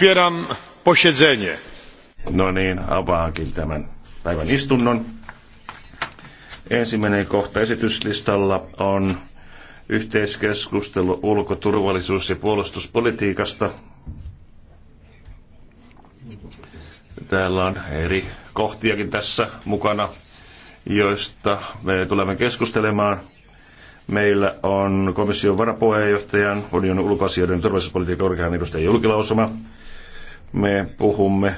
Otwieram posiedzenie. No niin, avaankin tämän päivän istunnon. Ensimmäinen kohta esityslistalla on yhteiskeskustelu ulko-, turvallisuus- ja puolustuspolitiikasta. Täällä on eri kohtiakin tässä mukana, joista me tulemme keskustelemaan. Meillä on komission varapuheenjohtajan, unionin ulkoasioiden turvallisuuspolitiikan korkean edustajan julkilausuma me puhumme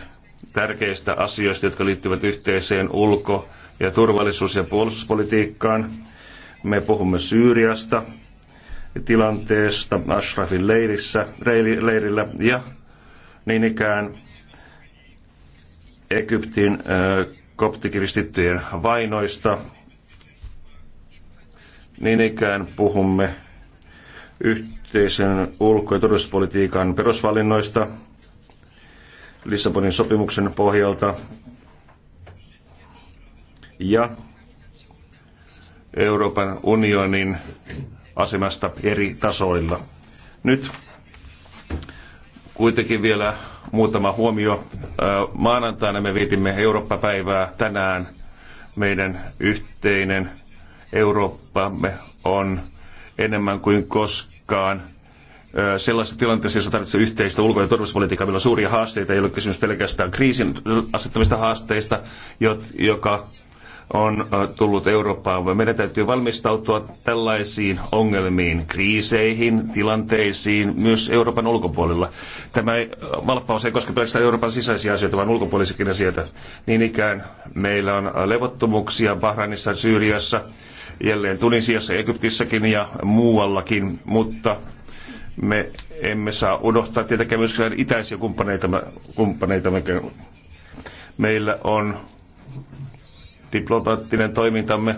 tärkeistä asioista, jotka liittyvät yhteiseen ulko- ja turvallisuus- ja puolustuspolitiikkaan. Me puhumme Syyriasta, tilanteesta Ashrafin leirissä, leirillä ja niin ikään Egyptin koptikristittyjen vainoista. Niin ikään puhumme yhteisen ulko- ja turvallisuuspolitiikan perusvalinnoista – Lissabonin sopimuksen pohjalta ja Euroopan unionin asemasta eri tasoilla. Nyt kuitenkin vielä muutama huomio. Maanantaina me vietimme Eurooppa-päivää tänään. Meidän yhteinen Eurooppamme on enemmän kuin koskaan – sellaisessa tilanteessa, jossa tarvitsee yhteistä ulko- ja turvallisuuspolitiikkaa, meillä on suuria haasteita, ei ole kysymys pelkästään kriisin asettamista haasteista, joka on tullut Eurooppaan. Meidän täytyy valmistautua tällaisiin ongelmiin, kriiseihin, tilanteisiin myös Euroopan ulkopuolella. Tämä valppaus ei koske pelkästään Euroopan sisäisiä asioita, vaan ulkopuolisikin asioita. Niin ikään meillä on levottomuuksia Bahrainissa, Syyriassa, jälleen Tunisiassa, Egyptissäkin ja muuallakin, mutta me emme saa unohtaa tietenkään myöskään itäisiä kumppaneitamme. Kumppaneita. Meillä on diplomaattinen toimintamme,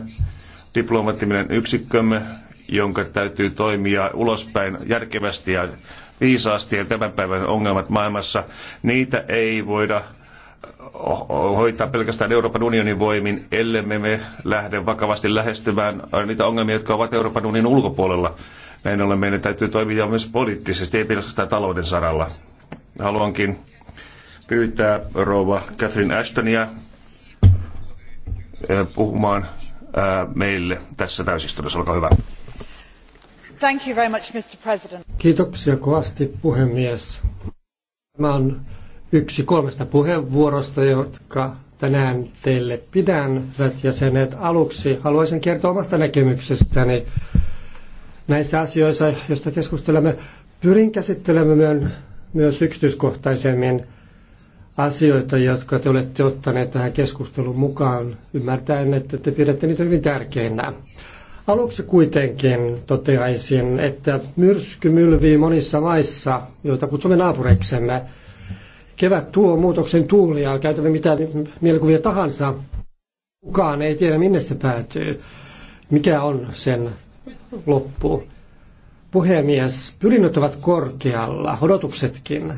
diplomaattinen yksikkömme, jonka täytyy toimia ulospäin järkevästi ja viisaasti ja tämän päivän ongelmat maailmassa, niitä ei voida hoitaa pelkästään Euroopan unionin voimin, ellei me lähde vakavasti lähestymään niitä ongelmia, jotka ovat Euroopan unionin ulkopuolella. Näin ollen meidän täytyy toimia myös poliittisesti, ei pelkästään talouden saralla. Haluankin pyytää rouva Catherine Ashtonia eh, puhumaan eh, meille tässä täysistunnossa. Olkaa hyvä. Thank you very much, Mr. President. Kiitoksia kovasti puhemies. Tämä on yksi kolmesta puheenvuorosta, jotka tänään teille pidän, hyvät jäsenet. Aluksi haluaisin kertoa omasta näkemyksestäni näissä asioissa, joista keskustelemme, pyrin käsittelemään myös yksityiskohtaisemmin asioita, jotka te olette ottaneet tähän keskusteluun mukaan, ymmärtäen, että te pidätte niitä hyvin tärkeinä. Aluksi kuitenkin toteaisin, että myrsky mylvii monissa maissa, joita kutsumme naapureiksemme. Kevät tuo muutoksen tuulia, käytämme mitä mielikuvia tahansa. Kukaan ei tiedä, minne se päätyy, mikä on sen loppu. Puhemies, pyrinnöt ovat korkealla, odotuksetkin,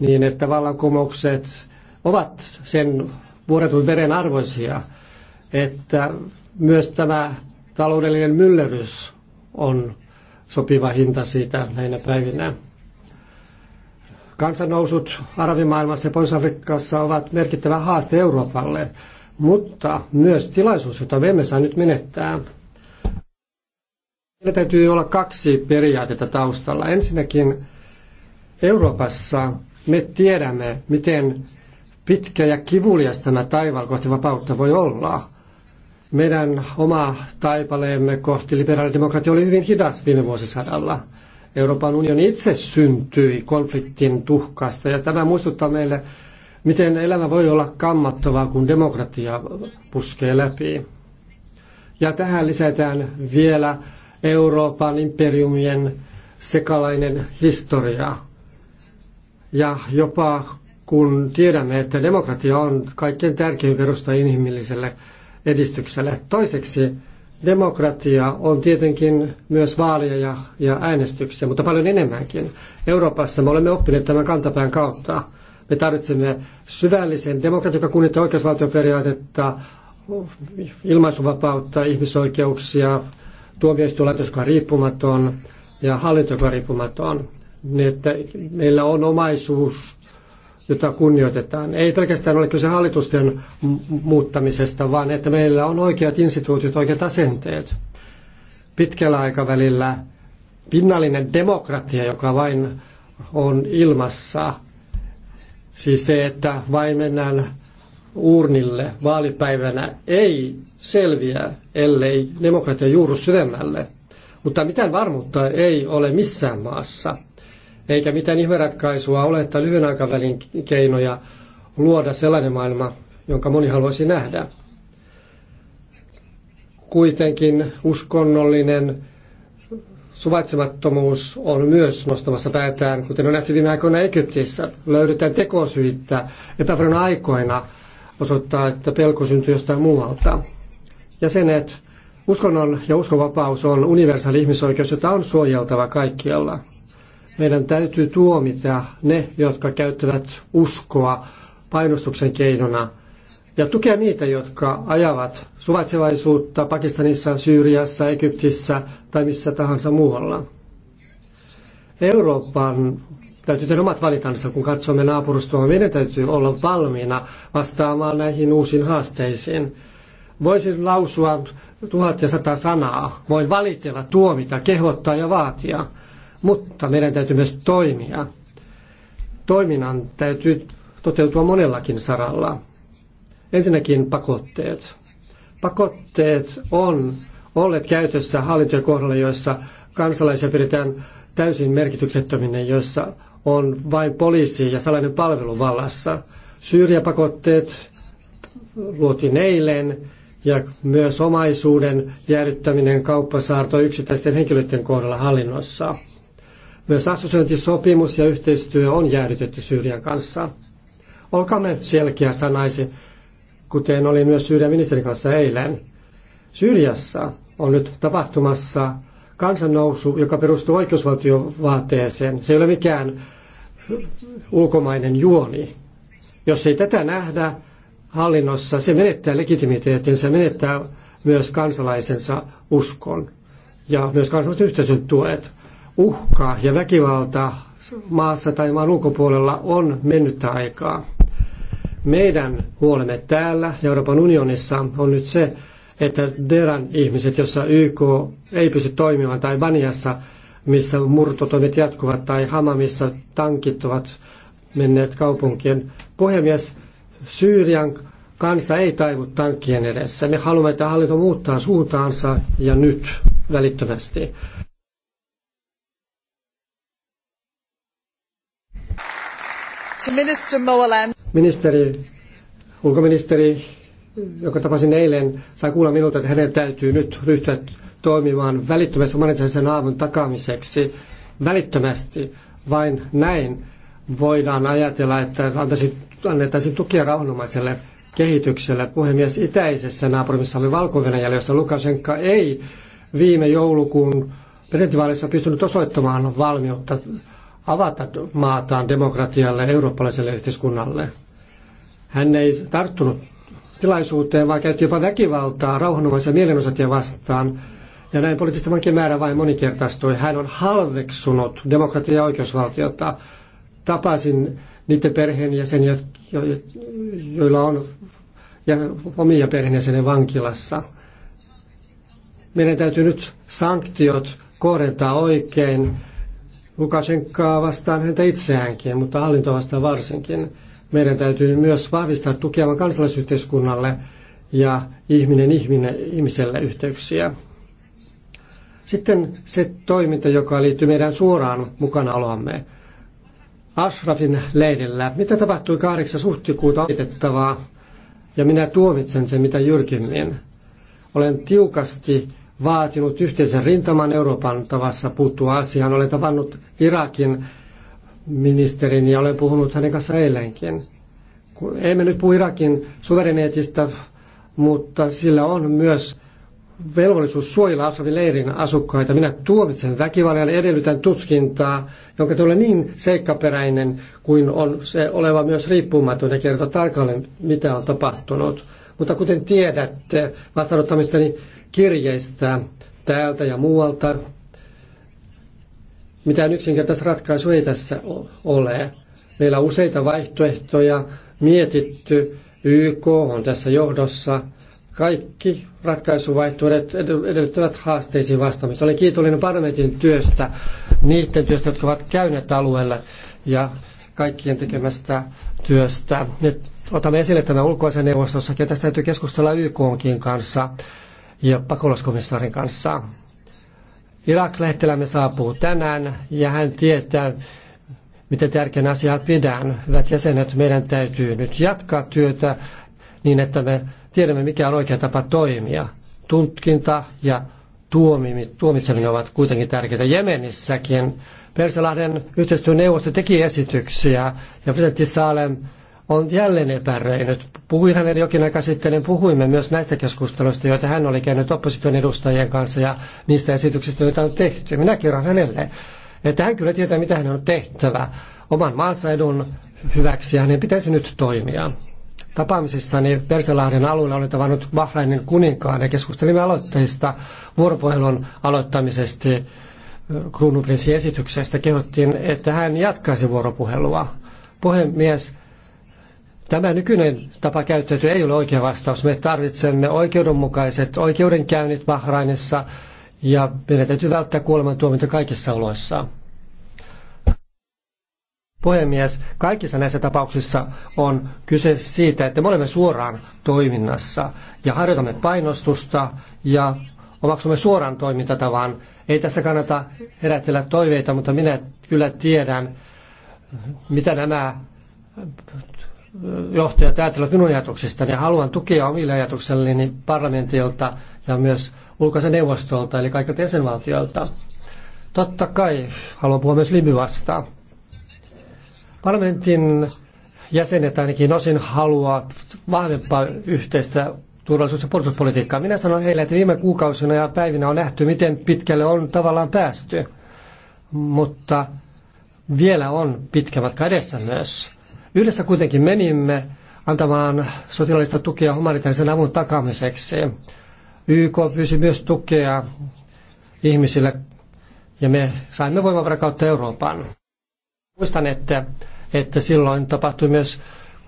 niin että vallankumoukset ovat sen vuodetun veren arvoisia, että myös tämä taloudellinen myllerys on sopiva hinta siitä näinä päivinä. Kansannousut arabimaailmassa ja pohjois ovat merkittävä haaste Euroopalle, mutta myös tilaisuus, jota me emme saa nyt menettää. Meillä täytyy olla kaksi periaatetta taustalla. Ensinnäkin Euroopassa me tiedämme, miten pitkä ja kivulias tämä taival kohti vapautta voi olla. Meidän oma taipaleemme kohti liberaalidemokratia oli hyvin hidas viime vuosisadalla. Euroopan unioni itse syntyi konfliktin tuhkasta ja tämä muistuttaa meille, miten elämä voi olla kammattavaa, kun demokratia puskee läpi. Ja tähän lisätään vielä Euroopan imperiumien sekalainen historia. Ja jopa kun tiedämme, että demokratia on kaikkein tärkein perusta inhimilliselle edistykselle. Toiseksi demokratia on tietenkin myös vaalia ja, ja äänestyksiä, mutta paljon enemmänkin. Euroopassa me olemme oppineet tämän kantapään kautta. Me tarvitsemme syvällisen demokratian, joka kunnioittaa oikeusvaltioperiaatetta, ilmaisuvapautta, ihmisoikeuksia, tuomioistuinlaitos, joka on riippumaton, ja hallinto, joka on riippumaton. Niin, että meillä on omaisuus, jota kunnioitetaan. Ei pelkästään ole kyse hallitusten muuttamisesta, vaan että meillä on oikeat instituutiot, oikeat asenteet. Pitkällä aikavälillä pinnallinen demokratia, joka vain on ilmassa, siis se, että vain mennään uurnille vaalipäivänä ei selviä, ellei demokratia juuru syvemmälle. Mutta mitään varmuutta ei ole missään maassa. Eikä mitään ihmeratkaisua ole, että lyhyen aikavälin keinoja luoda sellainen maailma, jonka moni haluaisi nähdä. Kuitenkin uskonnollinen suvaitsemattomuus on myös nostamassa päätään, kuten on nähty viime aikoina Egyptissä. Löydetään tekosyyttä epävarina aikoina – osoittaa, että pelko syntyy jostain muualta. ja sen että uskonnon ja uskonvapaus on universaali ihmisoikeus, jota on suojeltava kaikkialla. Meidän täytyy tuomita ne, jotka käyttävät uskoa painostuksen keinona ja tukea niitä, jotka ajavat suvaitsevaisuutta Pakistanissa, Syyriassa, Egyptissä tai missä tahansa muualla. Euroopan täytyy tehdä omat valintansa, kun katsomme naapurustoa. Meidän täytyy olla valmiina vastaamaan näihin uusiin haasteisiin. Voisin lausua tuhat ja sata sanaa. Voin valitella, tuomita, kehottaa ja vaatia. Mutta meidän täytyy myös toimia. Toiminnan täytyy toteutua monellakin saralla. Ensinnäkin pakotteet. Pakotteet on olleet käytössä hallintojen kohdalla, joissa kansalaisia pidetään täysin merkityksettöminen, joissa on vain poliisi ja salainen palvelu vallassa. Syyriapakotteet luotiin eilen ja myös omaisuuden jäädyttäminen kauppasaarto yksittäisten henkilöiden kohdalla hallinnossa. Myös assosiointisopimus ja yhteistyö on jäädytetty Syyrian kanssa. Olkaamme selkeä sanaisi, kuten oli myös Syyrian ministerin kanssa eilen. Syyriassa on nyt tapahtumassa kansannousu, joka perustuu oikeusvaltiovaateeseen. Se ei ole mikään ulkomainen juoni. Jos ei tätä nähdä hallinnossa, se menettää se menettää myös kansalaisensa uskon ja myös kansallisen yhteisön tuet. Uhka ja väkivalta maassa tai maan ulkopuolella on mennyttä aikaa. Meidän huolemme täällä ja Euroopan unionissa on nyt se, että Deran ihmiset, jossa YK ei pysty toimimaan, tai Baniassa, missä murtotoimet jatkuvat, tai missä tankit ovat menneet kaupunkien. Puhemies, Syyrian kansa ei taivu tankkien edessä. Me haluamme, että hallinto muuttaa suuntaansa ja nyt välittömästi. Ministeri, ulkoministeri joka tapasin eilen, sai kuulla minulta, että hänen täytyy nyt ryhtyä toimimaan välittömästi humanitaarisen avun takaamiseksi. Välittömästi vain näin voidaan ajatella, että annettaisiin tukia rauhanomaiselle kehitykselle. Puhemies itäisessä naapurissa oli valko jossa Lukashenka ei viime joulukuun presidentinvaaleissa pystynyt osoittamaan valmiutta avata maataan demokratialle ja eurooppalaiselle yhteiskunnalle. Hän ei tarttunut tilaisuuteen, vaan käytti jopa väkivaltaa rauhanomaisia mielenosoittajia vastaan. Ja näin poliittisten vankien määrä vain monikertaistui. Hän on halveksunut demokratiaa ja oikeusvaltiota. Tapasin niiden perheenjäseniä, joilla on ja omia perheenjäseniä vankilassa. Meidän täytyy nyt sanktiot kohdentaa oikein Lukashenkaa vastaan häntä itseäänkin, mutta hallintoa vastaan varsinkin. Meidän täytyy myös vahvistaa tukea kansalaisyhteiskunnalle ja ihminen, ihminen ihmiselle yhteyksiä. Sitten se toiminta, joka liittyy meidän suoraan mukanaoloamme. Ashrafin leirillä. Mitä tapahtui 8. huhtikuuta valitettavaa? Ja minä tuomitsen sen mitä jyrkimmin. Olen tiukasti vaatinut yhteisen rintaman Euroopan tavassa puuttua asiaan. Olen tavannut Irakin ministerin ja olen puhunut hänen kanssa eilenkin. Emme nyt puhu Irakin suvereneetista, mutta sillä on myös velvollisuus suojella Asafin leirin asukkaita. Minä tuomitsen väkivallan ja edellytän tutkintaa, jonka tulee niin seikkaperäinen kuin on se oleva myös riippumaton ja kertoo tarkalleen, mitä on tapahtunut. Mutta kuten tiedätte vastaanottamistani kirjeistä täältä ja muualta, mitään yksinkertaista ratkaisua ei tässä ole. Meillä on useita vaihtoehtoja mietitty. YK on tässä johdossa. Kaikki ratkaisuvaihtoehdot edellyttävät haasteisiin vastaamista. Olen kiitollinen parlamentin työstä, niiden työstä, jotka ovat käyneet alueella ja kaikkien tekemästä työstä. Nyt otamme esille tämän ulkoisen neuvostossakin ja tästä täytyy keskustella YKonkin kanssa ja pakolaiskomissaarin kanssa. Irak-lähettilämme saapuu tänään ja hän tietää, mitä tärkeän asian pidän. Hyvät jäsenet, meidän täytyy nyt jatkaa työtä niin, että me tiedämme, mikä on oikea tapa toimia. Tutkinta ja tuomitseminen ovat kuitenkin tärkeitä. Jemenissäkin Persilahden yhteistyöneuvosto teki esityksiä ja presidentti Saalem on jälleen epäröinyt. Puhuin hänen jokin aika sitten, niin puhuimme myös näistä keskusteluista, joita hän oli käynyt opposition edustajien kanssa ja niistä esityksistä, joita on tehty. Minä kerron hänelle, että hän kyllä tietää, mitä hän on tehtävä oman maansa edun hyväksi ja hänen pitäisi nyt toimia. Tapaamisissani Perselahden alueella oli tavannut Bahrainin kuninkaan ja keskustelimme aloitteista vuoropuhelun aloittamisesta kruununprinssin esityksestä kehottiin, että hän jatkaisi vuoropuhelua. Puhemies Tämä nykyinen tapa käyttäytyä ei ole oikea vastaus. Me tarvitsemme oikeudenmukaiset oikeudenkäynnit Bahrainissa ja meidän täytyy välttää kuolemantuomioita kaikissa oloissa. Puhemies, kaikissa näissä tapauksissa on kyse siitä, että me olemme suoraan toiminnassa ja harjoitamme painostusta ja omaksumme suoran toimintatavan. Ei tässä kannata herätellä toiveita, mutta minä kyllä tiedän, mitä nämä johtajat ajattelevat minun ajatuksistani. Haluan tukea omille ajatukselleni parlamentilta ja myös ulkoisen neuvostolta, eli kaikilta jäsenvaltioilta. Totta kai haluan puhua myös Libyasta. Parlamentin jäsenet ainakin osin haluavat vahvempaa yhteistä turvallisuus- ja puolustuspolitiikkaa. Minä sanon heille, että viime kuukausina ja päivinä on nähty, miten pitkälle on tavallaan päästy. Mutta vielä on pitkä matka edessä myös. Yhdessä kuitenkin menimme antamaan sotilaallista tukea humanitaarisen avun takaamiseksi. YK pyysi myös tukea ihmisille ja me saimme voimavaraa kautta Euroopan. Muistan, että, että silloin tapahtui myös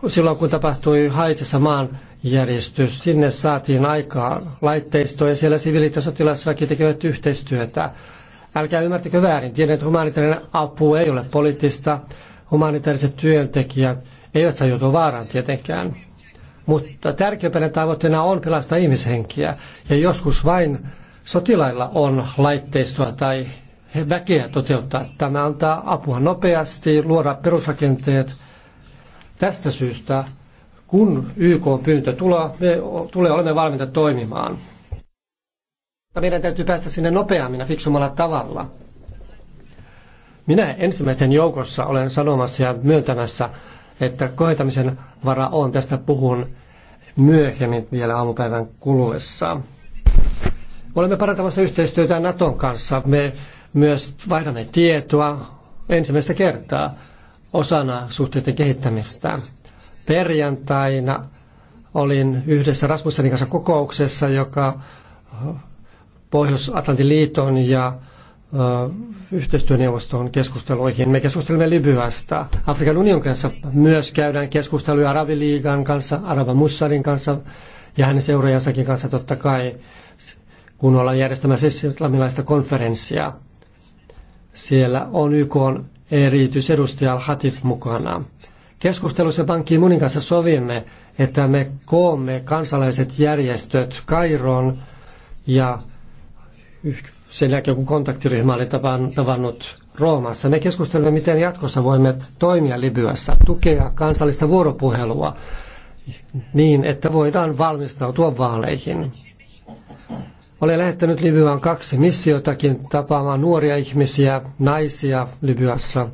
silloin kun tapahtui Haitissa järjestys, sinne saatiin aikaan laitteistoa ja siellä siviilit ja sotilasväki tekevät yhteistyötä. Älkää ymmärtäkö väärin, tiedän, että humanitaarinen apu ei ole poliittista, humanitaariset työntekijät eivät saa joutua vaaraan tietenkään. Mutta tärkeimpänä tavoitteena on pelastaa ihmishenkiä. Ja joskus vain sotilailla on laitteistoa tai väkeä toteuttaa. Tämä antaa apua nopeasti, luoda perusrakenteet. Tästä syystä, kun YK on pyyntö tulee, me tulee olemme valmiita toimimaan. Meidän täytyy päästä sinne nopeammin ja fiksummalla tavalla. Minä ensimmäisten joukossa olen sanomassa ja myöntämässä, että kohentamisen vara on. Tästä puhun myöhemmin vielä aamupäivän kuluessa. Olemme parantamassa yhteistyötä Naton kanssa. Me myös vaihdamme tietoa ensimmäistä kertaa osana suhteiden kehittämistä. Perjantaina olin yhdessä Rasmussenin kanssa kokouksessa, joka Pohjois-Atlantin liiton ja Äh, yhteistyöneuvoston keskusteluihin. Me keskustelemme Libyasta. Afrikan union kanssa myös käydään keskusteluja Arabiliigan kanssa, Araba Mussarin kanssa ja hänen seuraajansakin kanssa totta kai, kun ollaan järjestämässä islamilaista konferenssia. Siellä on YK on erityisedustaja Al-Hatif mukana. Keskustelussa Pankkiin Munin kanssa sovimme, että me koomme kansalaiset järjestöt kairon ja sen jälkeen, kun kontaktiryhmä oli tavannut Roomassa. Me keskustelemme, miten jatkossa voimme toimia Libyassa, tukea kansallista vuoropuhelua niin, että voidaan valmistautua vaaleihin. Olen lähettänyt Libyaan kaksi missiotakin tapaamaan nuoria ihmisiä, naisia Libyassa.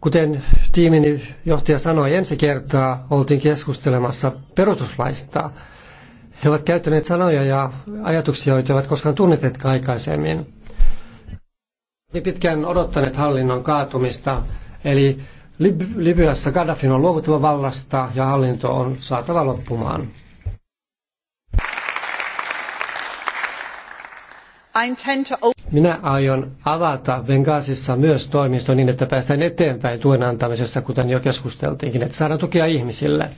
Kuten tiimini johtaja sanoi, ensi kertaa oltiin keskustelemassa perustuslaista. He ovat käyttäneet sanoja ja ajatuksia, joita ovat koskaan tunnetet aikaisemmin. Niin pitkään odottaneet hallinnon kaatumista, eli Lib- Libyassa Gaddafin on luovuttava vallasta ja hallinto on saatava loppumaan. Minä aion avata Vengaasissa myös toimisto niin, että päästään eteenpäin tuen antamisessa, kuten jo keskusteltiinkin, että saadaan tukea ihmisille.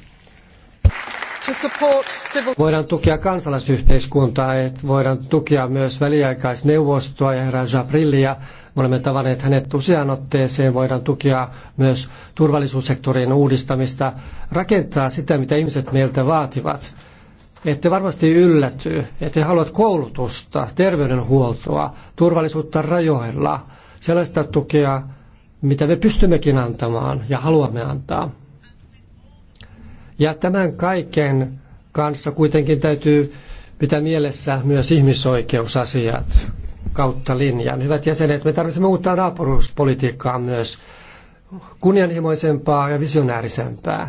Voidaan tukea kansalaisyhteiskuntaa, että voidaan tukea myös väliaikaisneuvostoa ja herra Jabrillia. Me olemme tavanneet hänet useaan otteeseen. Voidaan tukea myös turvallisuussektorin uudistamista, rakentaa sitä, mitä ihmiset meiltä vaativat. Ette varmasti ylläty, että haluat koulutusta, terveydenhuoltoa, turvallisuutta rajoilla, sellaista tukea, mitä me pystymmekin antamaan ja haluamme antaa. Ja tämän kaiken kanssa kuitenkin täytyy pitää mielessä myös ihmisoikeusasiat kautta linjan. Hyvät jäsenet, me tarvitsemme uutta naapuruuspolitiikkaa myös kunnianhimoisempaa ja visionäärisempää,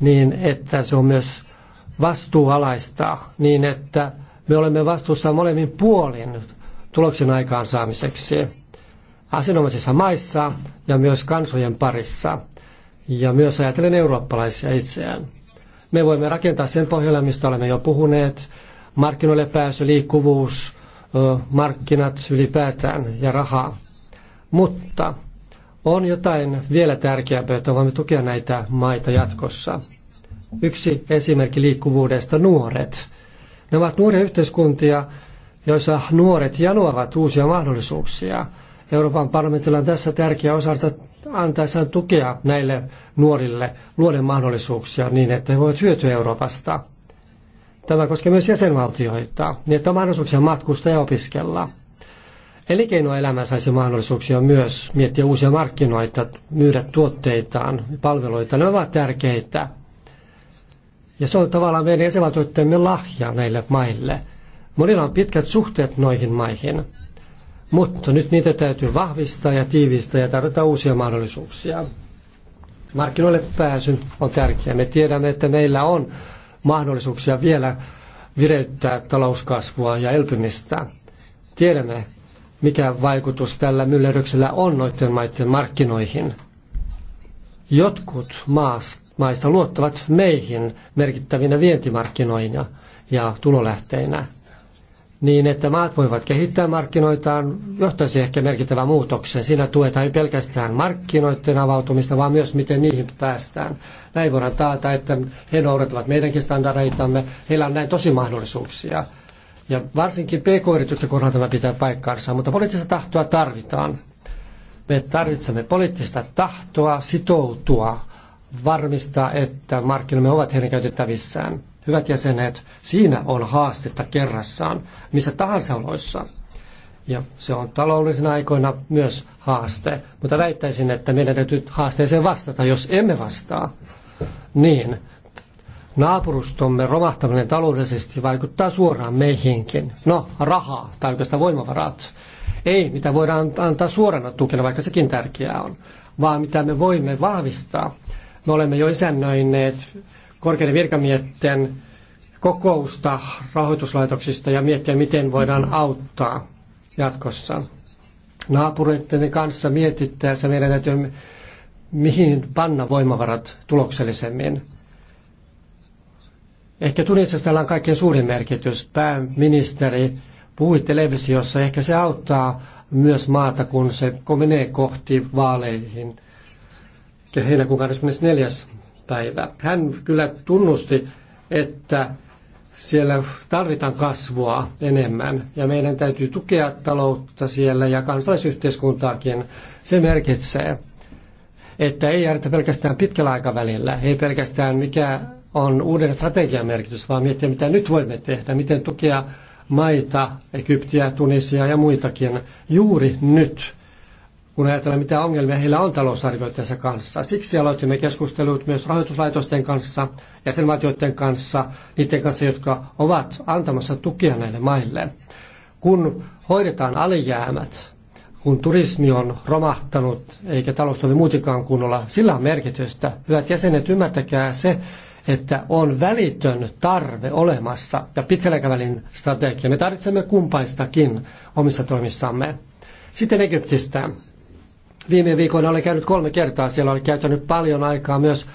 niin että se on myös vastuualaista, niin että me olemme vastuussa molemmin puolin tuloksen aikaansaamiseksi asianomaisissa maissa ja myös kansojen parissa ja myös ajatellen eurooppalaisia itseään. Me voimme rakentaa sen pohjalle, mistä olemme jo puhuneet, markkinoille pääsy, liikkuvuus, markkinat ylipäätään ja rahaa. Mutta on jotain vielä tärkeämpää, että voimme tukea näitä maita jatkossa. Yksi esimerkki liikkuvuudesta nuoret. Ne ovat nuoria yhteiskuntia, joissa nuoret janoavat uusia mahdollisuuksia – Euroopan parlamentilla on tässä tärkeä osansa antaessaan tukea näille nuorille luoden mahdollisuuksia niin, että he voivat hyötyä Euroopasta. Tämä koskee myös jäsenvaltioita, niin että on mahdollisuuksia matkustaa ja opiskella. Elinkeinoelämä saisi mahdollisuuksia myös miettiä uusia markkinoita, myydä tuotteitaan, palveluita. Ne ovat tärkeitä. Ja se on tavallaan meidän jäsenvaltioittemme lahja näille maille. Monilla on pitkät suhteet noihin maihin. Mutta nyt niitä täytyy vahvistaa ja tiivistää ja tarvitaan uusia mahdollisuuksia. Markkinoille pääsy on tärkeää. Me tiedämme, että meillä on mahdollisuuksia vielä vireyttää talouskasvua ja elpymistä. Tiedämme, mikä vaikutus tällä myllerryksellä on noiden maiden markkinoihin. Jotkut maista luottavat meihin merkittävinä vientimarkkinoina ja tulolähteinä niin, että maat voivat kehittää markkinoitaan, johtaisi ehkä merkittävään muutoksen. Siinä tuetaan ei pelkästään markkinoiden avautumista, vaan myös miten niihin päästään. Näin voidaan taata, että he noudattavat meidänkin standardeitamme. Heillä on näin tosi mahdollisuuksia. Ja varsinkin PK-yritysten kohdalla tämä pitää paikkaansa, mutta poliittista tahtoa tarvitaan. Me tarvitsemme poliittista tahtoa sitoutua, varmistaa, että markkinamme ovat heidän käytettävissään. Hyvät jäsenet, siinä on haastetta kerrassaan, missä tahansa oloissa. Ja se on taloudellisena aikoina myös haaste. Mutta väittäisin, että meidän täytyy haasteeseen vastata, jos emme vastaa. Niin, naapurustomme romahtaminen taloudellisesti vaikuttaa suoraan meihinkin. No, rahaa tai oikeastaan voimavarat. Ei, mitä voidaan antaa suorana tukena, vaikka sekin tärkeää on, vaan mitä me voimme vahvistaa. Me olemme jo isännöineet korkeiden virkamiesten kokousta rahoituslaitoksista ja miettiä, miten voidaan mhm. auttaa jatkossa. Naapureiden kanssa mietittäessä meidän täytyy mihin panna voimavarat tuloksellisemmin. Ehkä Tunisessa on kaikkein suurin merkitys. Pääministeri puhui televisiossa, ehkä se auttaa myös maata, kun se menee kohti vaaleihin heinäkuun 24 päivä. Hän kyllä tunnusti, että siellä tarvitaan kasvua enemmän ja meidän täytyy tukea taloutta siellä ja kansalaisyhteiskuntaakin. Se merkitsee, että ei järjestä pelkästään pitkällä aikavälillä, ei pelkästään mikä on uuden strategian merkitys, vaan miettiä mitä nyt voimme tehdä, miten tukea maita, Egyptiä, Tunisia ja muitakin juuri nyt kun ajatellaan, mitä ongelmia heillä on talousarvioitensa kanssa. Siksi aloitimme keskustelut myös rahoituslaitosten kanssa, jäsenvaltioiden kanssa, niiden kanssa, jotka ovat antamassa tukia näille maille. Kun hoidetaan alijäämät, kun turismi on romahtanut eikä talous ole muutenkaan kunnolla, sillä on merkitystä. Hyvät jäsenet, ymmärtäkää se, että on välitön tarve olemassa ja pitkällä strategia. Me tarvitsemme kumpaistakin omissa toimissamme. Sitten Egyptistä. Viime viikolla olen käynyt kolme kertaa siellä, olen käyttänyt paljon aikaa myös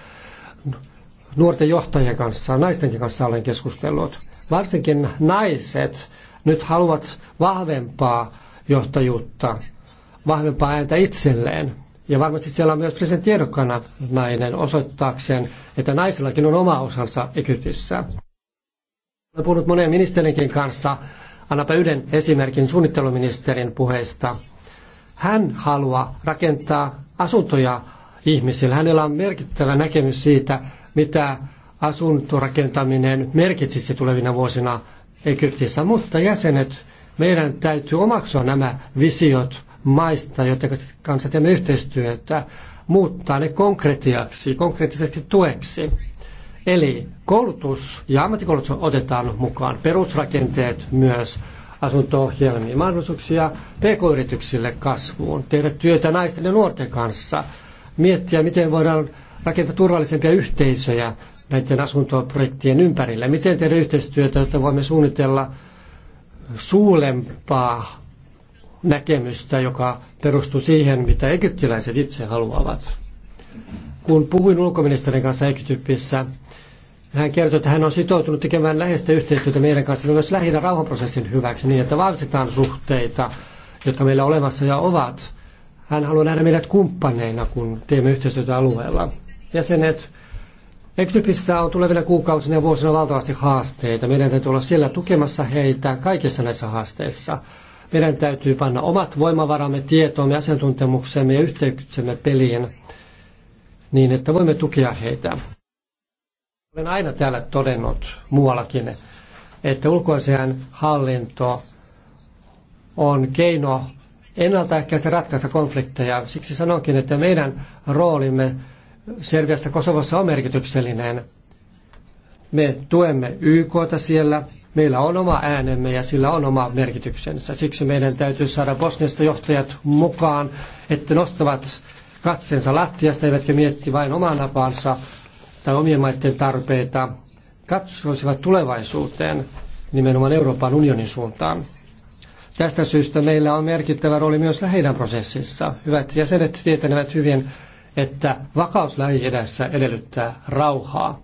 nuorten johtajien kanssa, naistenkin kanssa olen keskustellut. Varsinkin naiset nyt haluavat vahvempaa johtajuutta, vahvempaa ääntä itselleen. Ja varmasti siellä on myös presidenttiedokkana nainen osoittaakseen, että naisillakin on oma osansa Egyptissä. Olen puhunut monen ministerinkin kanssa. Annapa yhden esimerkin suunnitteluministerin puheesta – hän haluaa rakentaa asuntoja ihmisille. Hänellä on merkittävä näkemys siitä, mitä asuntorakentaminen merkitsisi tulevina vuosina Egyptissä. Mutta jäsenet, meidän täytyy omaksua nämä visiot maista, joiden kanssa teemme yhteistyötä, muuttaa ne konkretiaksi, konkreettisesti tueksi. Eli koulutus ja ammattikoulutus otetaan mukaan, perusrakenteet myös, asunto-ohjelmiin, mahdollisuuksia pk-yrityksille kasvuun, tehdä työtä naisten ja nuorten kanssa, miettiä, miten voidaan rakentaa turvallisempia yhteisöjä näiden asuntoprojektien ympärille, miten tehdä yhteistyötä, jotta voimme suunnitella suulempaa näkemystä, joka perustuu siihen, mitä egyptiläiset itse haluavat. Kun puhuin ulkoministerin kanssa Egyptissä, hän kertoi, että hän on sitoutunut tekemään läheistä yhteistyötä meidän kanssa myös lähinnä rauhanprosessin hyväksi niin, että vahvistetaan suhteita, jotka meillä olemassa ja ovat. Hän haluaa nähdä meidät kumppaneina, kun teemme yhteistyötä alueella. Jäsenet, Ektypissä on tulevina kuukausina ja vuosina valtavasti haasteita. Meidän täytyy olla siellä tukemassa heitä kaikissa näissä haasteissa. Meidän täytyy panna omat voimavaramme, tietomme, asiantuntemuksemme ja yhteyksemme peliin niin, että voimme tukea heitä. Olen aina täällä todennut muuallakin, että ulkoisen hallinto on keino ennaltaehkäistä ratkaista konflikteja. Siksi sanonkin, että meidän roolimme Serbiassa Kosovossa on merkityksellinen. Me tuemme YKta siellä, meillä on oma äänemme ja sillä on oma merkityksensä. Siksi meidän täytyy saada Bosniasta johtajat mukaan, että nostavat katseensa lattiasta, eivätkä mietti vain omaa napaansa, tai omien maiden tarpeita katsoisivat tulevaisuuteen nimenomaan Euroopan unionin suuntaan. Tästä syystä meillä on merkittävä rooli myös lähi prosessissa. Hyvät jäsenet tietänevät hyvin, että vakaus lähi edellyttää rauhaa.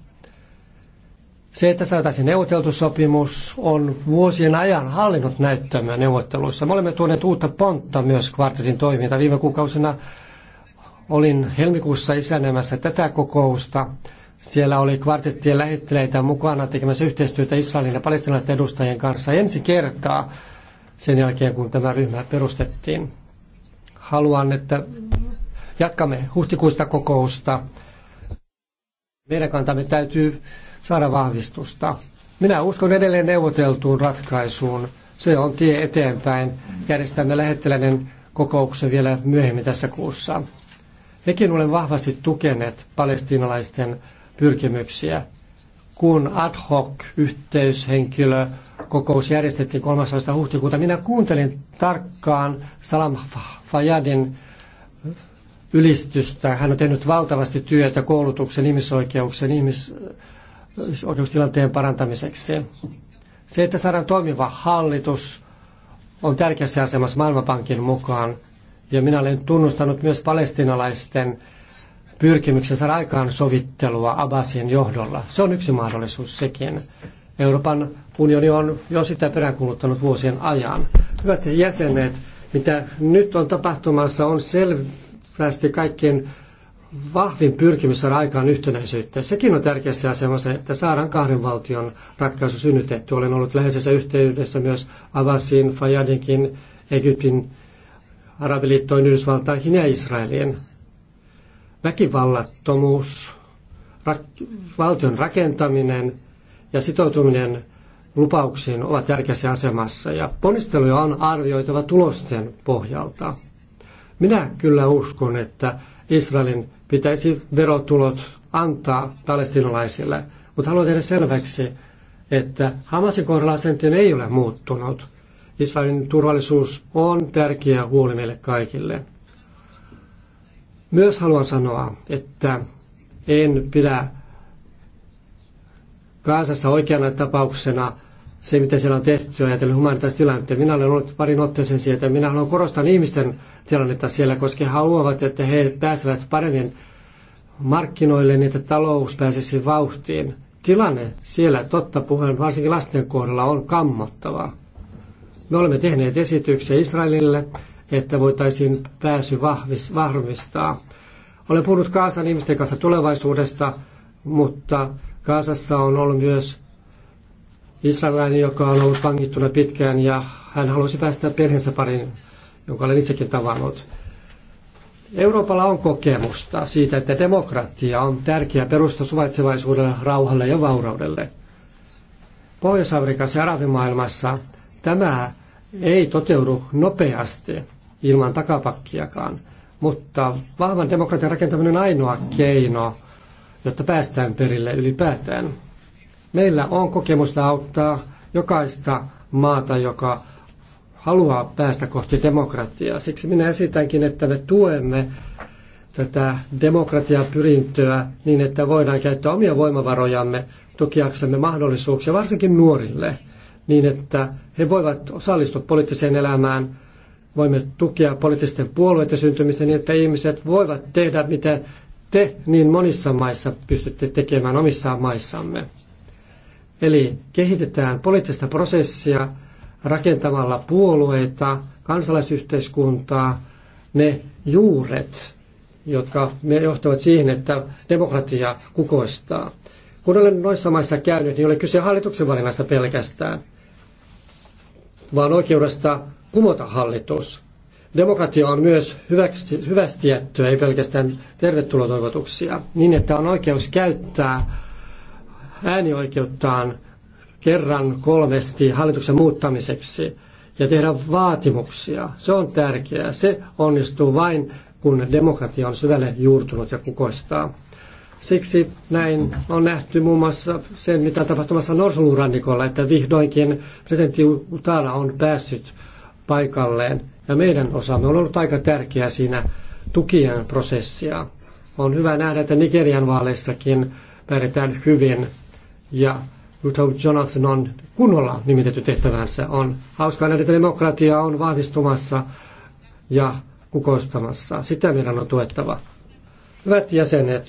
Se, että saataisiin neuvoteltu sopimus, on vuosien ajan hallinnut näyttämöä neuvotteluissa. Me olemme tuoneet uutta pontta myös kvartetin toiminta. Viime kuukausina olin helmikuussa isännämässä tätä kokousta siellä oli kvartettien lähetteleitä mukana tekemässä yhteistyötä Israelin ja palestinaisten edustajien kanssa ensi kertaa sen jälkeen, kun tämä ryhmä perustettiin. Haluan, että jatkamme huhtikuista kokousta. Meidän kantamme täytyy saada vahvistusta. Minä uskon edelleen neuvoteltuun ratkaisuun. Se on tie eteenpäin. Järjestämme lähettiläinen kokouksen vielä myöhemmin tässä kuussa. Mekin olen vahvasti tukeneet palestiinalaisten pyrkimyksiä. Kun ad hoc yhteyshenkilö kokous järjestettiin 13. huhtikuuta, minä kuuntelin tarkkaan Salam Fayadin ylistystä. Hän on tehnyt valtavasti työtä koulutuksen, ihmisoikeuksien, ihmisoikeustilanteen parantamiseksi. Se, että saadaan toimiva hallitus, on tärkeässä asemassa Maailmanpankin mukaan. Ja minä olen tunnustanut myös palestinalaisten pyrkimyksen saada aikaan sovittelua Abbasin johdolla. Se on yksi mahdollisuus sekin. Euroopan unioni on jo sitä peräänkuuluttanut vuosien ajan. Hyvät jäsenet, mitä nyt on tapahtumassa, on selvästi kaikkien vahvin pyrkimys saada aikaan yhtenäisyyttä. Sekin on tärkeässä asemassa, että saadaan kahden valtion ratkaisu synnytetty. Olen ollut läheisessä yhteydessä myös Abbasin, Fajadinkin, Egyptin, Arabiliittoon, Yhdysvaltaihin ja Israelin väkivallattomuus, rak- valtion rakentaminen ja sitoutuminen lupauksiin ovat tärkeässä asemassa ja ponnisteluja on arvioitava tulosten pohjalta. Minä kyllä uskon, että Israelin pitäisi verotulot antaa palestinalaisille, mutta haluan tehdä selväksi, että Hamasin kohdalla asenteen ei ole muuttunut. Israelin turvallisuus on tärkeä huoli meille kaikille. Myös haluan sanoa, että en pidä Kaasassa oikeana tapauksena se, mitä siellä on tehty, ajatellen humanitaista tilannetta. Minä olen ollut parin otteeseen sieltä. Minä haluan korostaa ihmisten tilannetta siellä, koska he haluavat, että he pääsevät paremmin markkinoille, niin että talous pääsisi vauhtiin. Tilanne siellä, totta puheen, varsinkin lasten kohdalla, on kammottava. Me olemme tehneet esityksiä Israelille, että voitaisiin pääsy vahvistaa. Olen puhunut Kaasan ihmisten kanssa tulevaisuudesta, mutta Kaasassa on ollut myös israelilainen, joka on ollut vangittuna pitkään ja hän halusi päästä perheensä parin, jonka olen itsekin tavannut. Euroopalla on kokemusta siitä, että demokratia on tärkeä perusta suvaitsevaisuudelle, rauhalle ja vauraudelle. Pohjois-Afrikassa ja arabimaailmassa tämä ei toteudu nopeasti ilman takapakkiakaan. Mutta vahvan demokratian rakentaminen on ainoa keino, jotta päästään perille ylipäätään. Meillä on kokemusta auttaa jokaista maata, joka haluaa päästä kohti demokratiaa. Siksi minä esitänkin, että me tuemme tätä demokratiapyrintöä niin, että voidaan käyttää omia voimavarojamme tukiaksemme mahdollisuuksia, varsinkin nuorille, niin että he voivat osallistua poliittiseen elämään Voimme tukea poliittisten puolueiden syntymistä niin, että ihmiset voivat tehdä, mitä te niin monissa maissa pystytte tekemään omissa maissamme. Eli kehitetään poliittista prosessia rakentamalla puolueita, kansalaisyhteiskuntaa, ne juuret, jotka me johtavat siihen, että demokratia kukoistaa. Kun olen noissa maissa käynyt, niin ei ole kyse hallituksen valinnasta pelkästään, vaan oikeudesta kumota hallitus. Demokratia on myös hyvästiettyä, ei pelkästään tervetulotoivotuksia, niin että on oikeus käyttää äänioikeuttaan kerran kolmesti hallituksen muuttamiseksi ja tehdä vaatimuksia. Se on tärkeää. Se onnistuu vain, kun demokratia on syvälle juurtunut ja kukoistaa. Siksi näin on nähty muun muassa sen, mitä on tapahtumassa Norsulurannikolla, että vihdoinkin presidentti Utala on päässyt paikalleen. Ja meidän osamme on ollut aika tärkeä siinä tukien prosessia. On hyvä nähdä, että Nigerian vaaleissakin pärjätään hyvin ja Utah Jonathan on kunnolla nimitetty tehtävänsä. On hauskaa nähdä, että demokratia on vahvistumassa ja kukoistamassa. Sitä meidän on tuettava. Hyvät jäsenet,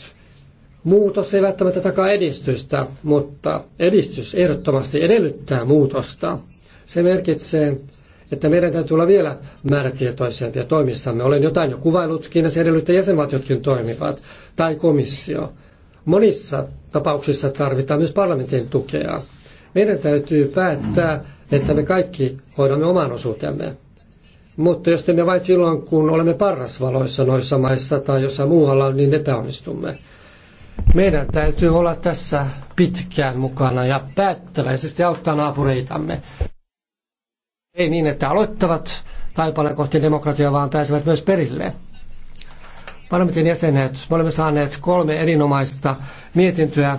muutos ei välttämättä takaa edistystä, mutta edistys ehdottomasti edellyttää muutosta. Se merkitsee että meidän täytyy olla vielä määrätietoisempia toimissamme. Olen jotain jo kuvailutkin ja se edellyttää jäsenvaltiotkin toimivat tai komissio. Monissa tapauksissa tarvitaan myös parlamentin tukea. Meidän täytyy päättää, että me kaikki hoidamme oman osuutemme. Mutta jos teemme vain silloin, kun olemme parrasvaloissa noissa maissa tai jossain muualla, niin epäonnistumme. Meidän täytyy olla tässä pitkään mukana ja päättäväisesti auttaa naapureitamme. Ei niin, että aloittavat taipaleen kohti demokratiaa, vaan pääsevät myös perille. Parlamentin jäsenet, me olemme saaneet kolme erinomaista mietintöä.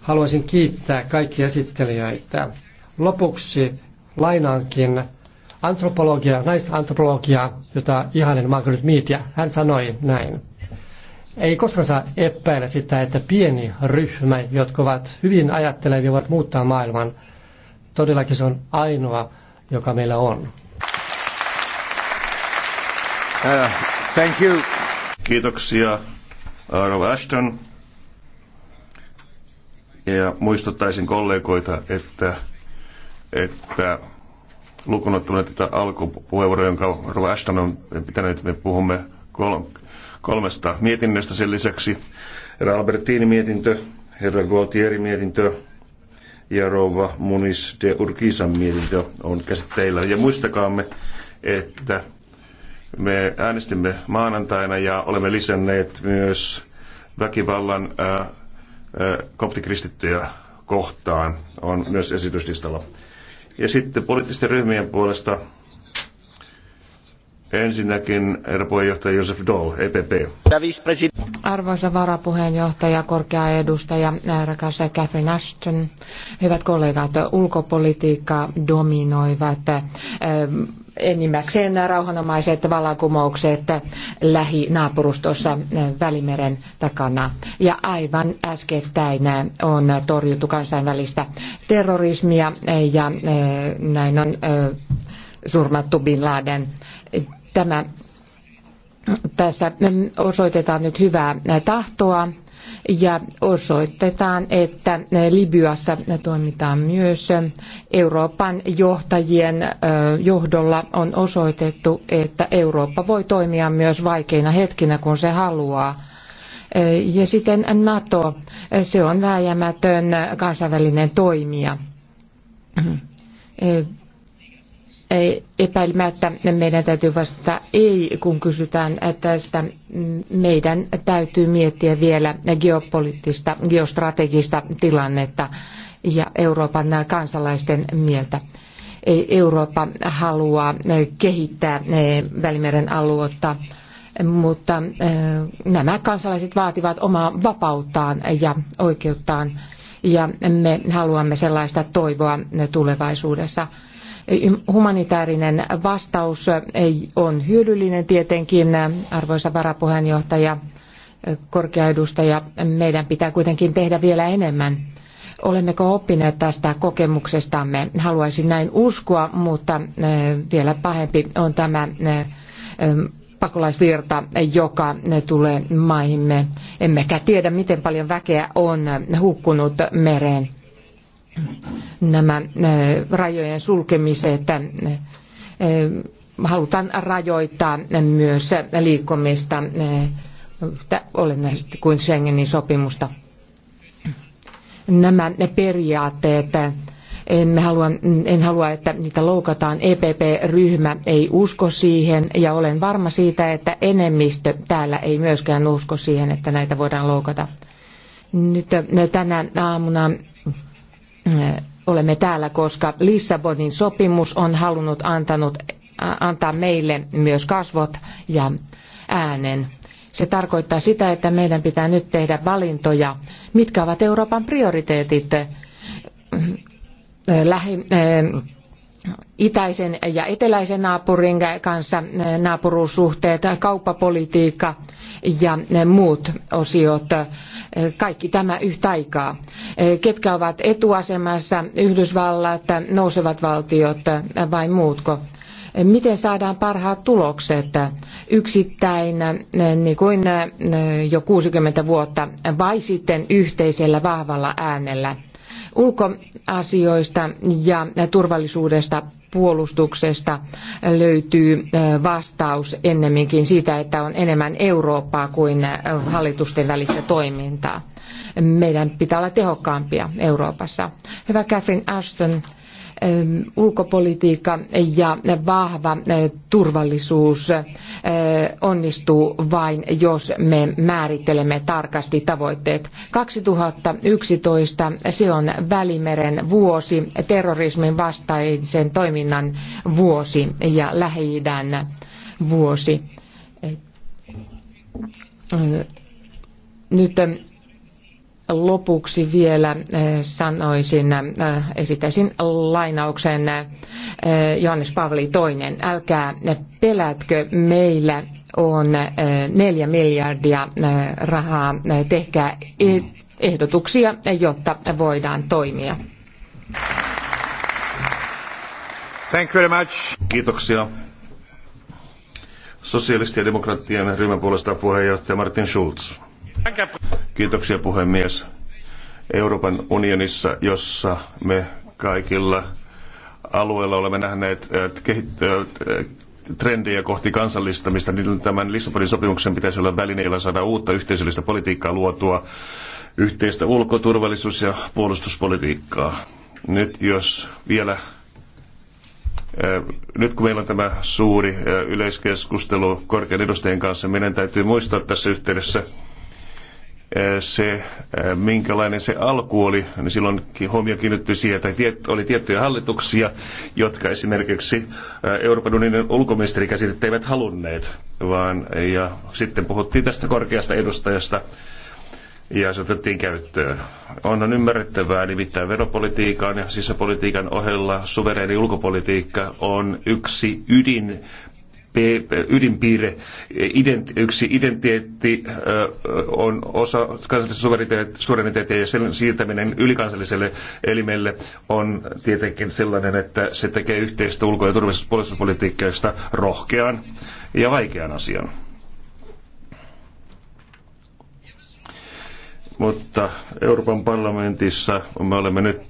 Haluaisin kiittää kaikkia esittelijöitä. Lopuksi lainaankin antropologia, naista antropologiaa, jota ihanen Margaret Mead, ja hän sanoi näin. Ei koskaan saa epäillä sitä, että pieni ryhmä, jotka ovat hyvin ajattelevia, voivat muuttaa maailman. Todellakin se on ainoa joka meillä on. Uh, thank you. Kiitoksia, äh, Arvo Ashton. Ja muistuttaisin kollegoita, että, että lukunottuna tätä alkupuheenvuoroa, jonka Rova Ashton on pitänyt, me puhumme kolmesta mietinnöstä sen lisäksi. Herra Albertini mietintö, herra Gualtieri mietintö, ja Munis de Urkisan mietintö on käsitteillä. Ja muistakaamme, että me äänestimme maanantaina ja olemme lisänneet myös väkivallan ää, ää, koptikristittyjä kohtaan on myös esityslistalla. Ja sitten poliittisten ryhmien puolesta Ensinnäkin herra puheenjohtaja Josef Daul, EPP. Arvoisa varapuheenjohtaja, korkea edustaja, rakas Catherine Ashton, hyvät kollegat, ulkopolitiikka dominoivat eh, enimmäkseen rauhanomaiset vallankumoukset lähinaapurustossa eh, Välimeren takana. Ja aivan äskettäin on torjuttu kansainvälistä terrorismia ja eh, näin on surmattu Bin Laden. Tämä, tässä osoitetaan nyt hyvää tahtoa ja osoitetaan, että Libyassa toimitaan myös Euroopan johtajien johdolla on osoitettu, että Eurooppa voi toimia myös vaikeina hetkinä, kun se haluaa. Ja sitten NATO, se on vääjämätön kansainvälinen toimija epäilemättä meidän täytyy vastata ei, kun kysytään tästä. Meidän täytyy miettiä vielä geopoliittista, geostrategista tilannetta ja Euroopan kansalaisten mieltä. Eurooppa haluaa kehittää Välimeren aluetta, mutta eh, nämä kansalaiset vaativat omaa vapauttaan ja oikeuttaan ja me haluamme sellaista toivoa tulevaisuudessa Humanitaarinen vastaus on hyödyllinen tietenkin, arvoisa varapuheenjohtaja, korkea edustaja. Meidän pitää kuitenkin tehdä vielä enemmän. Olemmeko oppineet tästä kokemuksestamme? Haluaisin näin uskoa, mutta eh, vielä pahempi on tämä eh, eh, pakolaisvirta, joka tulee maihimme. Emmekä tiedä, miten paljon väkeä on hukkunut mereen nämä äh, rajojen sulkemiset. Äh, halutaan rajoittaa myös liikkumista äh, olennaisesti kuin Schengenin sopimusta. Nämä periaatteet emme halua, en halua, että niitä loukataan. EPP-ryhmä ei usko siihen ja olen varma siitä, että enemmistö täällä ei myöskään usko siihen, että näitä voidaan loukata. Nyt tänä aamuna olemme täällä, koska Lissabonin sopimus on halunnut antanut, antaa meille myös kasvot ja äänen. Se tarkoittaa sitä, että meidän pitää nyt tehdä valintoja, mitkä ovat Euroopan prioriteetit lähi, itäisen ja eteläisen naapurin kanssa naapuruussuhteet, kauppapolitiikka ja muut osiot, kaikki tämä yhtä aikaa. Ketkä ovat etuasemassa, Yhdysvallat, nousevat valtiot vai muutko? Miten saadaan parhaat tulokset yksittäin, niin kuin jo 60 vuotta, vai sitten yhteisellä vahvalla äänellä? Ulkoasioista ja turvallisuudesta puolustuksesta löytyy eh, vastaus ennemminkin siitä, että on enemmän Eurooppaa kuin eh, hallitusten välistä toimintaa. Meidän pitää olla tehokkaampia Euroopassa. Hyvä Catherine Ashton, ulkopolitiikka ja vahva turvallisuus onnistuu vain, jos me määrittelemme tarkasti tavoitteet. 2011 se on Välimeren vuosi, terrorismin vastaisen toiminnan vuosi ja lähi vuosi. Nyt lopuksi vielä eh, sanoisin, eh, esittäisin lainauksen eh, Johannes Paavali II. Älkää pelätkö, meillä on neljä miljardia rahaa. Tehkää e-, ehdotuksia, jotta voidaan toimia. Thank you very much. Kiitoksia. Sosialistien ja demokraattien ryhmän puolesta puheenjohtaja Martin Schulz. Kiitoksia puhemies. Euroopan unionissa, jossa me kaikilla alueilla olemme nähneet äh, äh, trendejä kohti kansallistamista, niin tämän Lissabonin sopimuksen pitäisi olla väline, jolla saada uutta yhteisöllistä politiikkaa luotua, yhteistä ulko-, turvallisuus- ja puolustuspolitiikkaa. Nyt jos vielä äh, nyt kun meillä on tämä suuri yleiskeskustelu korkean edustajien kanssa, meidän täytyy muistaa tässä yhteydessä Eh, se, eh, minkälainen se alku oli, niin silloin huomio kiinnittyi siihen, että oli tiettyjä hallituksia, jotka esimerkiksi eh, Euroopan unionin ulkoministerikäsitettä eivät halunneet, vaan ja sitten puhuttiin tästä korkeasta edustajasta, ja se otettiin käyttöön. Onhan ymmärrettävää, nimittäin veropolitiikan ja sisäpolitiikan ohella suvereeni ulkopolitiikka on yksi ydin ydinpiirre, identi, yksi identiteetti on osa kansallista suvereniteettia ja sen siirtäminen ylikansalliselle elimelle on tietenkin sellainen, että se tekee yhteistä ulko- ja turvallisuuspolitiikkaista rohkean ja vaikean asian. Mutta Euroopan parlamentissa me olemme nyt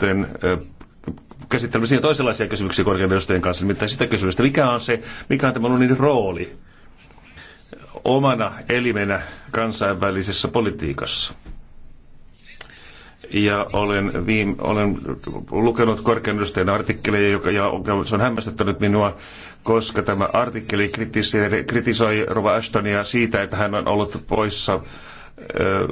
käsittelemme siinä toisenlaisia kysymyksiä korkean edustajien kanssa, nimittäin sitä kysymystä, mikä on, se, mikä on tämän unionin rooli omana elimenä kansainvälisessä politiikassa. Ja olen, viime, olen lukenut korkean edustajan artikkeleja, joka, ja se on hämmästyttänyt minua, koska tämä artikkeli kritisoi, kritisoi Rova Ashtonia siitä, että hän on ollut poissa ö,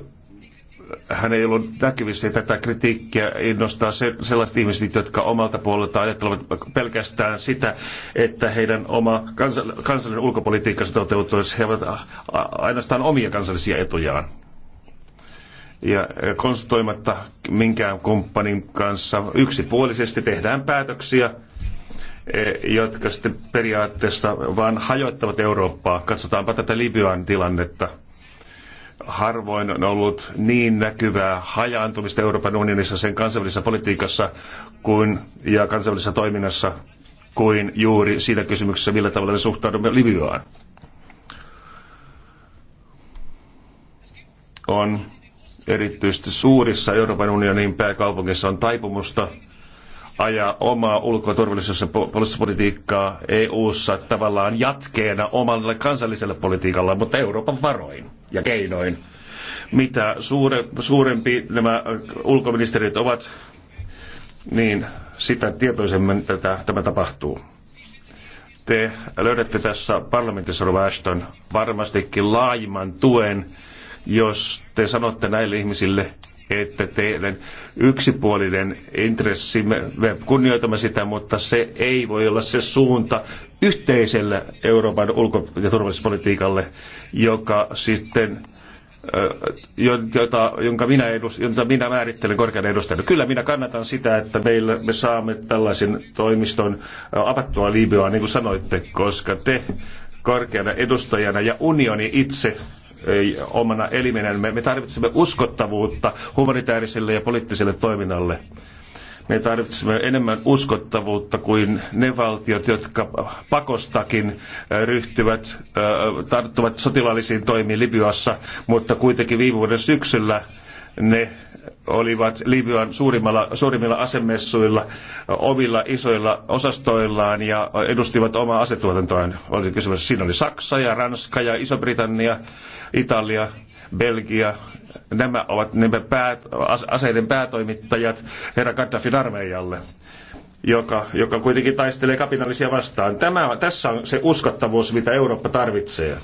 hän ei ollut näkyvissä ja tätä kritiikkiä innostaa se, sellaiset ihmiset, jotka omalta puoleltaan ajattelevat pelkästään sitä, että heidän oma kansa, kansallinen ulkopolitiikkansa toteutuisi, he ovat ainoastaan omia kansallisia etujaan ja e, konsultoimatta minkään kumppanin kanssa yksipuolisesti tehdään päätöksiä, e, jotka sitten periaatteessa vaan hajoittavat Eurooppaa. Katsotaanpa tätä Libyan tilannetta. Harvoin on ollut niin näkyvää hajaantumista Euroopan unionissa sen kansainvälisessä politiikassa kuin, ja kansainvälisessä toiminnassa kuin juuri siinä kysymyksessä, millä tavalla me suhtaudumme Libyaan. On erityisesti suurissa Euroopan unionin pääkaupungissa on taipumusta ajaa omaa ulko- ja turvallisuus- ja puolustuspolitiikkaa EU-ssa tavallaan jatkeena omalle kansalliselle politiikalla, mutta Euroopan varoin ja keinoin. Mitä suure, suurempi nämä ulkoministerit ovat, niin sitä tietoisemmin tätä, tämä tapahtuu. Te löydätte tässä parlamentissa, Ashton, varmastikin laajimman tuen, jos te sanotte näille ihmisille, että teidän yksipuolinen intressi, me kunnioitamme sitä, mutta se ei voi olla se suunta yhteiselle Euroopan ulko- ja turvallisuuspolitiikalle, joka sitten jota, jonka minä, minä määrittelen korkean edustajana. Kyllä minä kannatan sitä, että meillä, me saamme tällaisen toimiston avattua Libyaa, niin kuin sanoitte, koska te korkeana edustajana ja unioni itse omana elimenämme. Me tarvitsemme uskottavuutta humanitaariselle ja poliittiselle toiminnalle. Me tarvitsemme enemmän uskottavuutta kuin ne valtiot, jotka pakostakin äh, ryhtyvät, äh, tarttuvat sotilaallisiin toimiin Libyassa, mutta kuitenkin viime vuoden syksyllä ne olivat Libyan suurimmilla, suurimmilla asemessuilla omilla isoilla osastoillaan ja edustivat omaa asetuotantoaan. Oli kysymys, siinä oli Saksa ja Ranska ja Iso-Britannia, Italia, Belgia. Nämä ovat nämä päät, aseiden päätoimittajat herra Gaddafin armeijalle joka, joka kuitenkin taistelee kapinallisia vastaan. Tämä, tässä on se uskottavuus, mitä Eurooppa tarvitsee.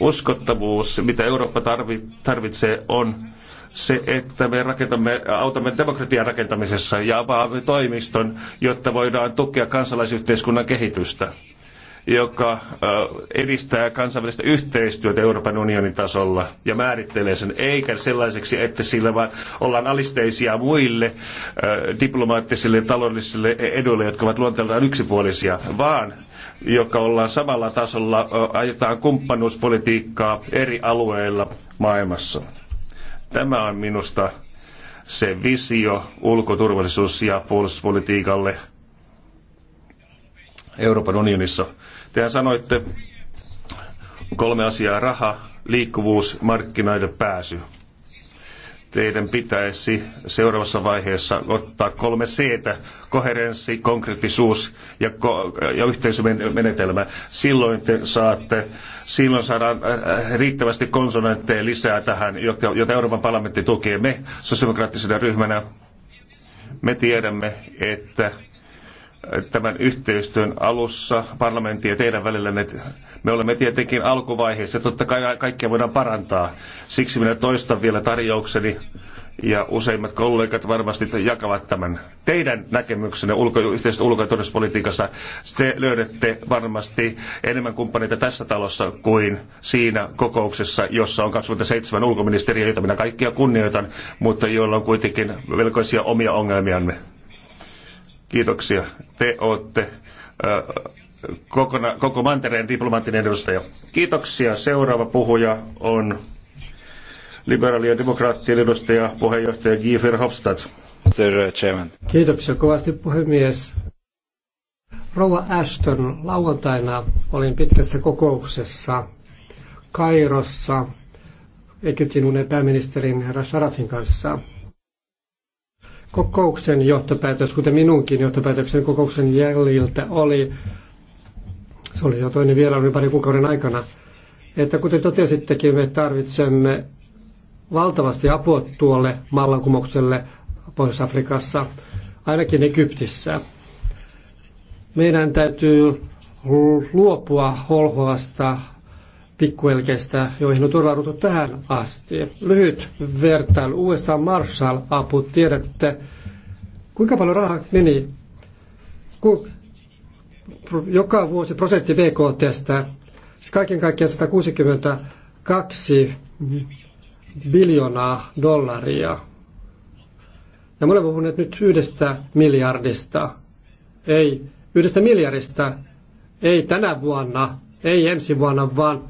Uskottavuus, mitä Eurooppa tarvitsee, on se, että me rakentamme, autamme demokratian rakentamisessa ja avaamme toimiston, jotta voidaan tukea kansalaisyhteiskunnan kehitystä joka edistää kansainvälistä yhteistyötä Euroopan unionin tasolla ja määrittelee sen, eikä sellaiseksi, että sillä vaan ollaan alisteisia muille diplomaattisille ja taloudellisille eduille, jotka ovat luonteeltaan yksipuolisia, vaan joka ollaan samalla tasolla, ajetaan kumppanuuspolitiikkaa eri alueilla maailmassa. Tämä on minusta se visio ulkoturvallisuus- ja puolustuspolitiikalle Euroopan unionissa. Tehän sanoitte kolme asiaa, raha, liikkuvuus, markkinoiden pääsy teidän pitäisi seuraavassa vaiheessa ottaa kolme C-tä, koherenssi, konkretisuus ja, ko- ja yhteisömenetelmä. Silloin te saatte, silloin saadaan äh, riittävästi konsonantteja lisää tähän, jota Euroopan parlamentti tukee. Me sosiaalidemokraattisena ryhmänä, me tiedämme, että tämän yhteistyön alussa parlamentin ja teidän välillä Me olemme tietenkin alkuvaiheessa, totta kai kaikkea voidaan parantaa. Siksi minä toistan vielä tarjoukseni ja useimmat kollegat varmasti jakavat tämän teidän näkemyksenne ulko- yhteisestä ulko- ja turvallisuuspolitiikasta. Se löydätte varmasti enemmän kumppaneita tässä talossa kuin siinä kokouksessa, jossa on 27 ulkoministeriä, joita minä kaikkia kunnioitan, mutta joilla on kuitenkin velkoisia omia ongelmiamme. Kiitoksia. Te olette kokona, koko mantereen diplomaattinen edustaja. Kiitoksia. Seuraava puhuja on ja demokraattien edustaja, puheenjohtaja Guy Verhofstadt. Uh, Kiitoksia kovasti puhemies. Rouva Ashton, lauantaina olin pitkässä kokouksessa Kairossa Egyptin uuden pääministerin herra Sharafin kanssa – kokouksen johtopäätös, kuten minunkin johtopäätöksen kokouksen jäljiltä oli, se oli jo toinen vielä oli pari kuukauden aikana, että kuten totesittekin, me tarvitsemme valtavasti apua tuolle mallankumoukselle Pohjois-Afrikassa, ainakin Egyptissä. Meidän täytyy luopua holhoasta pikkuelkeistä, joihin on turvauduttu tähän asti. Lyhyt vertailu. USA Marshall-apu, tiedätte, kuinka paljon rahaa meni Ku, joka vuosi prosentti VKTstä, kaiken kaikkiaan 162 biljoonaa dollaria. Ja me olemme puhuneet nyt yhdestä miljardista, ei yhdestä miljardista, ei tänä vuonna, ei ensi vuonna, vaan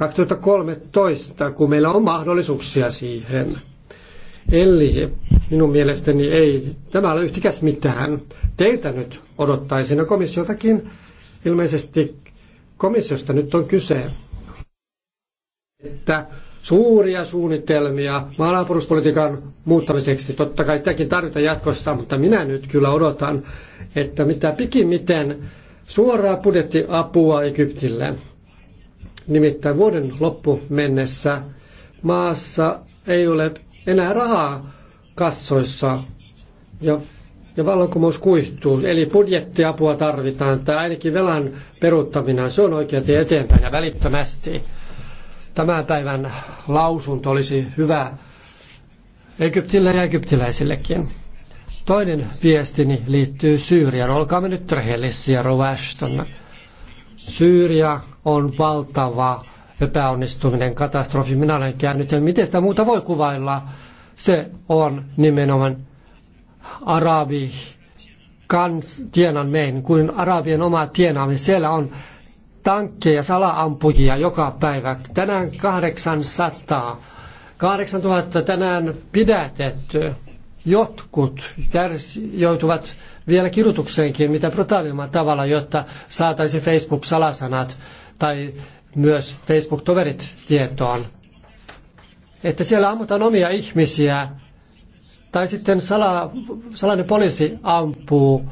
2013, kun meillä on mahdollisuuksia siihen. Eli minun mielestäni ei tämä ole yhtikäs mitään. Teiltä nyt odottaisin ja komissiotakin ilmeisesti komissiosta nyt on kyse, että suuria suunnitelmia maanapuruspolitiikan muuttamiseksi. Totta kai sitäkin tarvitaan jatkossa, mutta minä nyt kyllä odotan, että mitä pikimiten suoraa budjettiapua Egyptille – Nimittäin vuoden loppu mennessä maassa ei ole enää rahaa kassoissa ja, ja vallankumous kuihtuu. Eli budjettiapua tarvitaan tai ainakin velan peruuttaminen. Se on oikea tie eteenpäin ja välittömästi. Tämän päivän lausunto olisi hyvä Egyptille ja egyptiläisillekin. Toinen viestini liittyy Syyriaan. Olkaamme nyt rehellisiä, Rovaston Syyria on valtava epäonnistuminen, katastrofi. Minä olen käynyt, sen. miten sitä muuta voi kuvailla? Se on nimenomaan arabi kans tienanmeen, kuin arabien oma tienaaminen. Siellä on tankkeja, salaampujia joka päivä. Tänään 800, 8000 tänään pidätetty. Jotkut kärsi, joutuvat vielä kirjoitukseenkin mitä brutaalimman tavalla, jotta saataisiin Facebook-salasanat tai myös Facebook-toverit tietoon. Että siellä ammutaan omia ihmisiä tai sitten sala, salainen poliisi ampuu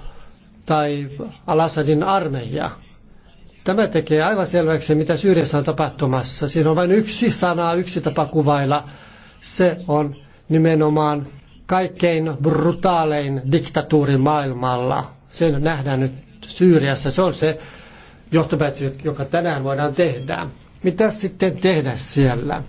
tai Al-Assadin armeija. Tämä tekee aivan selväksi, mitä Syyriassa on tapahtumassa. Siinä on vain yksi sana, yksi tapa kuvailla. Se on nimenomaan kaikkein brutaalein diktatuuri maailmalla. Sen nähdään nyt Syyriassa. Se on se johtopäätös, joka tänään voidaan tehdä. Mitä sitten tehdä siellä?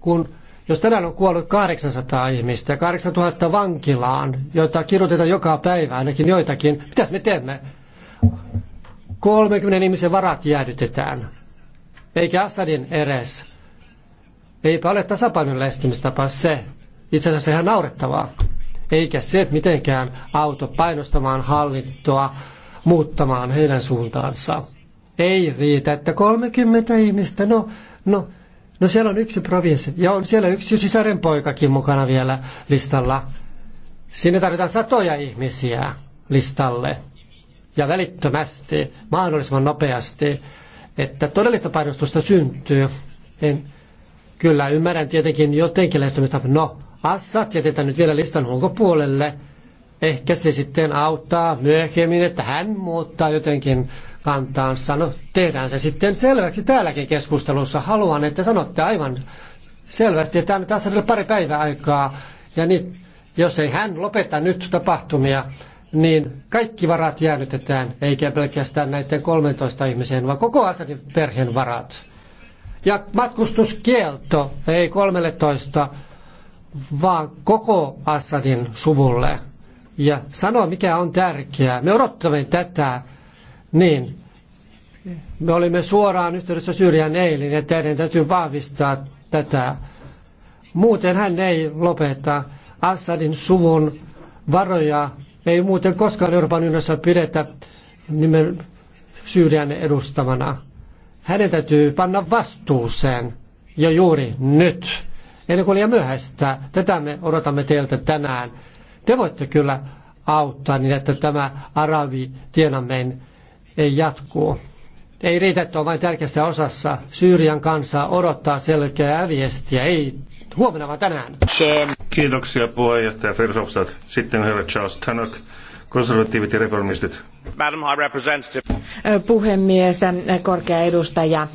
Kun, jos tänään on kuollut 800 ihmistä ja 8000 vankilaan, joita kirjoitetaan joka päivä, ainakin joitakin, mitäs me teemme? 30 ihmisen varat jäädytetään. Eikä Assadin edes. Eipä ole tasapainon lähestymistapa se, itse asiassa ihan naurettavaa. Eikä se mitenkään auto painostamaan hallittoa muuttamaan heidän suuntaansa. Ei riitä, että 30 ihmistä, no, no, no siellä on yksi provinssi ja on siellä yksi sisarenpoikakin mukana vielä listalla. Sinne tarvitaan satoja ihmisiä listalle ja välittömästi, mahdollisimman nopeasti, että todellista painostusta syntyy. En, kyllä ymmärrän tietenkin jotenkin lähestymistä, no Assad jätetään nyt vielä listan ulkopuolelle. Ehkä se sitten auttaa myöhemmin, että hän muuttaa jotenkin kantaansa. No tehdään se sitten selväksi täälläkin keskustelussa. Haluan, että sanotte aivan selvästi, että tässä on pari päivää aikaa. Ja niin, jos ei hän lopeta nyt tapahtumia, niin kaikki varat jäädytetään, eikä pelkästään näiden 13 ihmisen, vaan koko Assadin perheen varat. Ja matkustuskielto, ei 13, vaan koko Assadin suvulle ja sanoa, mikä on tärkeää. Me odottamme tätä, niin me olimme suoraan yhteydessä Syyrian eilen, että teidän täytyy vahvistaa tätä. Muuten hän ei lopeta Assadin suvun varoja. Ei muuten koskaan Euroopan unionissa pidetä nimen Syyrian edustamana. Hänen täytyy panna vastuuseen ja juuri nyt ennen kuin liian myöhäistä. Tätä me odotamme teiltä tänään. Te voitte kyllä auttaa niin, että tämä arabi tienameen ei jatkuu. Ei riitä, että on vain tärkeässä osassa. Syyrian kansa odottaa selkeää viestiä. Ei huomenna, vaan tänään. Kiitoksia puheenjohtaja Fersofsat. Sitten herra Charles Tanok konservatiivit ja reformistit. Madam High Representative. Puhemies, korkea edustaja,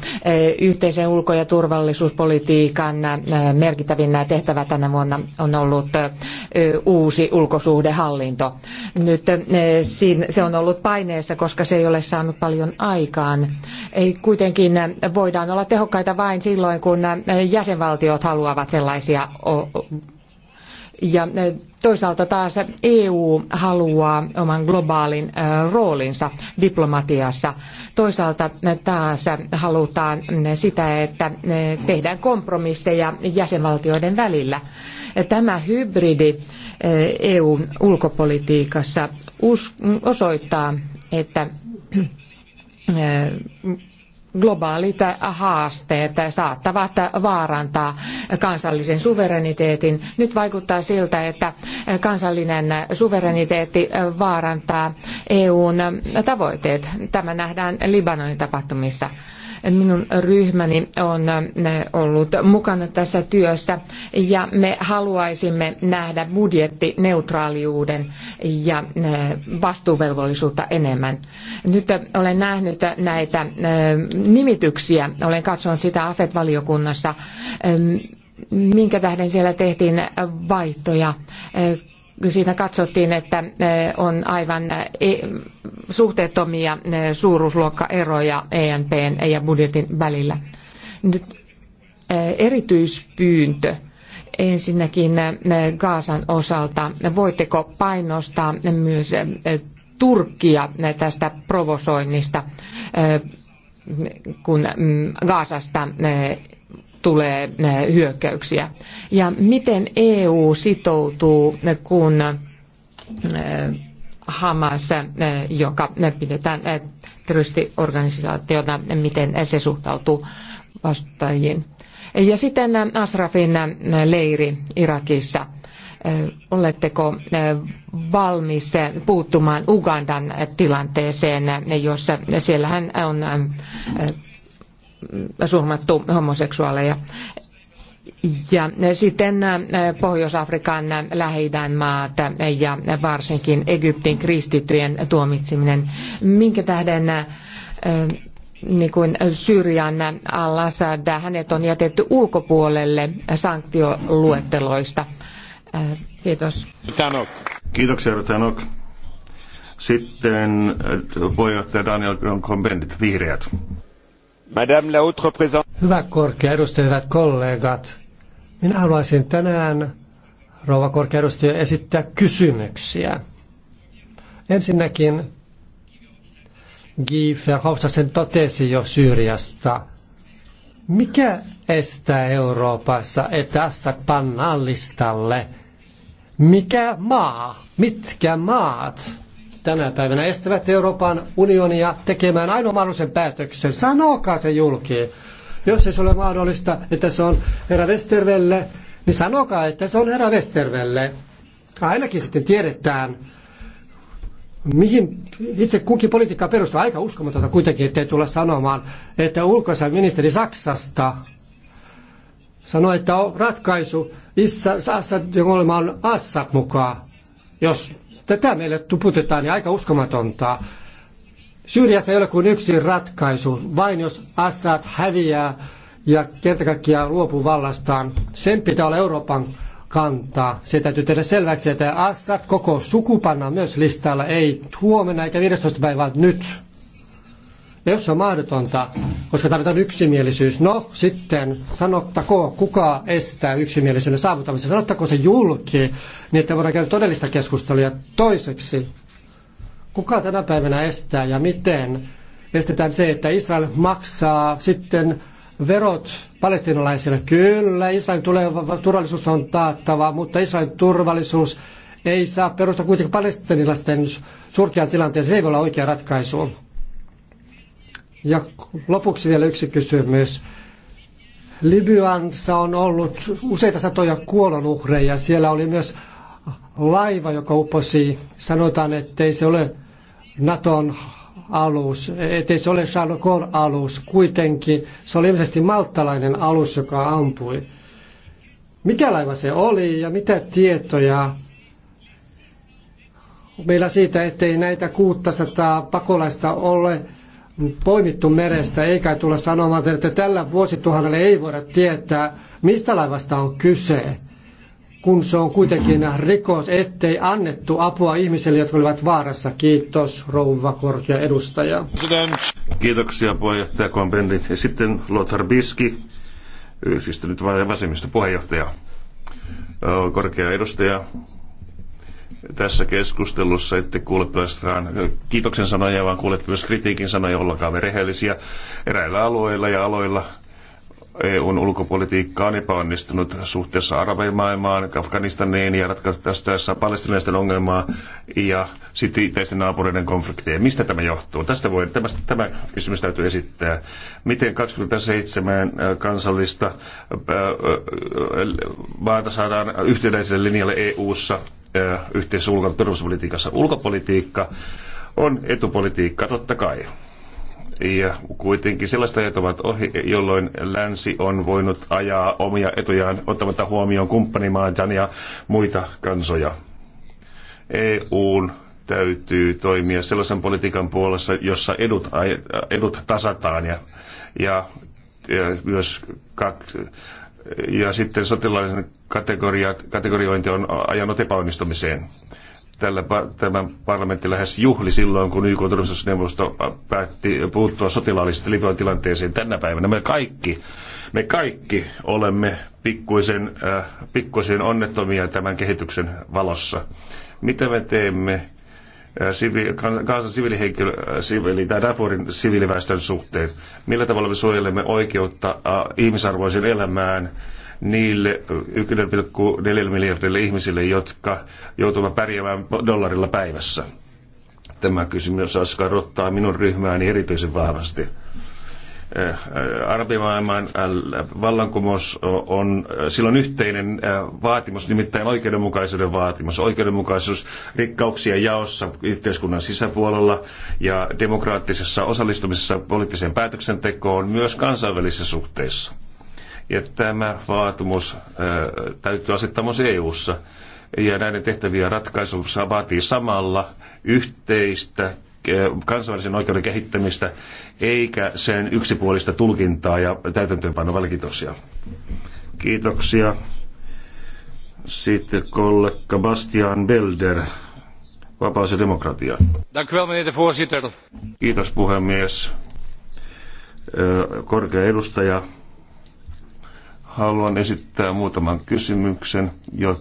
yhteisen ulko- ja turvallisuuspolitiikan merkittävin tehtävä tänä vuonna on ollut uusi ulkosuhdehallinto. Nyt se on ollut paineessa, koska se ei ole saanut paljon aikaan. Ei kuitenkin voidaan olla tehokkaita vain silloin, kun jäsenvaltiot haluavat sellaisia ja eh, toisaalta taas EU haluaa oman globaalin eh, roolinsa diplomatiassa. Toisaalta eh, taas halutaan sitä, että tehdään kompromisseja jäsenvaltioiden välillä. Tämä hybridi EU-ulkopolitiikassa e osoittaa, että globaalit haasteet saattavat vaarantaa kansallisen suvereniteetin. Nyt vaikuttaa siltä, että kansallinen suvereniteetti vaarantaa EUn tavoitteet. Tämä nähdään Libanonin tapahtumissa. Minun ryhmäni on äh, ollut mukana tässä työssä ja me haluaisimme nähdä budjettineutraaliuden ja äh, vastuuvelvollisuutta enemmän. Nyt olen nähnyt näitä äh, nimityksiä, olen katsonut sitä AFET-valiokunnassa, ähm, minkä tähden siellä tehtiin vaihtoja siinä katsottiin, että on aivan e, suhteettomia suuruusluokkaeroja ENPn ja budjetin välillä. Nyt erityispyyntö ensinnäkin Gaasan osalta. Voitteko painostaa myös Turkkia tästä provosoinnista, kun Gaasasta tulee eh, hyökkäyksiä. Ja miten EU sitoutuu, eh, kun eh, Hamas, joka pidetään terroristiorganisaationa, miten se suhtautuu vastaajiin. Ja sitten Asrafin leiri Irakissa. Oletteko valmis puuttumaan Ugandan tilanteeseen, jossa siellähän on surmattu homoseksuaaleja. Ja sitten äh, Pohjois-Afrikan lähi maat ja varsinkin Egyptin kristittyjen tuomitseminen. Minkä tähden äh, niin kuin Syyrian al-Assad, hänet on jätetty ulkopuolelle sanktioluetteloista. Äh, kiitos. Tanok. Kiitoksia, Tanok. Sitten puheenjohtaja Daniel Gronkon-Bendit, vihreät. Madame la haute représentante. Hyvä korkea edustaja, hyvät kollegat. Minä haluaisin tänään, rouva korkea edustaja, esittää kysymyksiä. Ensinnäkin Guy Verhofstadt totesi jo Syyriasta. Mikä estää Euroopassa, että Assad pannaan listalle? Mikä maa? Mitkä maat? tänä päivänä estävät Euroopan unionia tekemään ainoa mahdollisen päätöksen. Sanokaa se julki. Jos ei se ole mahdollista, että se on herra Westervelle, niin sanokaa, että se on herra Westervelle. Ainakin sitten tiedetään, mihin itse kunkin politiikka perustuu. Aika uskomatonta kuitenkin, ettei tulla sanomaan, että ulkoisen ministeri Saksasta sanoi, että on ratkaisu Assad, jonka olemaan Assad mukaan. Jos Tätä meille tuputetaan ja aika uskomatonta. Syyriassa ei ole kuin yksi ratkaisu, vain jos Assad häviää ja kerta kaikkiaan luopuu vallastaan. Sen pitää olla Euroopan kantaa. Se täytyy tehdä selväksi, että Assad koko suku pannaan myös listalla, ei huomenna eikä 15 päivää, vaan nyt. Ja jos se on mahdotonta, koska tarvitaan yksimielisyys, no sitten sanottako, kuka estää yksimielisyyden saavuttamisen, sanottako se julki, niin että voidaan käydä todellista keskustelua. toiseksi, kuka tänä päivänä estää ja miten estetään se, että Israel maksaa sitten verot palestinalaisille. Kyllä, Israelin turvallisuus on taattava, mutta Israelin turvallisuus ei saa perustaa kuitenkin palestinilaisten surkean tilanteeseen. Se ei voi olla oikea ratkaisu. Ja lopuksi vielä yksi kysymys. Libyansa on ollut useita satoja kuolonuhreja. Siellä oli myös laiva, joka uposi. Sanotaan, ettei se ole Naton alus, ettei se ole Charles alus. Kuitenkin se oli ilmeisesti malttalainen alus, joka ampui. Mikä laiva se oli ja mitä tietoja meillä siitä, ettei näitä 600 pakolaista ole poimittu merestä, eikä tulla sanomaan, että tällä vuosituhannella ei voida tietää, mistä laivasta on kyse, kun se on kuitenkin rikos, ettei annettu apua ihmisille, jotka olivat vaarassa. Kiitos, rouva korkea edustaja. Kiitoksia, puheenjohtaja Kompendi. Ja sitten Lothar Biski, yhdistynyt vasemmista puheenjohtaja, korkea edustaja, tässä keskustelussa, ette kuule pelkästään kiitoksen sanoja, vaan kuulet myös kritiikin sanoja, ollakaan me rehellisiä eräillä alueilla ja aloilla EUn ulkopolitiikka on epäonnistunut suhteessa arabimaailmaan, Afganistaniin ja ratkaistaessa palestinaisten ongelmaa ja sitten itäisten naapureiden konflikteja. Mistä tämä johtuu? Tästä voi, tämä, tämä kysymys täytyy esittää. Miten 27 äh, kansallista äh, äh, maata saadaan yhtenäiselle linjalle EUssa yhteisessä ulko- ja turvallisuuspolitiikassa? Ulkopolitiikka on etupolitiikka, totta kai. Ja kuitenkin sellaiset ajat ovat ohi, jolloin länsi on voinut ajaa omia etujaan ottamatta huomioon kumppanimaitaan ja muita kansoja. EUn täytyy toimia sellaisen politiikan puolessa, jossa edut, edut tasataan ja, ja, ja myös kaksi, ja sitten sotilaallisen kategoriointi on ajanut epäonnistumiseen tällä, tämä parlamentti lähes juhli silloin, kun YK turvallisuusneuvosto päätti puuttua sotilaallisesti Libyan tilanteeseen tänä päivänä. Me kaikki, me kaikki olemme pikkuisen, äh, pikkuisen onnettomia tämän kehityksen valossa. Mitä me teemme äh, Kansan siviilihenkilö, äh, siviili, tai Darfurin siviiliväestön suhteen. Millä tavalla me suojelemme oikeutta äh, ihmisarvoisen elämään niille 1,4 miljardille ihmisille, jotka joutuvat pärjäämään dollarilla päivässä. Tämä kysymys rottaa minun ryhmääni erityisen vahvasti eh, arabimaailman eh, vallankumous on eh, silloin yhteinen vaatimus, nimittäin oikeudenmukaisuuden vaatimus. Oikeudenmukaisuus rikkauksien jaossa yhteiskunnan sisäpuolella ja demokraattisessa osallistumisessa poliittiseen päätöksentekoon myös kansainvälisissä suhteissa. Ja tämä vaatimus täytyy asettaa myös EU-ssa. Ja näiden tehtävien ratkaisu vaatii samalla yhteistä kansainvälisen oikeuden kehittämistä, eikä sen yksipuolista tulkintaa ja täytäntöönpano Kiitoksia. Kiitoksia. Sitten kollega Bastian Belder, Vapaus ja demokratia. Kiitos puhemies. Korkea edustaja haluan esittää muutaman kysymyksen, ja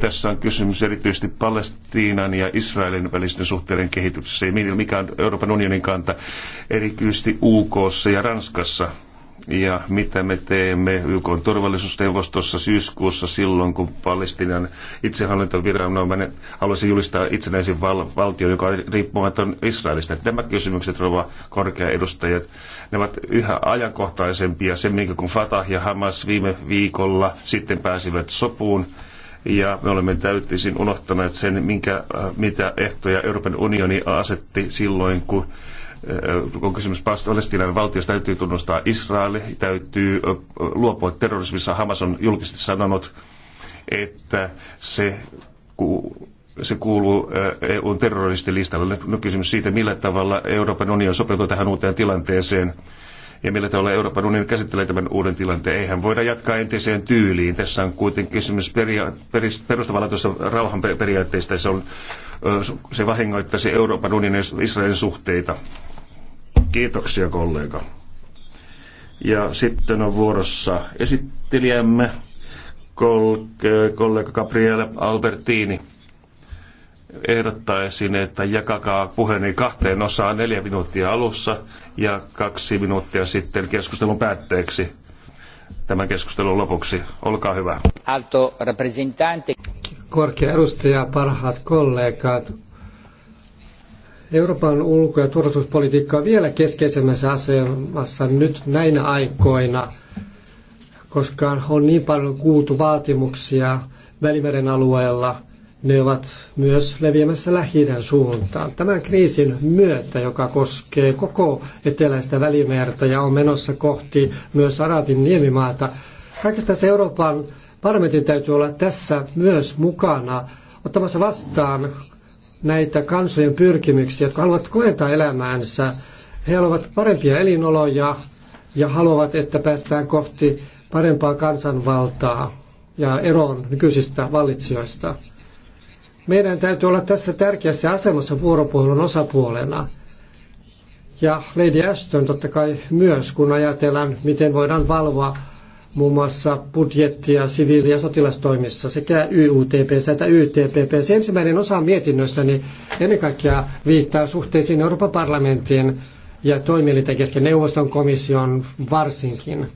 tässä on kysymys erityisesti Palestiinan ja Israelin välisten suhteiden kehityksessä ja mikä on Euroopan unionin kanta erityisesti UK ja Ranskassa ja mitä me teemme YK turvallisuusneuvostossa syyskuussa silloin, kun Palestinan itsehallintoviranomainen halusi julistaa itsenäisen val- valtion, joka on riippumaton Israelista. Nämä kysymykset, rouva korkea edustajat, ne ovat yhä ajankohtaisempia sen, minkä kun Fatah ja Hamas viime viikolla sitten pääsivät sopuun. Ja me olemme täyttisin unohtaneet sen, minkä, mitä ehtoja Euroopan unioni asetti silloin, kun kun äh, kysymys Palestiinan valtiosta, täytyy tunnustaa Israel, täytyy luopua terrorismissa. Hamas on julkisesti sanonut, että se se kuuluu EUn terroristilistalle. Nyt on kysymys siitä, millä tavalla Euroopan unioni sopeutuu tähän uuteen tilanteeseen ja millä tavalla Euroopan unioni käsittelee tämän uuden tilanteen. Eihän voida jatkaa entiseen tyyliin. Tässä on kuitenkin kysymys peria- peris- rauhanperiaatteista, rauhan periaatteista. Se, on, se vahingoittaisi Euroopan unionin ja Israelin suhteita. Kiitoksia kollega. Ja sitten on vuorossa esittelijämme kollega Gabriele Albertini. Ehdottaisin, että jakakaa puheeni kahteen osaan neljä minuuttia alussa ja kaksi minuuttia sitten keskustelun päätteeksi tämän keskustelun lopuksi. Olkaa hyvä. Alto representante. Korkea edustaja, parhaat kollegat, Euroopan ulko- ja turvallisuuspolitiikka on vielä keskeisemmässä asemassa nyt näinä aikoina, koska on niin paljon kuultu vaatimuksia Välimeren alueella. Ne ovat myös leviämässä lähi suuntaan. Tämän kriisin myötä, joka koskee koko eteläistä välimerta ja on menossa kohti myös Arabin niemimaata, kaikesta tässä Euroopan parlamentin täytyy olla tässä myös mukana ottamassa vastaan näitä kansojen pyrkimyksiä, jotka haluavat koeta elämäänsä. He haluavat parempia elinoloja ja haluavat, että päästään kohti parempaa kansanvaltaa ja eroon nykyisistä vallitsijoista. Meidän täytyy olla tässä tärkeässä asemassa vuoropuhelun osapuolena. Ja Lady Ashton totta kai myös, kun ajatellaan, miten voidaan valvoa muun muassa budjetti- ja siviili- ja sotilastoimissa sekä YUTP että YTPP. Se ensimmäinen osa mietinnössäni niin ennen kaikkea viittaa suhteisiin Euroopan parlamentin ja toimielinten kesken neuvoston komission varsinkin.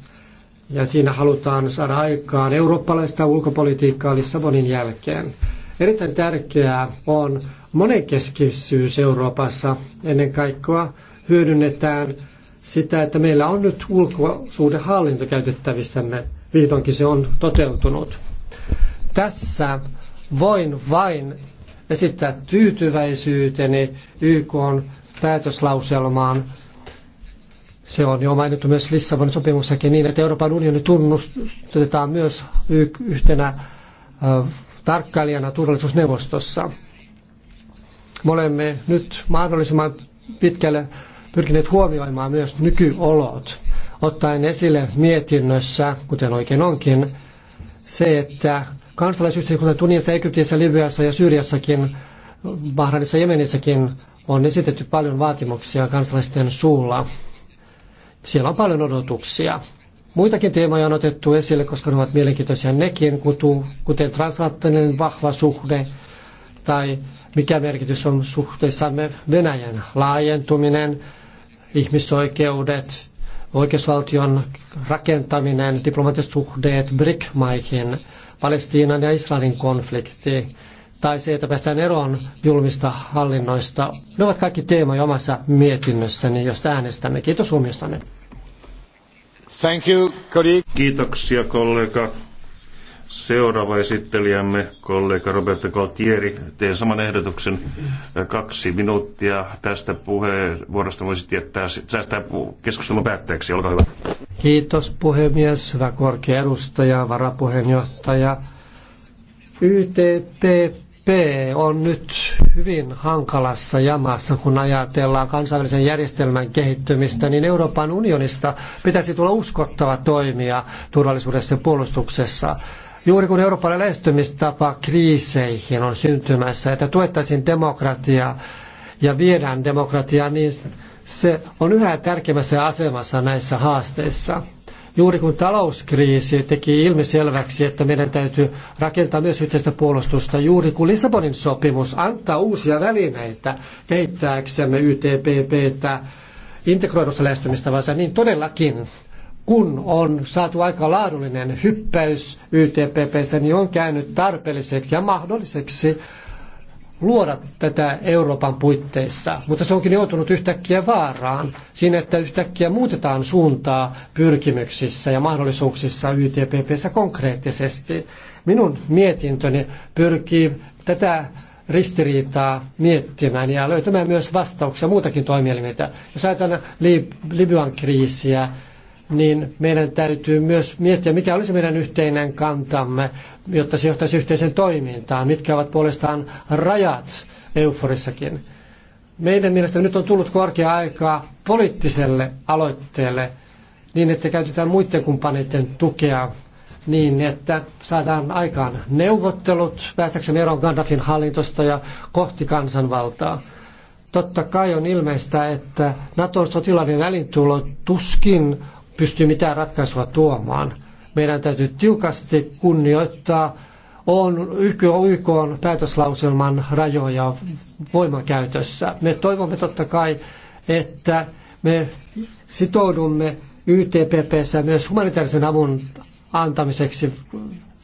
Ja siinä halutaan saada aikaan eurooppalaista ulkopolitiikkaa Lissabonin jälkeen. Erittäin tärkeää on monenkeskisyys Euroopassa. Ennen kaikkea hyödynnetään sitä, että meillä on nyt ulkosuhdehallinto käytettävissämme. Vihdoinkin se on toteutunut. Tässä voin vain esittää tyytyväisyyteni YK on päätöslauselmaan. Se on jo mainittu myös Lissabonin sopimuksessakin niin, että Euroopan unioni tunnustetaan myös yhtenä tarkkailijana turvallisuusneuvostossa. Me olemme nyt mahdollisimman pitkälle pyrkineet huomioimaan myös nykyolot, ottaen esille mietinnössä, kuten oikein onkin, se, että kansalaisyhteiskunta Tunisiassa, Egyptissä, Libyassa ja Syyriassakin, Bahrainissa ja Jemenissäkin on esitetty paljon vaatimuksia kansalaisten suulla. Siellä on paljon odotuksia. Muitakin teemoja on otettu esille, koska ne ovat mielenkiintoisia nekin, kuten transatlanttinen vahva suhde tai mikä merkitys on suhteessamme Venäjän laajentuminen – ihmisoikeudet, oikeusvaltion rakentaminen, diplomatiset suhteet BRIC-maihin, Palestiinan ja Israelin konflikti tai se, että päästään eroon julmista hallinnoista. Ne ovat kaikki teemoja omassa mietinnössäni, josta äänestämme. Kiitos huomiostanne. Thank you, colleague. Kiitoksia kollega. Seuraava esittelijämme, kollega Roberto Galtieri, teen saman ehdotuksen kaksi minuuttia. Tästä puheenvuorosta voisit jättää, säästää keskustelun päätteeksi. Olkaa hyvä. Kiitos puhemies, hyvä korkea edustaja, varapuheenjohtaja. YTPP on nyt hyvin hankalassa jamassa, kun ajatellaan kansainvälisen järjestelmän kehittymistä, niin Euroopan unionista pitäisi tulla uskottava toimija turvallisuudessa ja puolustuksessa Juuri kun Euroopan lähestymistapa kriiseihin on syntymässä, että tuettaisiin demokratiaa ja viedään demokratiaa, niin se on yhä tärkeimmässä asemassa näissä haasteissa. Juuri kun talouskriisi teki ilmiselväksi, että meidän täytyy rakentaa myös yhteistä puolustusta, juuri kun Lissabonin sopimus antaa uusia välineitä kehittääksemme YTPPtä integroidussa lähestymistavassa, niin todellakin kun on saatu aika laadullinen hyppäys YTPPssä, niin on käynyt tarpeelliseksi ja mahdolliseksi luoda tätä Euroopan puitteissa, mutta se onkin joutunut yhtäkkiä vaaraan siinä, että yhtäkkiä muutetaan suuntaa pyrkimyksissä ja mahdollisuuksissa YTPPssä konkreettisesti. Minun mietintöni pyrkii tätä ristiriitaa miettimään ja löytämään myös vastauksia muutakin toimielimiltä. Jos ajatellaan Lib- Libyan kriisiä, niin meidän täytyy myös miettiä, mikä olisi meidän yhteinen kantamme, jotta se johtaisi yhteiseen toimintaan, mitkä ovat puolestaan rajat euforissakin. Meidän mielestämme nyt on tullut korkea aikaa poliittiselle aloitteelle niin, että käytetään muiden kumppaneiden tukea niin, että saadaan aikaan neuvottelut päästäksemme eroon Gaddafin hallintosta ja kohti kansanvaltaa. Totta kai on ilmeistä, että nato sotilaiden välintulo tuskin pysty mitään ratkaisua tuomaan. Meidän täytyy tiukasti kunnioittaa on YK, YK on päätöslauselman rajoja voimakäytössä. Me toivomme totta kai, että me sitoudumme YTPPssä myös humanitaarisen avun antamiseksi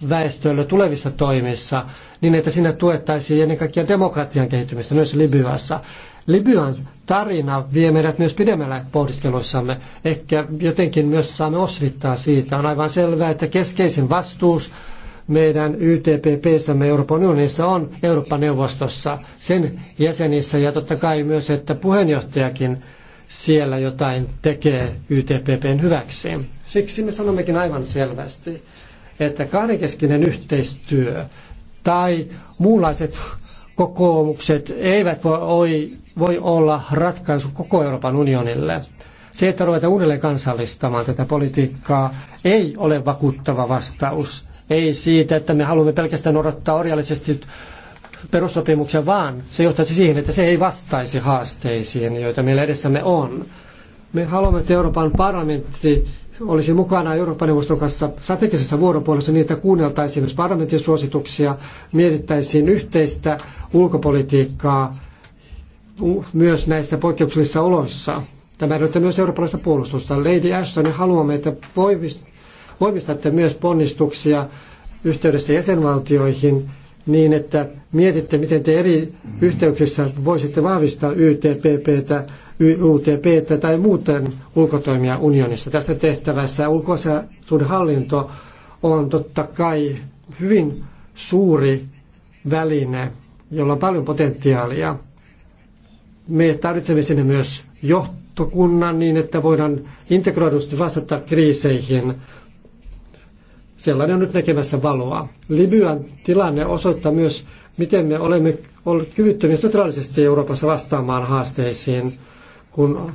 väestölle tulevissa toimissa, niin että sinne tuettaisiin ennen kaikkea demokratian kehittymistä myös Libyassa. Libyan tarina vie meidät myös pidemmälle pohdiskeluissamme. Ehkä jotenkin myös saamme osvittaa siitä. On aivan selvää, että keskeisin vastuus meidän YTPPssämme Euroopan unionissa on Euroopan neuvostossa, sen jäsenissä ja totta kai myös, että puheenjohtajakin siellä jotain tekee YTPPn hyväksi. Siksi me sanommekin aivan selvästi, että kahdenkeskinen yhteistyö tai muunlaiset kokoomukset eivät voi, voi olla ratkaisu koko Euroopan unionille. Se, että ruvetaan uudelleen kansallistamaan tätä politiikkaa, ei ole vakuuttava vastaus. Ei siitä, että me haluamme pelkästään odottaa orjallisesti perussopimuksen, vaan se johtaisi siihen, että se ei vastaisi haasteisiin, joita meillä edessämme on. Me haluamme, että Euroopan parlamentti olisi mukana Euroopan neuvoston kanssa strategisessa vuoropuolessa niin, että kuunneltaisiin myös parlamentin suosituksia, mietittäisiin yhteistä ulkopolitiikkaa myös näissä poikkeuksellisissa oloissa. Tämä edellyttää myös eurooppalaista puolustusta. Lady Ashton, haluamme, että voimistatte myös ponnistuksia yhteydessä jäsenvaltioihin niin, että mietitte, miten te eri yhteyksissä voisitte vahvistaa YTPPtä, UTPtä tai muuten ulkotoimia unionissa. Tässä tehtävässä hallinto on totta kai hyvin suuri väline, jolla on paljon potentiaalia. Me tarvitsemme sinne myös johtokunnan niin, että voidaan integroidusti vastata kriiseihin – sellainen on nyt näkemässä valoa. Libyan tilanne osoittaa myös, miten me olemme olleet kyvyttömiä sotilaallisesti Euroopassa vastaamaan haasteisiin, kun,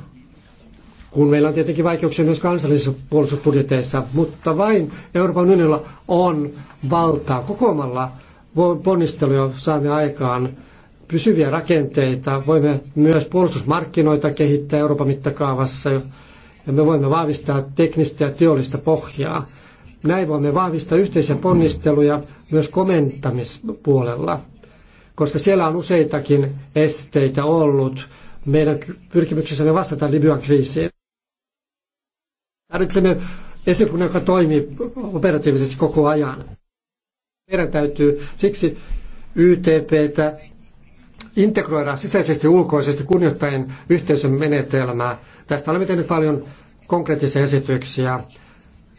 kun meillä on tietenkin vaikeuksia myös kansallisissa puolustusbudjeteissa, mutta vain Euroopan unionilla on valtaa kokoamalla ponnisteluja saamme aikaan pysyviä rakenteita. Voimme myös puolustusmarkkinoita kehittää Euroopan mittakaavassa ja me voimme vahvistaa teknistä ja teollista pohjaa. Näin voimme vahvistaa yhteisiä ponnisteluja myös komentamispuolella, koska siellä on useitakin esteitä ollut meidän pyrkimyksessämme vastata Libyan kriisiin. Tarvitsemme esikunnan, joka toimii operatiivisesti koko ajan. Meidän täytyy siksi YTPtä integroida sisäisesti ulkoisesti kunnioittain yhteisön menetelmää. Tästä olemme tehneet paljon konkreettisia esityksiä.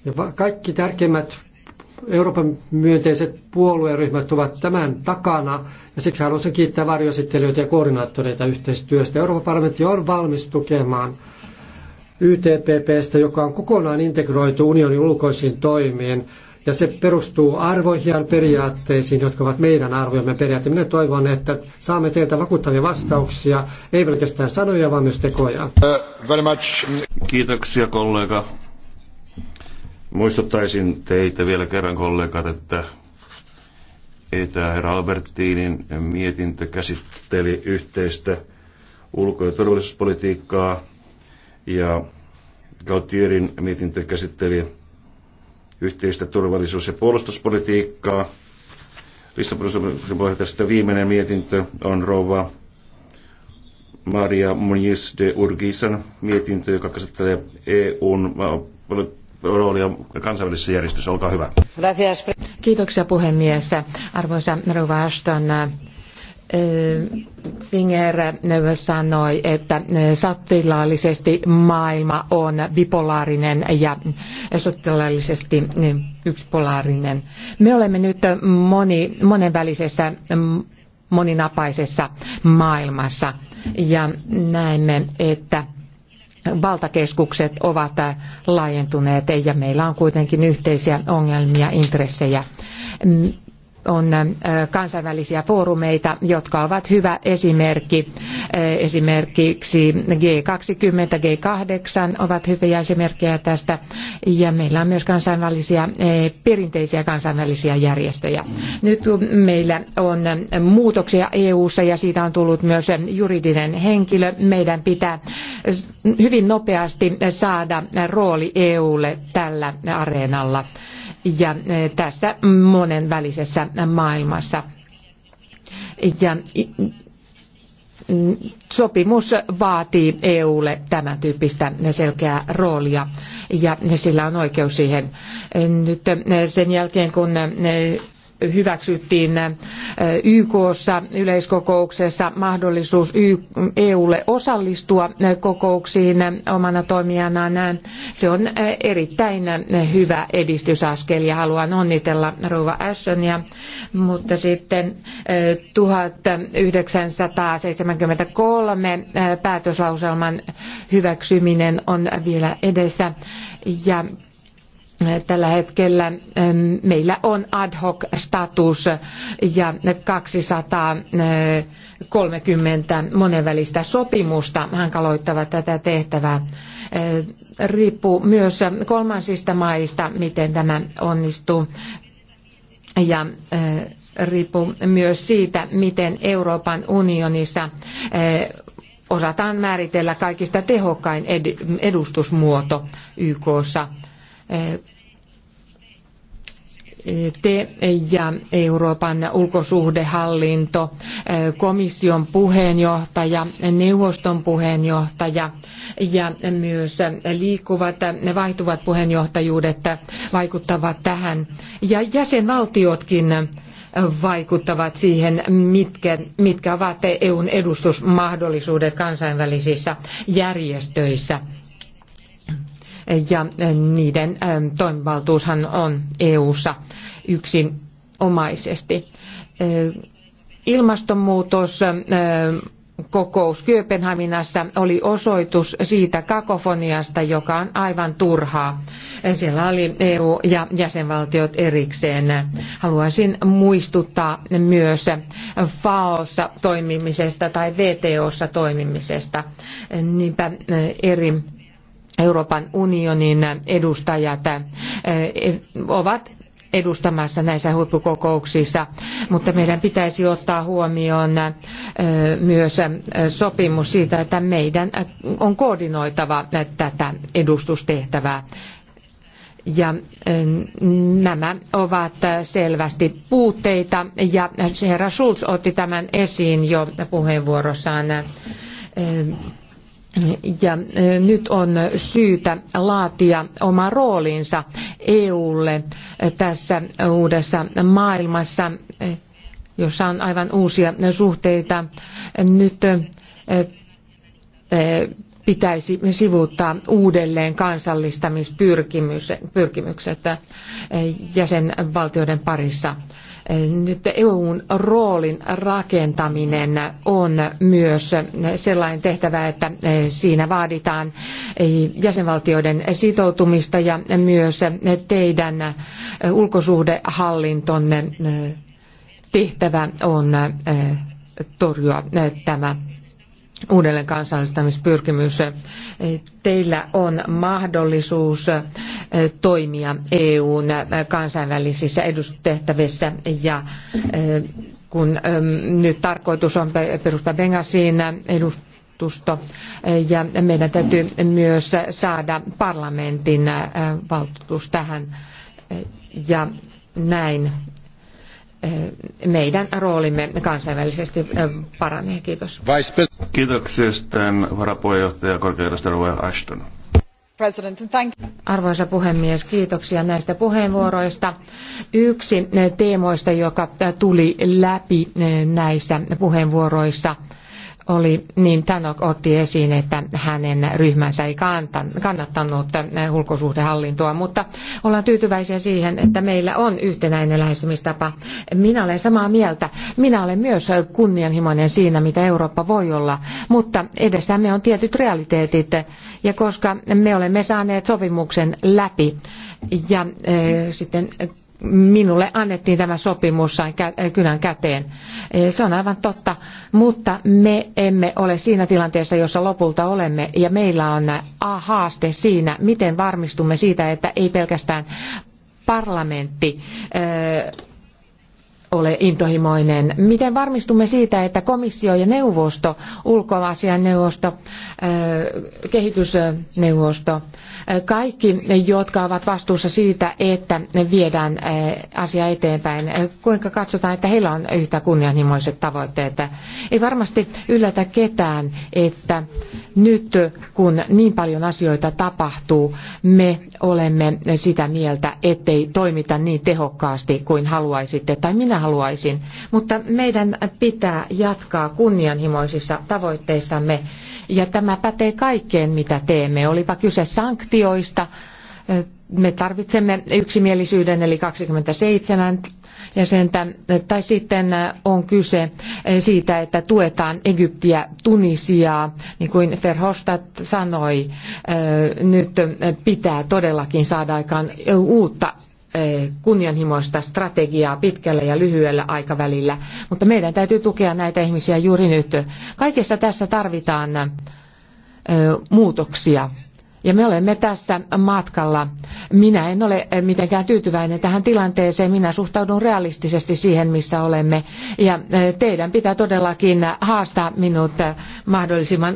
Ja kaikki tärkeimmät Euroopan myönteiset puolueryhmät ovat tämän takana, ja siksi haluaisin kiittää varjoesittelijöitä ja koordinaattoreita yhteistyöstä. Euroopan parlamentti on valmis tukemaan YTPPstä, joka on kokonaan integroitu unionin ulkoisiin toimiin, ja se perustuu arvoihin ja periaatteisiin, jotka ovat meidän arvojamme periaatteet. Minä toivon, että saamme teiltä vakuuttavia vastauksia, ei pelkästään sanoja, vaan myös tekoja. Äh, Kiitoksia kollega. Muistuttaisin teitä vielä kerran kollegat, että tämä herra Albertinin mietintö käsitteli yhteistä ulko- ja turvallisuuspolitiikkaa ja Gautierin mietintö käsitteli yhteistä turvallisuus- ja puolustuspolitiikkaa. Lissabonin tästä viimeinen mietintö on rouva Maria Muniz de Urgisan mietintö, joka käsittelee EUn roolia kansainvälisessä järjestössä. Olkaa hyvä. Kiitoksia puhemies. Arvoisa Rova Ashton, äh, Singer äh, sanoi, että äh, sotilaallisesti maailma on bipolaarinen ja sotilaallisesti yksipolaarinen. Me olemme nyt moni, monenvälisessä moninapaisessa maailmassa ja näemme, että valtakeskukset ovat äh, laajentuneet ja meillä on kuitenkin yhteisiä ongelmia, intressejä on kansainvälisiä foorumeita, jotka ovat hyvä esimerkki. Esimerkiksi G20, G8 ovat hyviä esimerkkejä tästä. Ja meillä on myös kansainvälisiä, perinteisiä kansainvälisiä järjestöjä. Nyt meillä on muutoksia EU-ssa ja siitä on tullut myös juridinen henkilö. Meidän pitää hyvin nopeasti saada rooli EUlle tällä areenalla ja eh, tässä monenvälisessä maailmassa. Ja mm, sopimus vaatii EUlle tämän tyyppistä selkeää roolia ja sillä on oikeus siihen. Eh, nyt eh, sen jälkeen kun hyväksyttiin eh, YKssa yleiskokouksessa mahdollisuus EUlle osallistua eh, kokouksiin omana toimijanaan. Se on eh, erittäin hyvä edistysaskel ja haluan onnitella Rouva Ashtonia, mutta sitten 1973 päätöslauselman hyväksyminen on vielä edessä ja Tällä hetkellä ähm, meillä on ad hoc status ja 230 äh, monenvälistä sopimusta hankaloittavat tätä tehtävää. Äh, riippuu myös kolmansista maista, miten tämä onnistuu. Ja äh, riippuu myös siitä, miten Euroopan unionissa osataan määritellä kaikista tehokkain edustusmuoto YKssa te ja Euroopan ulkosuhdehallinto, komission puheenjohtaja, neuvoston puheenjohtaja ja myös liikkuvat ne vaihtuvat puheenjohtajuudet vaikuttavat tähän. Ja jäsenvaltiotkin vaikuttavat siihen, mitkä, mitkä ovat EUn edustusmahdollisuudet kansainvälisissä järjestöissä ja eh, niiden eh, toimivaltuushan on EU-ssa yksinomaisesti. Eh, ilmastonmuutos kokous Kööpenhaminassa oli osoitus siitä kakofoniasta, joka on aivan turhaa. Siellä oli EU ja jäsenvaltiot erikseen. Haluaisin muistuttaa myös FAOssa toimimisesta tai VTOssa toimimisesta. Niinpä eri Euroopan unionin edustajat eh, ovat edustamassa näissä huippukokouksissa, mutta meidän pitäisi ottaa huomioon eh, myös eh, sopimus siitä, että meidän on koordinoitava tätä edustustehtävää. Ja nämä ovat selvästi puutteita ja herra Schulz otti tämän esiin jo puheenvuorossaan ja e, nyt on syytä laatia oma roolinsa EUlle e, tässä uudessa maailmassa, e, jossa on aivan uusia suhteita. Nyt pitäisi sivuuttaa uudelleen kansallistamispyrkimykset jäsenvaltioiden parissa nyt EUn roolin rakentaminen on myös sellainen tehtävä, että siinä vaaditaan jäsenvaltioiden sitoutumista ja myös teidän ulkosuhdehallintonne tehtävä on torjua tämä uudelleen kansallistamispyrkimys. Teillä on mahdollisuus toimia EUn kansainvälisissä edustustehtävissä ja kun nyt tarkoitus on perustaa Bengasiin edustusto ja meidän täytyy myös saada parlamentin valtuutus tähän ja näin meidän roolimme kansainvälisesti paranee. Kiitos. Kiitoksia sitten varapuheenjohtaja Ashton. Arvoisa puhemies, kiitoksia näistä puheenvuoroista. Yksi teemoista, joka tuli läpi näissä puheenvuoroissa, oli, niin Tanok otti esiin, että hänen ryhmänsä ei kannattanut ulkosuhdehallintoa, mutta ollaan tyytyväisiä siihen, että meillä on yhtenäinen lähestymistapa. Minä olen samaa mieltä. Minä olen myös kunnianhimoinen siinä, mitä Eurooppa voi olla, mutta edessämme on tietyt realiteetit, ja koska me olemme saaneet sopimuksen läpi, ja eh, sitten minulle annettiin tämä sopimus, sain äh, kynän käteen. Se on aivan totta, mutta me emme ole siinä tilanteessa, jossa lopulta olemme, ja meillä on äh, haaste siinä, miten varmistumme siitä, että ei pelkästään parlamentti äh, ole intohimoinen. Miten varmistumme siitä, että komissio ja neuvosto, ulkoasianneuvosto, kehitysneuvosto, kaikki, jotka ovat vastuussa siitä, että viedään asia eteenpäin, kuinka katsotaan, että heillä on yhtä kunnianhimoiset tavoitteet. Ei varmasti yllätä ketään, että nyt kun niin paljon asioita tapahtuu, me olemme sitä mieltä, ettei toimita niin tehokkaasti kuin haluaisitte, tai minä minä haluaisin, mutta meidän pitää jatkaa kunnianhimoisissa tavoitteissamme. Ja tämä pätee kaikkeen, mitä teemme. Olipa kyse sanktioista, me tarvitsemme yksimielisyyden eli 27 jäsentä, tai sitten on kyse siitä, että tuetaan Egyptiä, Tunisiaa, niin kuin Verhofstadt sanoi, nyt pitää todellakin saada aikaan uutta Eh, kunnianhimoista strategiaa pitkällä ja lyhyellä aikavälillä, mutta meidän täytyy tukea näitä ihmisiä juuri nyt. Kaikessa tässä tarvitaan eh, muutoksia ja me olemme tässä matkalla. Minä en ole mitenkään tyytyväinen tähän tilanteeseen. Minä suhtaudun realistisesti siihen, missä olemme. Ja e, teidän pitää todellakin haastaa minut e, mahdollisimman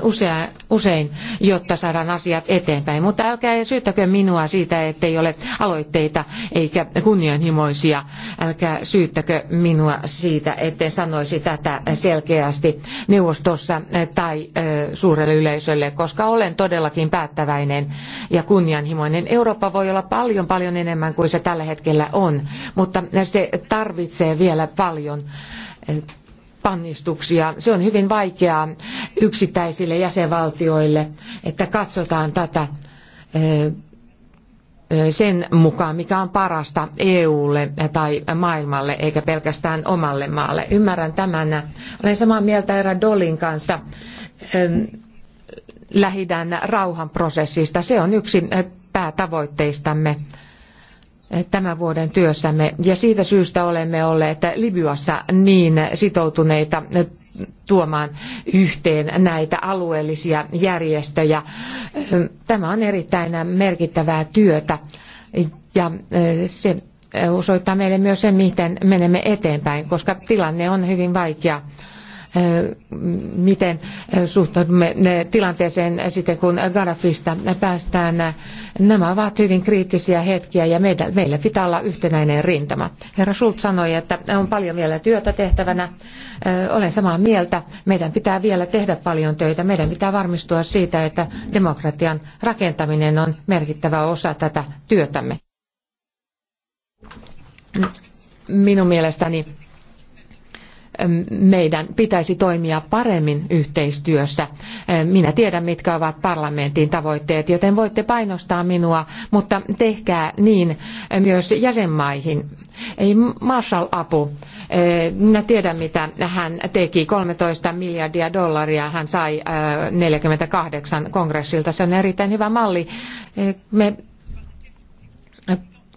usein, jotta saadaan asiat eteenpäin. Mutta älkää syyttäkö minua siitä, ettei ole aloitteita eikä kunnianhimoisia. Älkää syyttäkö minua siitä, etten sanoisi tätä selkeästi neuvostossa e, tai suurelle yleisölle, koska olen todellakin päättäväinen kunnianhimoinen. Ja kunnianhimoinen Eurooppa voi olla paljon paljon enemmän kuin se tällä hetkellä on, mutta se tarvitsee vielä paljon eh, pannistuksia. Se on hyvin vaikeaa yksittäisille jäsenvaltioille, että katsotaan tätä eh, eh, sen mukaan, mikä on parasta EUlle tai maailmalle, eikä pelkästään omalle maalle. Ymmärrän tämän. Olen samaa mieltä Era Dolin kanssa Lähidän rauhanprosessista. Se on yksi eh, päätavoitteistamme eh, tämän vuoden työssämme ja siitä syystä olemme olleet Libyassa niin sitoutuneita eh, tuomaan yhteen näitä alueellisia järjestöjä. Tämä on erittäin merkittävää työtä ja se osoittaa meille myös sen, miten menemme eteenpäin, koska tilanne on hyvin vaikea miten suhtaudumme tilanteeseen sitten, kun Gaddafista päästään. Nämä ovat hyvin kriittisiä hetkiä ja meillä pitää olla yhtenäinen rintama. Herra Schulz sanoi, että on paljon vielä työtä tehtävänä. Olen samaa mieltä. Meidän pitää vielä tehdä paljon töitä. Meidän pitää varmistua siitä, että demokratian rakentaminen on merkittävä osa tätä työtämme minun mielestäni meidän pitäisi toimia paremmin yhteistyössä. Minä tiedän, mitkä ovat parlamentin tavoitteet, joten voitte painostaa minua, mutta tehkää niin myös jäsenmaihin. Ei Marshall-apu. Minä tiedän, mitä hän teki. 13 miljardia dollaria hän sai 48 kongressilta. Se on erittäin hyvä malli.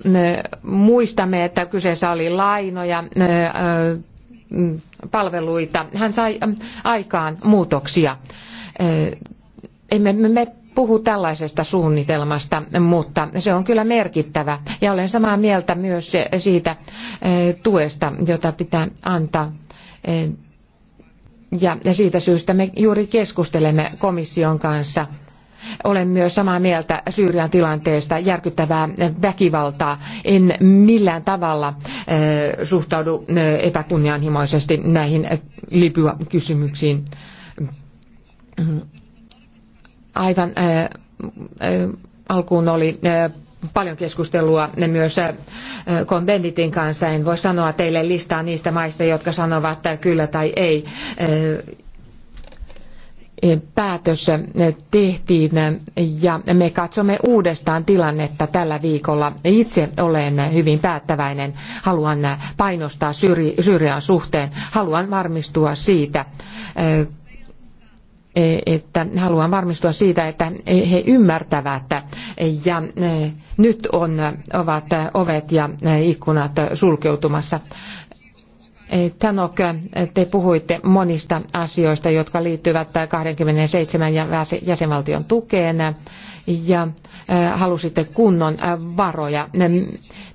Me muistamme, että kyseessä oli lainoja Mm, palveluita. Hän sai mm, aikaan muutoksia. Eh, emme me puhu tällaisesta suunnitelmasta, mutta se on kyllä merkittävä. Ja olen samaa mieltä myös siitä eh, tuesta, jota pitää antaa. Eh, ja siitä syystä me juuri keskustelemme komission kanssa olen myös samaa mieltä Syyrian tilanteesta, järkyttävää väkivaltaa. En millään tavalla eh, suhtaudu eh, epäkunnianhimoisesti näihin eh, Libya-kysymyksiin. Aivan alkuun oli paljon keskustelua ne myös Convenditin kanssa. En voi sanoa teille listaa niistä maista, jotka sanovat kyllä tai ei päätös tehtiin ja me katsomme uudestaan tilannetta tällä viikolla. Itse olen hyvin päättäväinen, haluan painostaa Syyrian suhteen, haluan varmistua siitä, e, että haluan varmistua siitä, että he ymmärtävät ja e, nyt on, ovat ovet ja e, ikkunat sulkeutumassa. Eh, Tanok, eh, te puhuitte monista asioista, jotka liittyvät 27 jäsenvaltion tukeen ja äh, halusitte kunnon äh, varoja. Ähm,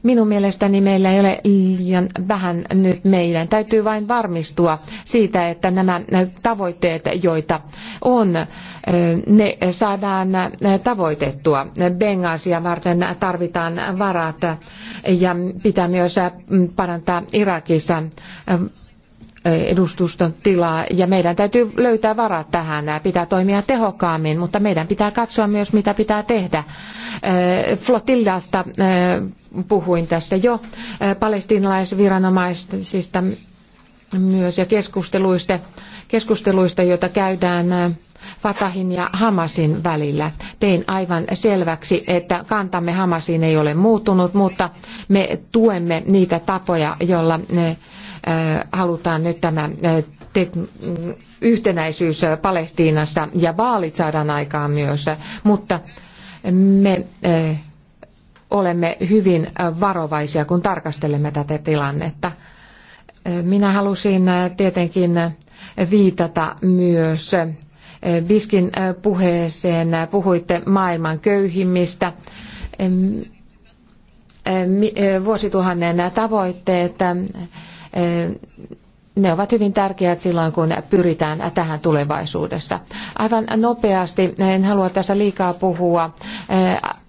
minun mielestäni meillä ei ole liian vähän nyt meidän. Täytyy vain varmistua siitä, että nämä äh, tavoitteet, joita on, ne saadaan tavoitettua. Bengasia varten tarvitaan varat ja pitää myös parantaa Irakissa edustuston tilaa ja meidän täytyy löytää varat tähän. Pitää toimia tehokkaammin, mutta meidän pitää katsoa myös, mitä pitää tehdä. Äh, Flotillasta äh, puhuin tässä jo, äh, palestinalaisviranomaisista myös ja keskusteluista, keskusteluista joita käydään Fatahin ja Hamasin välillä. Tein aivan selväksi, että kantamme Hamasiin ei ole muuttunut, mutta me tuemme niitä tapoja, joilla halutaan nyt tämä yhtenäisyys Palestiinassa ja vaalit saadaan aikaan myös, mutta me olemme hyvin varovaisia, kun tarkastelemme tätä tilannetta. Minä halusin tietenkin viitata myös Biskin puheeseen. Puhuitte maailman köyhimmistä vuosituhannen tavoitteet ne ovat hyvin tärkeät silloin, kun pyritään tähän tulevaisuudessa. Aivan nopeasti, en halua tässä liikaa puhua,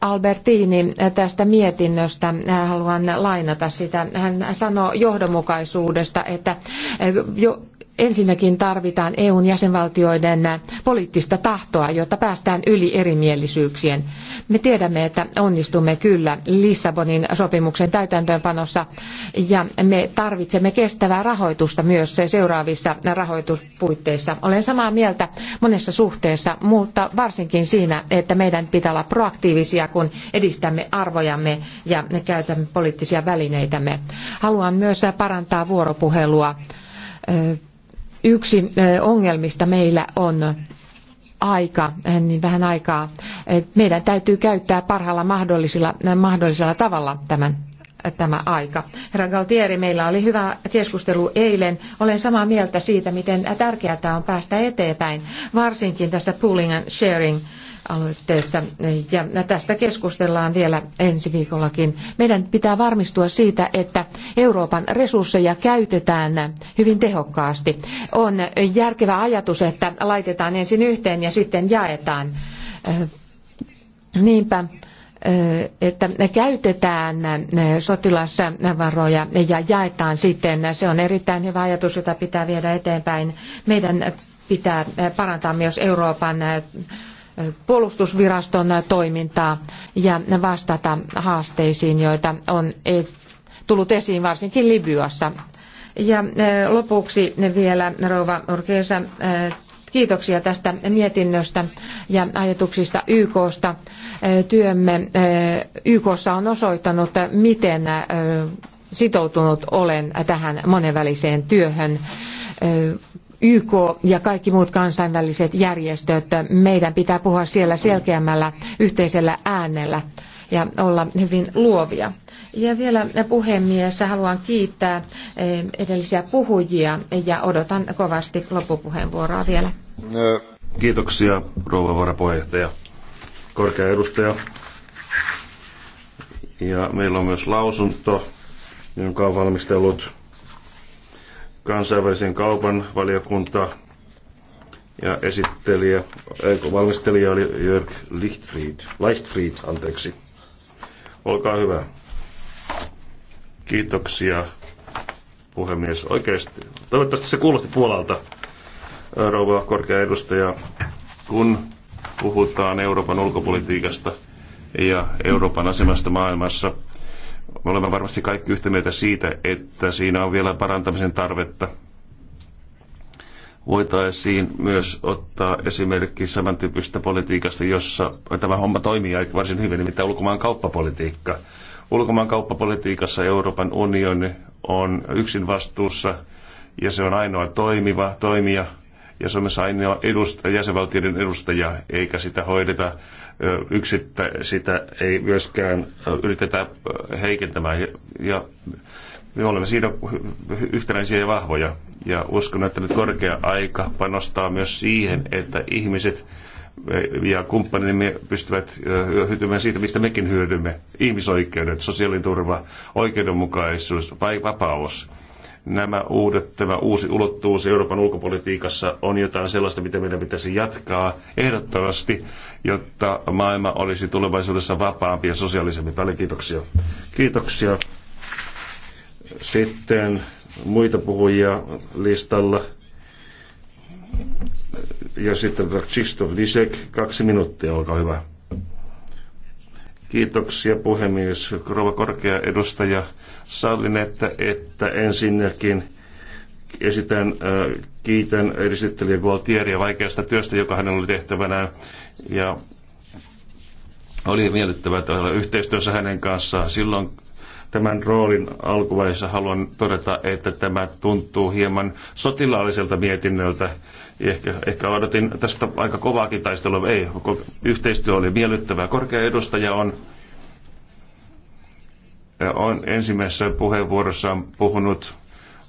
Albertini tästä mietinnöstä, haluan lainata sitä. Hän sanoo johdonmukaisuudesta, että jo Ensinnäkin tarvitaan EUn jäsenvaltioiden poliittista tahtoa, jotta päästään yli erimielisyyksien. Me tiedämme, että onnistumme kyllä Lissabonin sopimuksen täytäntöönpanossa ja me tarvitsemme kestävää rahoitusta myös seuraavissa rahoituspuitteissa. Olen samaa mieltä monessa suhteessa, mutta varsinkin siinä, että meidän pitää olla proaktiivisia, kun edistämme arvojamme ja käytämme poliittisia välineitämme. Haluan myös parantaa vuoropuhelua yksi ongelmista meillä on aika, niin vähän aikaa. Meidän täytyy käyttää parhaalla mahdollisella, mahdollisella tavalla tämän tämä aika. Herra Galtieri, meillä oli hyvä keskustelu eilen. Olen samaa mieltä siitä, miten tärkeää on päästä eteenpäin, varsinkin tässä pooling and sharing aloitteesta. Ja tästä keskustellaan vielä ensi viikollakin. Meidän pitää varmistua siitä, että Euroopan resursseja käytetään hyvin tehokkaasti. On järkevä ajatus, että laitetaan ensin yhteen ja sitten jaetaan. Niinpä että käytetään sotilasvaroja ja jaetaan sitten. Se on erittäin hyvä ajatus, jota pitää viedä eteenpäin. Meidän pitää parantaa myös Euroopan puolustusviraston toimintaa ja vastata haasteisiin, joita on e- tullut esiin varsinkin Libyassa. Ja e, lopuksi vielä rouva Orkeesa, e, kiitoksia tästä mietinnöstä ja ajatuksista YKsta. Työmme YKssa on osoittanut, miten sitoutunut olen tähän monenväliseen työhön YK ja kaikki muut kansainväliset järjestöt, meidän pitää puhua siellä selkeämmällä yhteisellä äänellä ja olla hyvin luovia. Ja vielä puhemies, haluan kiittää eh, edellisiä puhujia ja odotan kovasti loppupuheenvuoroa vielä. No. Kiitoksia, rouva varapuheenjohtaja, korkea edustaja. Ja meillä on myös lausunto, jonka on valmistellut kansainvälisen kaupan valiokunta ja esittelijä, äh, valmistelija oli Jörg Lichtfried, Leichtfried, anteeksi. Olkaa hyvä. Kiitoksia, puhemies. Oikeasti, toivottavasti se kuulosti Puolalta, äh, rouva korkea edustaja, kun puhutaan Euroopan ulkopolitiikasta ja Euroopan asemasta maailmassa – me olemme varmasti kaikki yhtä mieltä siitä, että siinä on vielä parantamisen tarvetta. Voitaisiin myös ottaa esimerkki samantyyppistä politiikasta, jossa tämä homma toimii varsin hyvin, nimittäin ulkomaan kauppapolitiikka. Ulkomaan kauppapolitiikassa Euroopan unioni on yksin vastuussa ja se on ainoa toimiva toimija ja se on myös ainoa edusta, jäsenvaltioiden edustaja, eikä sitä hoideta yksittä, sitä ei myöskään yritetä heikentämään. Ja, ja me olemme siinä yhtenäisiä ja vahvoja. Ja uskon, että nyt korkea aika panostaa myös siihen, että ihmiset ja kumppanimme pystyvät hyötymään siitä, mistä mekin hyödymme. Ihmisoikeudet, sosiaaliturva, oikeudenmukaisuus, vapaus nämä uudet, tämä uusi ulottuvuus Euroopan ulkopolitiikassa on jotain sellaista, mitä meidän pitäisi jatkaa ehdottomasti, jotta maailma olisi tulevaisuudessa vapaampi ja sosiaalisempi. Paljon kiitoksia. Kiitoksia. Sitten muita puhujia listalla. Ja sitten Krzysztof Lisek, kaksi minuuttia, olkaa hyvä. Kiitoksia puhemies. Rova korkea edustaja Sallin, että, että ensinnäkin esitän, äh, kiitän esittelijä Gualtieria vaikeasta työstä, joka hänellä oli tehtävänään. Ja oli miellyttävää olla yhteistyössä hänen kanssaan. Silloin tämän roolin alkuvaiheessa haluan todeta, että tämä tuntuu hieman sotilaalliselta mietinnöltä. Ehkä, ehkä odotin tästä aika kovaakin taistelua. Ei, yhteistyö oli miellyttävää. Korkea edustaja on on ensimmäisessä puheenvuorossaan puhunut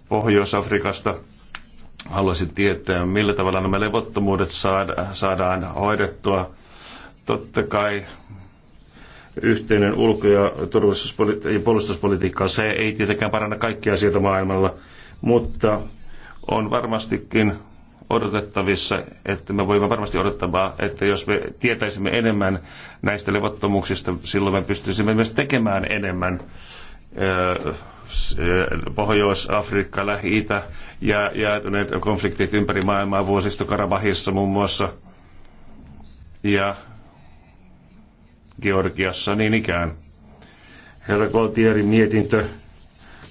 Pohjois-Afrikasta. Haluaisin tietää, millä tavalla nämä levottomuudet saada, saadaan hoidettua. Totta kai yhteinen ulko- ja, ja puolustuspolitiikka se ei tietenkään paranna kaikkia asioita maailmalla, mutta on varmastikin odotettavissa, että me voimme varmasti odottaa, että jos me tietäisimme enemmän näistä levottomuuksista, silloin me pystyisimme myös tekemään enemmän. Äh, Pohjois-Afrikka, Lähi-Itä ja jäätyneet konfliktit ympäri maailmaa vuosisto Karabahissa muun muassa ja Georgiassa niin ikään. Herra Koltierin mietintö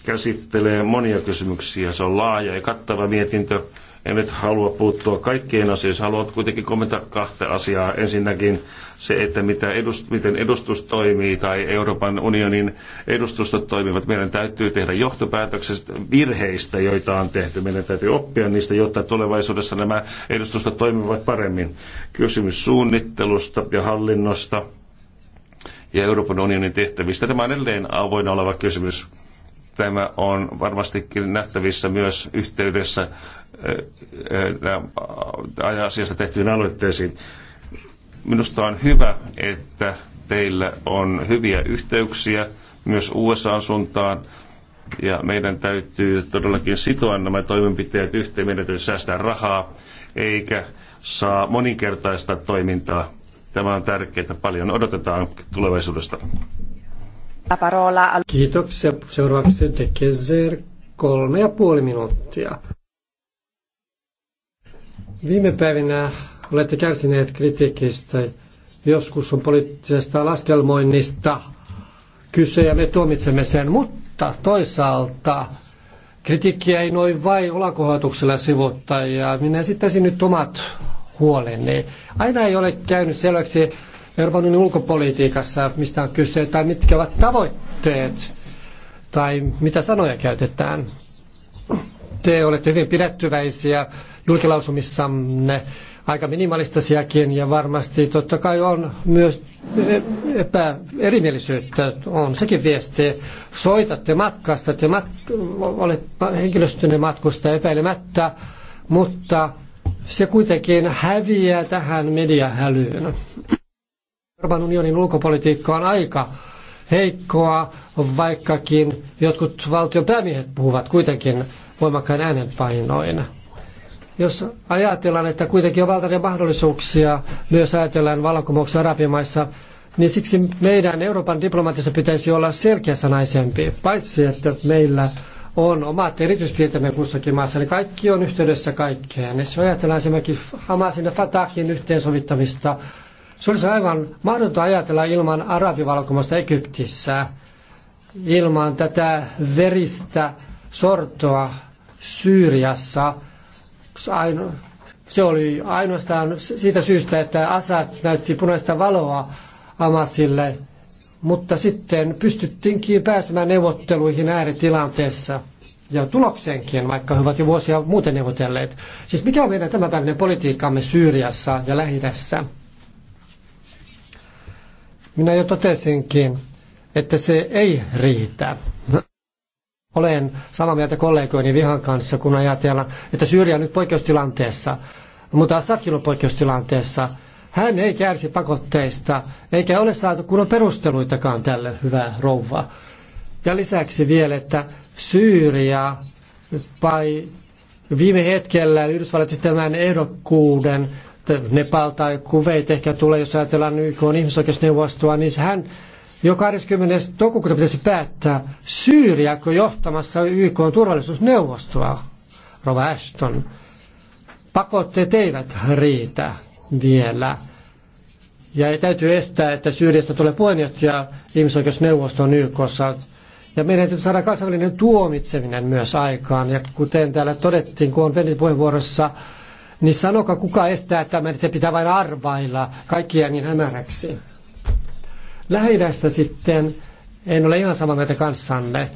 käsittelee monia kysymyksiä. Se on laaja ja kattava mietintö en nyt halua puuttua kaikkien asioihin. Haluan kuitenkin kommentoida kahta asiaa. Ensinnäkin se, että mitä edust, miten edustus toimii tai Euroopan unionin edustustot toimivat. Meidän täytyy tehdä johtopäätökset virheistä, joita on tehty. Meidän täytyy oppia niistä, jotta tulevaisuudessa nämä edustustot toimivat paremmin. Kysymys suunnittelusta ja hallinnosta ja Euroopan unionin tehtävistä. Tämä on edelleen avoinna oleva kysymys tämä on varmastikin nähtävissä myös yhteydessä asiasta tehtyihin aloitteisiin. Minusta on hyvä, että teillä on hyviä yhteyksiä myös USA-suuntaan, ja meidän täytyy todellakin sitoa nämä toimenpiteet yhteen. Meidän täytyy säästää rahaa, eikä saa moninkertaista toimintaa. Tämä on tärkeää. Paljon odotetaan tulevaisuudesta. Kiitoksia. Seuraavaksi tekee kolme ja puoli minuuttia. Viime päivinä olette kärsineet kritiikistä. Joskus on poliittisesta laskelmoinnista kyse ja me tuomitsemme sen, mutta toisaalta kritiikki ei noin vain olakohoituksella sivuuttaa ja minä esittäisin nyt omat huoleni. Aina ei ole käynyt selväksi Euroopan unionin ulkopolitiikassa, mistä on kyse, tai mitkä ovat tavoitteet, tai mitä sanoja käytetään. Te olette hyvin pidättyväisiä julkilausumissanne aika minimalistisiakin ja varmasti totta kai on myös epä, erimielisyyttä, on sekin viesti. Soitatte, te mat- olet henkilöstönne matkusta epäilemättä, mutta se kuitenkin häviää tähän mediahälyyn. Euroopan unionin ulkopolitiikka on aika heikkoa, vaikkakin jotkut valtion päämiehet puhuvat kuitenkin voimakkain äänenpainoina jos ajatellaan, että kuitenkin on valtavia mahdollisuuksia, myös ajatellaan vallankumouksia arabimaissa, niin siksi meidän Euroopan diplomatissa pitäisi olla selkeäsanaisempi. Paitsi, että meillä on omat erityispiirteemme kussakin maassa, niin kaikki on yhteydessä kaikkeen. Jos ajatellaan esimerkiksi Hamasin ja Fatahin yhteensovittamista, se olisi aivan mahdotonta ajatella ilman arabivalkomosta Egyptissä, ilman tätä veristä sortoa Syyriassa – se oli ainoastaan siitä syystä, että Assad näytti punaista valoa Amasille, mutta sitten pystyttiinkin pääsemään neuvotteluihin ääritilanteessa ja tulokseenkin, vaikka he ovat jo vuosia muuten neuvotelleet. Siis mikä on meidän tämänpäiväinen politiikkamme Syyriassa ja lähi Minä jo totesinkin, että se ei riitä. Olen samaa mieltä kollegoiden vihan kanssa, kun ajatellaan, että Syyria on nyt poikkeustilanteessa, mutta Assadkin on poikkeustilanteessa. Hän ei kärsi pakotteista, eikä ole saatu kunnon perusteluitakaan tälle hyvää rouvaa. Ja lisäksi vielä, että Syyria vai viime hetkellä Yhdysvallat tämän ehdokkuuden, Nepal tai Kuveit ehkä tulee, jos ajatellaan YK on ihmisoikeusneuvostoa, niin hän jo 20. toukokuuta pitäisi päättää, Syyriäkö johtamassa YK on turvallisuusneuvostoa, Rova Ashton. Pakotteet eivät riitä vielä. Ja ei täytyy estää, että Syyriasta tulee puheenjohtaja ihmisoikeusneuvoston YKssa. Ja meidän täytyy saada kansainvälinen tuomitseminen myös aikaan. Ja kuten täällä todettiin, kun on Benin puheenvuorossa, niin sanokaa kuka estää tämän, että pitää vain arvailla kaikkia niin hämäräksi. Lähidästä sitten en ole ihan samaa mieltä kanssanne.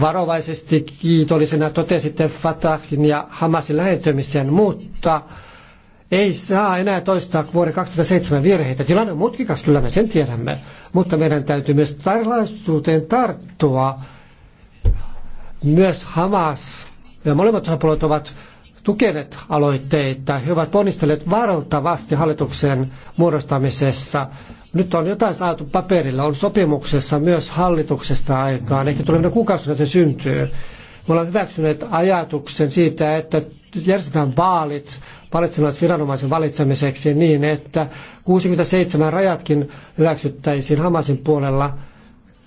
Varovaisesti kiitollisena totesitte Fatahin ja Hamasin lähentymisen, mutta ei saa enää toistaa vuoden 2007 virheitä. Tilanne on mutkikas, kyllä me sen tiedämme, mutta meidän täytyy myös tarlaistuuteen tarttua. Myös Hamas ja molemmat osapuolet ovat tukeneet aloitteita. He ovat ponnistelleet valtavasti hallituksen muodostamisessa nyt on jotain saatu paperilla, on sopimuksessa myös hallituksesta aikaan, ehkä tulevina kuukausina se syntyy. Me ollaan hyväksyneet ajatuksen siitä, että järjestetään vaalit viranomaisen valitsemiseksi niin, että 67 rajatkin hyväksyttäisiin Hamasin puolella.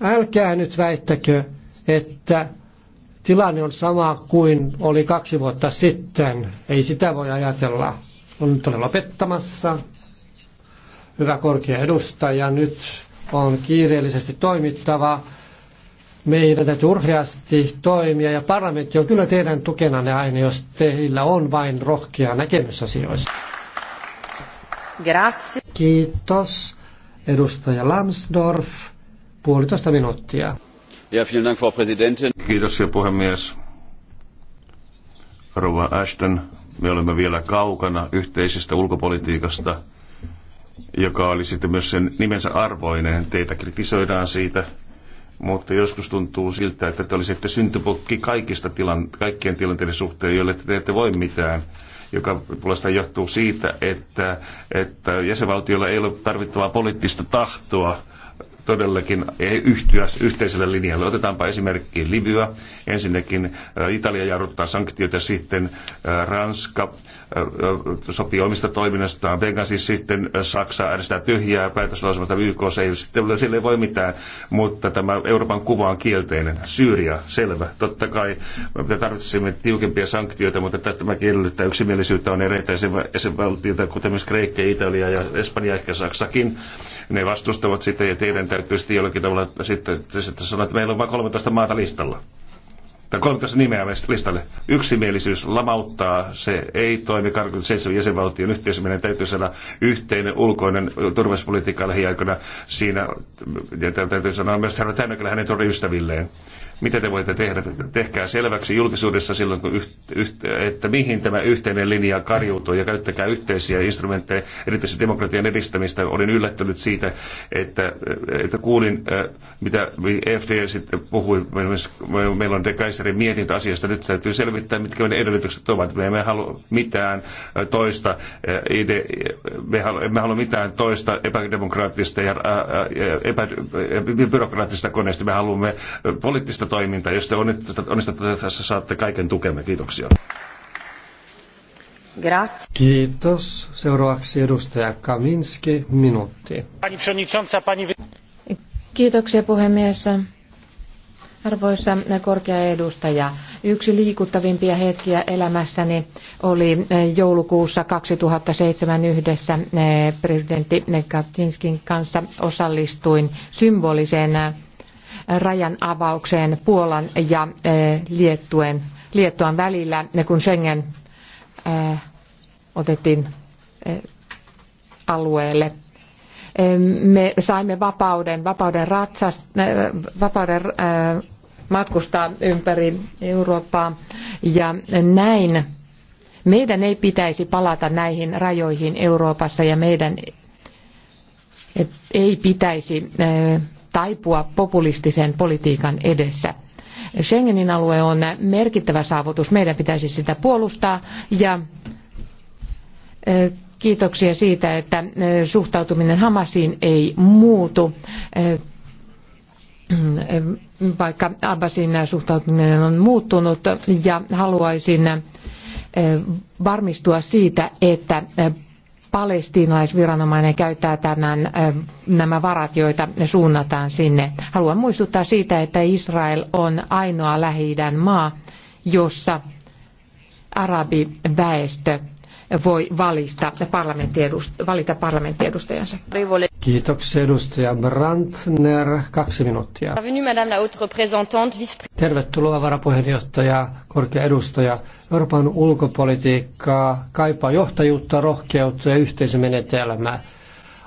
Älkää nyt väittäkö, että tilanne on sama kuin oli kaksi vuotta sitten. Ei sitä voi ajatella. On nyt lopettamassa hyvä korkea edustaja, nyt on kiireellisesti toimittava. Meidän täytyy urheasti toimia ja parlamentti on kyllä teidän tukenanne aina, jos teillä on vain rohkea näkemys asioista. Grazie. Kiitos. Edustaja Lambsdorff, puolitoista minuuttia. Ja, vielen Dank, Frau Präsidentin. Kiitos ja puhemies. Rova Ashton, me olemme vielä kaukana yhteisestä ulkopolitiikasta – joka oli sitten myös sen nimensä arvoinen. Teitä kritisoidaan siitä, mutta joskus tuntuu siltä, että te olisitte syntypukki kaikista tilan, kaikkien tilanteiden suhteen, joille te ette voi mitään joka puolestaan johtuu siitä, että, että jäsenvaltiolla ei ole tarvittavaa poliittista tahtoa todellakin ei yhtyä yhteiselle linjalle. Otetaanpa esimerkki Libya. Ensinnäkin Italia jarruttaa sanktioita, sitten Ranska sopii omista toiminnastaan. siis sitten äh, Saksa äänestää tyhjää päätöslausumasta YK, se ei, sitten, sille ei voi mitään, mutta tämä Euroopan kuva on kielteinen. Syyria, selvä. Totta kai me tarvitsisimme tiukempia sanktioita, mutta tämä edellyttää yksimielisyyttä on eräitä jäsenvaltioita, kuten myös Kreikka, Italia ja Espanja, ehkä Saksakin. Ne vastustavat sitä ja teidän täytyy sitten jollakin tavalla sitten, sitten sanoa, että meillä on vain 13 maata listalla tai 13 nimeä listalle. Yksimielisyys lamauttaa, se ei toimi 27 jäsenvaltion yhteisö. Meidän täytyy saada yhteinen ulkoinen turvallisuuspolitiikka lähiaikoina siinä, ja täytyy sanoa myös herra Tännekälle hänen toriystävilleen. Mitä te voitte tehdä? Tehkää selväksi julkisuudessa silloin, kun yht, yht, että mihin tämä yhteinen linja karjuutuu ja käyttäkää yhteisiä instrumentteja, erityisesti demokratian edistämistä. Olin yllättynyt siitä, että, että kuulin, mitä e FD sitten puhui. Meillä on De Kaiserin mietintä asiasta. Nyt täytyy selvittää, mitkä ne edellytykset ovat. Me emme halua mitään toista, me emme halua mitään toista epädemokraattista ja epä, byrokraattista Me haluamme poliittista toimintaa. Jos te onnistatte tässä, saatte kaiken tukemme. Kiitoksia. Grazie. Kiitos. Seuraavaksi edustaja Kaminski, minuutti. Kiitoksia puhemies. Arvoisa korkea edustaja, yksi liikuttavimpia hetkiä elämässäni oli eh, joulukuussa 2007 yhdessä eh, presidentti Kaczynskin kanssa osallistuin symboliseen eh, rajan avaukseen Puolan ja eh, Liettuen, Liettuan välillä, kun Schengen eh, otettiin eh, alueelle. Me saimme vapauden, vapauden, ratsast, vapauden matkustaa ympäri Eurooppaa ja näin meidän ei pitäisi palata näihin rajoihin Euroopassa ja meidän ei pitäisi taipua populistisen politiikan edessä. Schengenin alue on merkittävä saavutus. Meidän pitäisi sitä puolustaa ja kiitoksia siitä, että suhtautuminen Hamasiin ei muutu vaikka Abbasin suhtautuminen on muuttunut ja haluaisin varmistua siitä, että palestiinalaisviranomainen käyttää tämän, nämä varat, joita suunnataan sinne. Haluan muistuttaa siitä, että Israel on ainoa lähi maa, jossa arabiväestö voi valista valita parlamenttiedustajansa. Kiitoksia edustaja Kaksi minuuttia. Tervetuloa varapuheenjohtaja, korkea edustaja. Euroopan ulkopolitiikkaa kaipaa johtajuutta, rohkeutta ja yhteismenetelmää.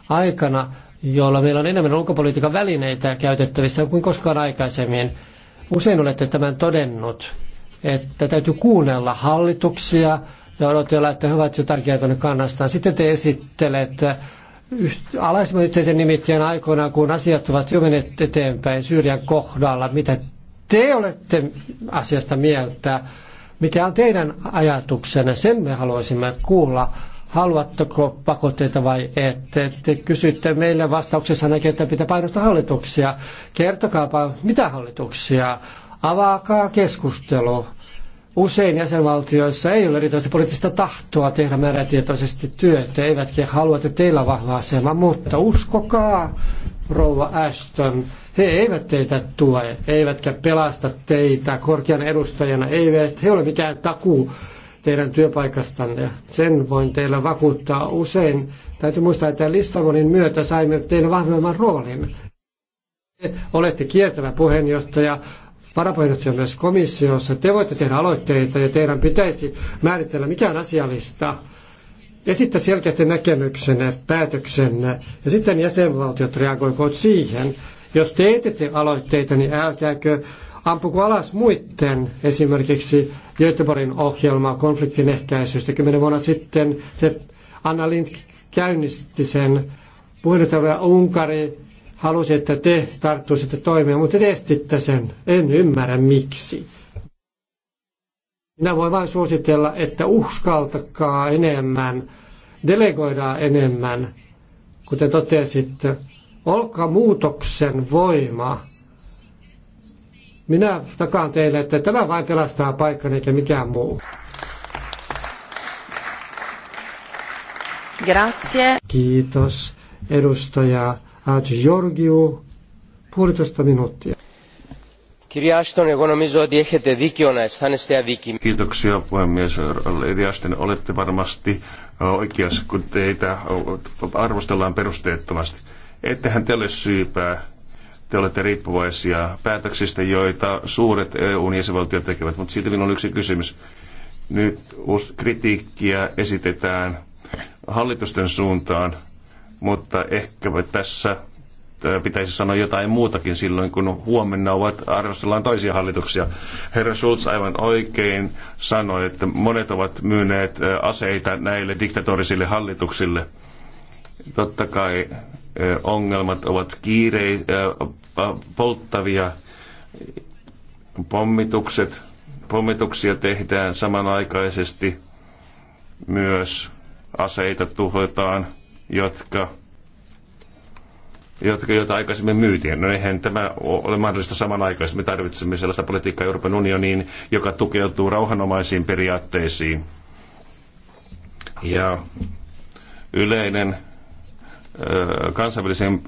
Aikana, jolla meillä on enemmän ulkopolitiikan välineitä käytettävissä kuin koskaan aikaisemmin. Usein olette tämän todennut, että täytyy kuunnella hallituksia ja odotella, että he ovat jotakin kannastaan. Sitten te esittelette alaisemman yhteisen nimittäjän aikoina, kun asiat ovat jo menneet eteenpäin Syyrian kohdalla, mitä te olette asiasta mieltä, mikä on teidän ajatuksenne, sen me haluaisimme kuulla. Haluatteko pakotteita vai ette? Te kysytte meille vastauksessa näkee, että pitää painostaa hallituksia. Kertokaapa, mitä hallituksia? Avaakaa keskustelu. Usein jäsenvaltioissa ei ole riittävästi poliittista tahtoa tehdä määrätietoisesti työtä, eivätkä halua, että teillä on vahva asema, mutta uskokaa, rouva Ashton, he eivät teitä tue, eivätkä pelasta teitä korkean edustajana, eivät he ole mikään takuu teidän työpaikastanne. Sen voin teillä vakuuttaa usein. Täytyy muistaa, että Lissabonin myötä saimme teille vahvemman roolin. Te olette kiertävä puheenjohtaja, varapuheenjohtaja myös komissiossa. Te voitte tehdä aloitteita ja teidän pitäisi määritellä, mikä on asiallista. Esittää selkeästi näkemyksenne, päätöksenne ja sitten jäsenvaltiot reagoivat siihen. Jos teette aloitteita, niin älkääkö ampuko alas muiden esimerkiksi Göteborgin ohjelmaa konfliktin ehkäisystä. Kymmenen vuonna sitten se Anna Lind käynnisti sen puheenjohtaja Unkari halusi, että te tarttuisitte toimeen, mutta te estitte sen. En ymmärrä miksi. Minä voin vain suositella, että uskaltakaa enemmän, delegoidaa enemmän, kuten totesitte. Olkaa muutoksen voima. Minä takaan teille, että tämä vain pelastaa paikan eikä mikään muu. Grazie. Kiitos edustaja Hadj Georgiou, puolitoista minuuttia. Κυρία Άστον, εγώ νομίζω ότι έχετε δίκιο να αισθάνεστε αδίκημοι. Kiitoksia puhemies. Lady Ashton, olette varmasti oikeassa, kun teitä arvostellaan perusteettomasti. Ettehän te ole syypää. Te olette riippuvaisia päätöksistä, joita suuret EUn jäsenvaltiot tekevät. Mutta silti minulla on yksi kysymys. Nyt kritiikkiä esitetään hallitusten suuntaan mutta ehkä tässä äh, pitäisi sanoa jotain muutakin silloin, kun huomenna ovat, arvostellaan toisia hallituksia. Herra Schulz aivan oikein sanoi, että monet ovat myyneet äh, aseita näille diktatorisille hallituksille. Totta kai äh, ongelmat ovat kiirei, polttavia, pommitukset, pommituksia tehdään samanaikaisesti, myös aseita tuhotaan – jotka, jotka, joita aikaisemmin myytiin. No eihän tämä ole mahdollista samanaikaisesti. Me tarvitsemme sellaista politiikkaa Euroopan unioniin, joka tukeutuu rauhanomaisiin periaatteisiin. Ja yleinen kansainvälisen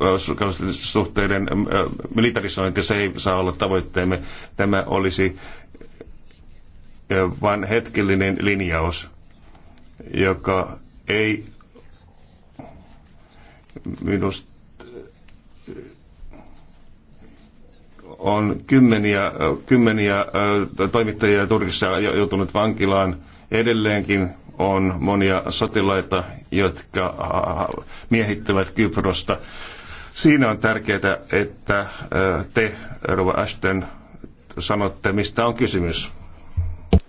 suhteiden militarisointi, se ei saa olla tavoitteemme. Tämä olisi vain hetkellinen linjaus, joka ei minusta äh, on kymmeniä, äh, kymmeniä äh, toimittajia Turkissa joutunut vankilaan. Edelleenkin on monia sotilaita, jotka miehittävät Kyprosta. Siinä on tärkeää, että te, Rova Ashton, sanotte, mistä on kysymys.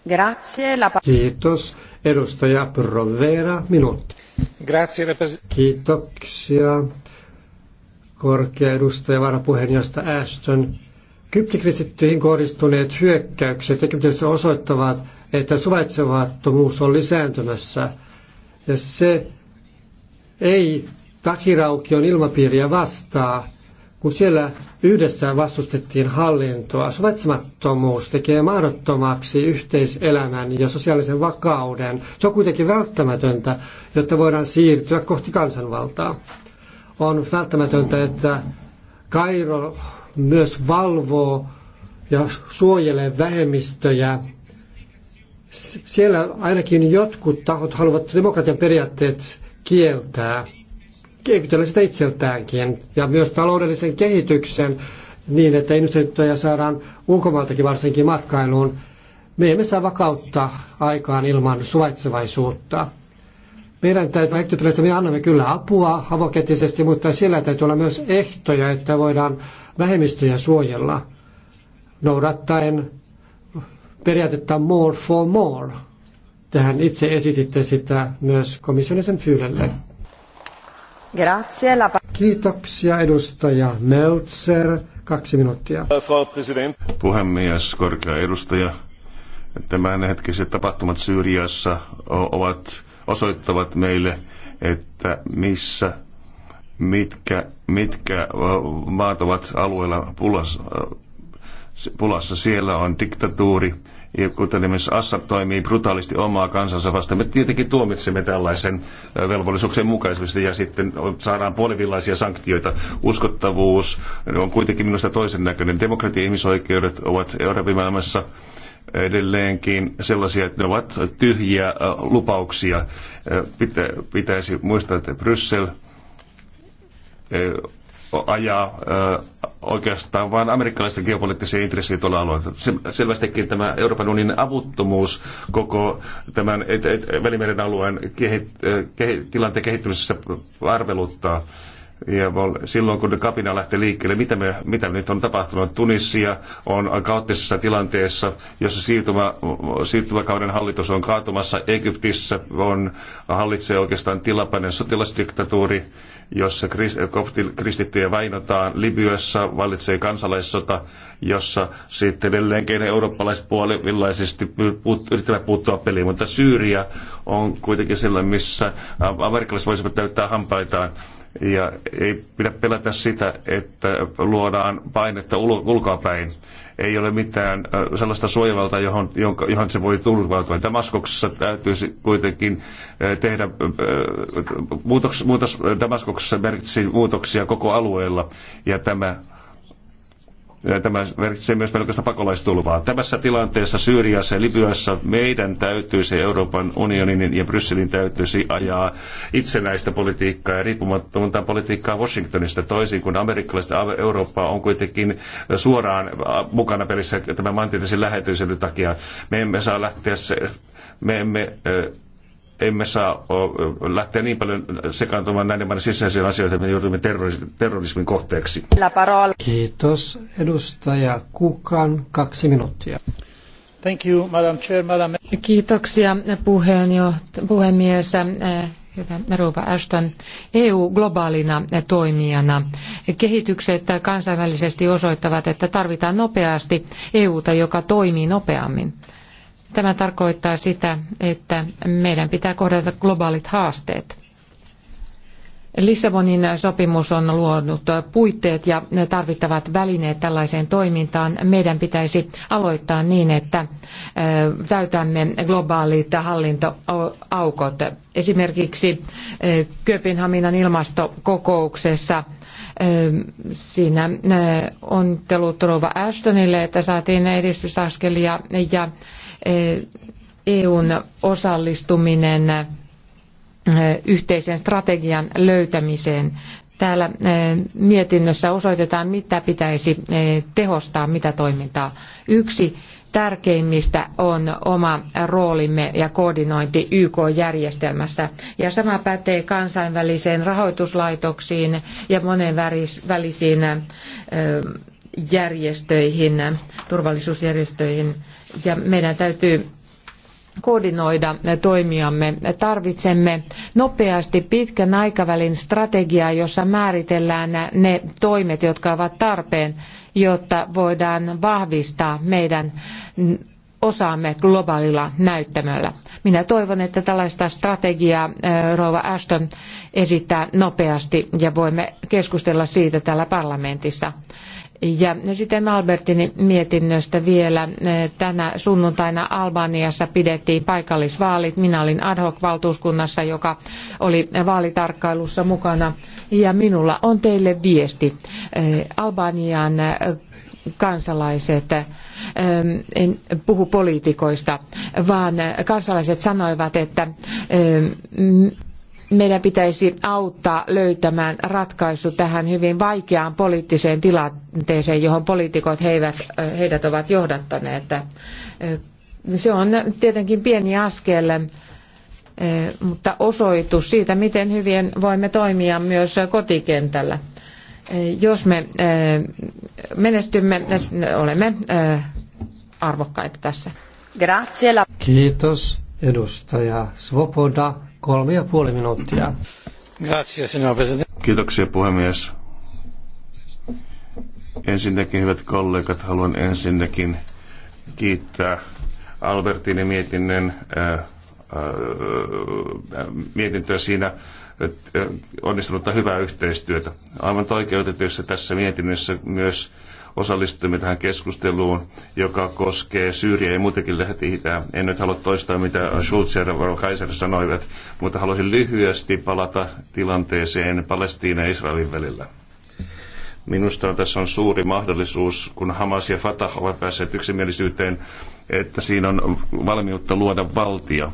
Grazie. La... Kiitos. Edustaja Provera, minuutti. Kiitoksia korkea edustaja varapuheenjohtaja Ashton. Kyptikristittyihin kohdistuneet hyökkäykset Egyptissä osoittavat, että suvaitsevattomuus on lisääntymässä. Ja se ei takiraukion ilmapiiriä vastaa kun siellä yhdessä vastustettiin hallintoa. Suvaitsemattomuus tekee mahdottomaksi yhteiselämän ja sosiaalisen vakauden. Se on kuitenkin välttämätöntä, jotta voidaan siirtyä kohti kansanvaltaa. On välttämätöntä, että Kairo myös valvoo ja suojelee vähemmistöjä. Siellä ainakin jotkut tahot haluavat demokratian periaatteet kieltää kehitellä sitä itseltäänkin ja myös taloudellisen kehityksen niin, että investointeja saadaan ulkomailtakin varsinkin matkailuun. Me emme saa vakautta aikaan ilman suvaitsevaisuutta. Meidän täytyy Egyptiläisessä, me annamme kyllä apua avokätisesti, mutta siellä täytyy olla myös ehtoja, että voidaan vähemmistöjä suojella noudattaen periaatetta more for more. Tähän itse esititte sitä myös komission sen fyylelle. Grazie. La... Kiitoksia edustaja Meltzer. Kaksi minuuttia. Puhemies, korkea edustaja. hetkiset tapahtumat Syyriassa ovat, osoittavat meille, että missä, mitkä, mitkä maat ovat alueella pulassa. Pulassa siellä on diktatuuri, kuten esimerkiksi Assad toimii brutaalisti omaa kansansa vastaan. Me tietenkin tuomitsemme tällaisen velvollisuuksien mukaisesti ja sitten saadaan puolivillaisia sanktioita. Uskottavuus on kuitenkin minusta toisen näköinen. Demokratia ja ihmisoikeudet ovat Euroopan maailmassa edelleenkin sellaisia, että ne ovat tyhjiä lupauksia. Pitä, pitäisi muistaa, että Bryssel ajaa ö, oikeastaan vain amerikkalaisten geopoliittisia intressejä tuolla alueella. Se, selvästikin tämä Euroopan unionin avuttomuus koko tämän et, et, Välimeren alueen kehit, kehit, tilanteen kehittymisessä arveluttaa. Ja silloin kun kapina lähtee liikkeelle, mitä, me, mitä nyt on tapahtunut? Tunisia on kaoottisessa tilanteessa, jossa siirtymä, siirtymäkauden hallitus on kaatumassa. Egyptissä on, hallitsee oikeastaan tilapäinen sotilasdiktatuuri jossa kristittyjä vainotaan. Libyassa vallitsee kansalaissota, jossa sitten edelleenkin eurooppalaiset puolivillaisesti puut, yrittävät puuttua peliin. Mutta Syyria on kuitenkin sellainen, missä amerikkalaiset voisivat täyttää hampaitaan. Ja ei pidä pelätä sitä, että luodaan painetta ulkoapäin ei ole mitään sellaista suojavalta, johon, jonka, johon se voi turvautua. Damaskoksessa täytyisi kuitenkin tehdä muutos, muutos Damaskoksessa merkitsi muutoksia koko alueella ja tämä Tämä merkitsee myös melkoista pakolaistulvaa. Tämässä tilanteessa Syyriassa ja Libyassa meidän täytyisi Euroopan unionin ja Brysselin täytyisi ajaa itsenäistä politiikkaa ja riippumatonta politiikkaa Washingtonista toisin kuin amerikkalaiset Eurooppa on kuitenkin suoraan mukana pelissä tämän mantitisen lähetyisen takia. Me emme saa lähteä se, me emme emme saa lähteä niin paljon sekaantumaan näiden maiden sisäisiin asioihin, että me joudumme terrorismin kohteeksi. Kiitos. Edustaja Kukan, kaksi minuuttia. Thank you, Madam Chair, Madam... Kiitoksia puhemies. Eh, hyvä Rouva Ashton. EU globaalina eh, toimijana. Kehitykset kansainvälisesti osoittavat, että tarvitaan nopeasti EUta, joka toimii nopeammin. Tämä tarkoittaa sitä, että meidän pitää kohdata globaalit haasteet. Lissabonin sopimus on luonut puitteet ja tarvittavat välineet tällaiseen toimintaan. Meidän pitäisi aloittaa niin, että äh, täytämme globaalit hallintoaukot. Esimerkiksi äh, Kööpenhaminan ilmastokokouksessa äh, siinä on Rova Ashtonille, että saatiin edistysaskelia ja EUn eh, e osallistuminen eh, yhteisen strategian löytämiseen. Täällä eh, mietinnössä osoitetaan, mitä pitäisi tehostaa, mitä toimintaa. Yksi tärkeimmistä on oma roolimme ja koordinointi YK-järjestelmässä. Ja sama pätee kansainväliseen rahoituslaitoksiin ja monenvälisiin järjestöihin, turvallisuusjärjestöihin ja meidän täytyy koordinoida toimiamme. Tarvitsemme nopeasti pitkän aikavälin strategiaa, jossa määritellään ne toimet, jotka ovat tarpeen, jotta voidaan vahvistaa meidän osaamme globaalilla näyttämällä. Minä toivon, että tällaista strategiaa eh, Rova Ashton esittää nopeasti ja voimme keskustella siitä täällä parlamentissa. Ja sitten Albertin mietinnöstä vielä. Tänä sunnuntaina Albaniassa pidettiin paikallisvaalit. Minä olin ad hoc valtuuskunnassa, joka oli vaalitarkkailussa mukana. Ja minulla on teille viesti. Eh, Albanian eh, kansalaiset, eh, en puhu poliitikoista, vaan kansalaiset sanoivat, että meidän pitäisi auttaa löytämään ratkaisu tähän hyvin vaikeaan poliittiseen tilanteeseen, johon poliitikot heivät, heidät ovat johdattaneet. Se on tietenkin pieni askel, mutta osoitus siitä, miten hyvin voimme toimia myös kotikentällä. Jos me menestymme, olemme arvokkaita tässä. Kiitos edustaja Svoboda. Kolme ja puoli minuuttia. Kiitoksia puhemies. Ensinnäkin, hyvät kollegat, haluan ensinnäkin kiittää Albertinin mietinnön mietintöä siinä onnistunutta hyvää yhteistyötä. Aivan oikeutetuissa tässä mietinnössä myös osallistumme tähän keskusteluun, joka koskee Syyriä ja muutenkin lähti En nyt halua toistaa, mitä Schulz ja Kaiser sanoivat, mutta haluaisin lyhyesti palata tilanteeseen Palestiina ja Israelin välillä. Minusta tässä on suuri mahdollisuus, kun Hamas ja Fatah ovat päässeet yksimielisyyteen, että siinä on valmiutta luoda valtio.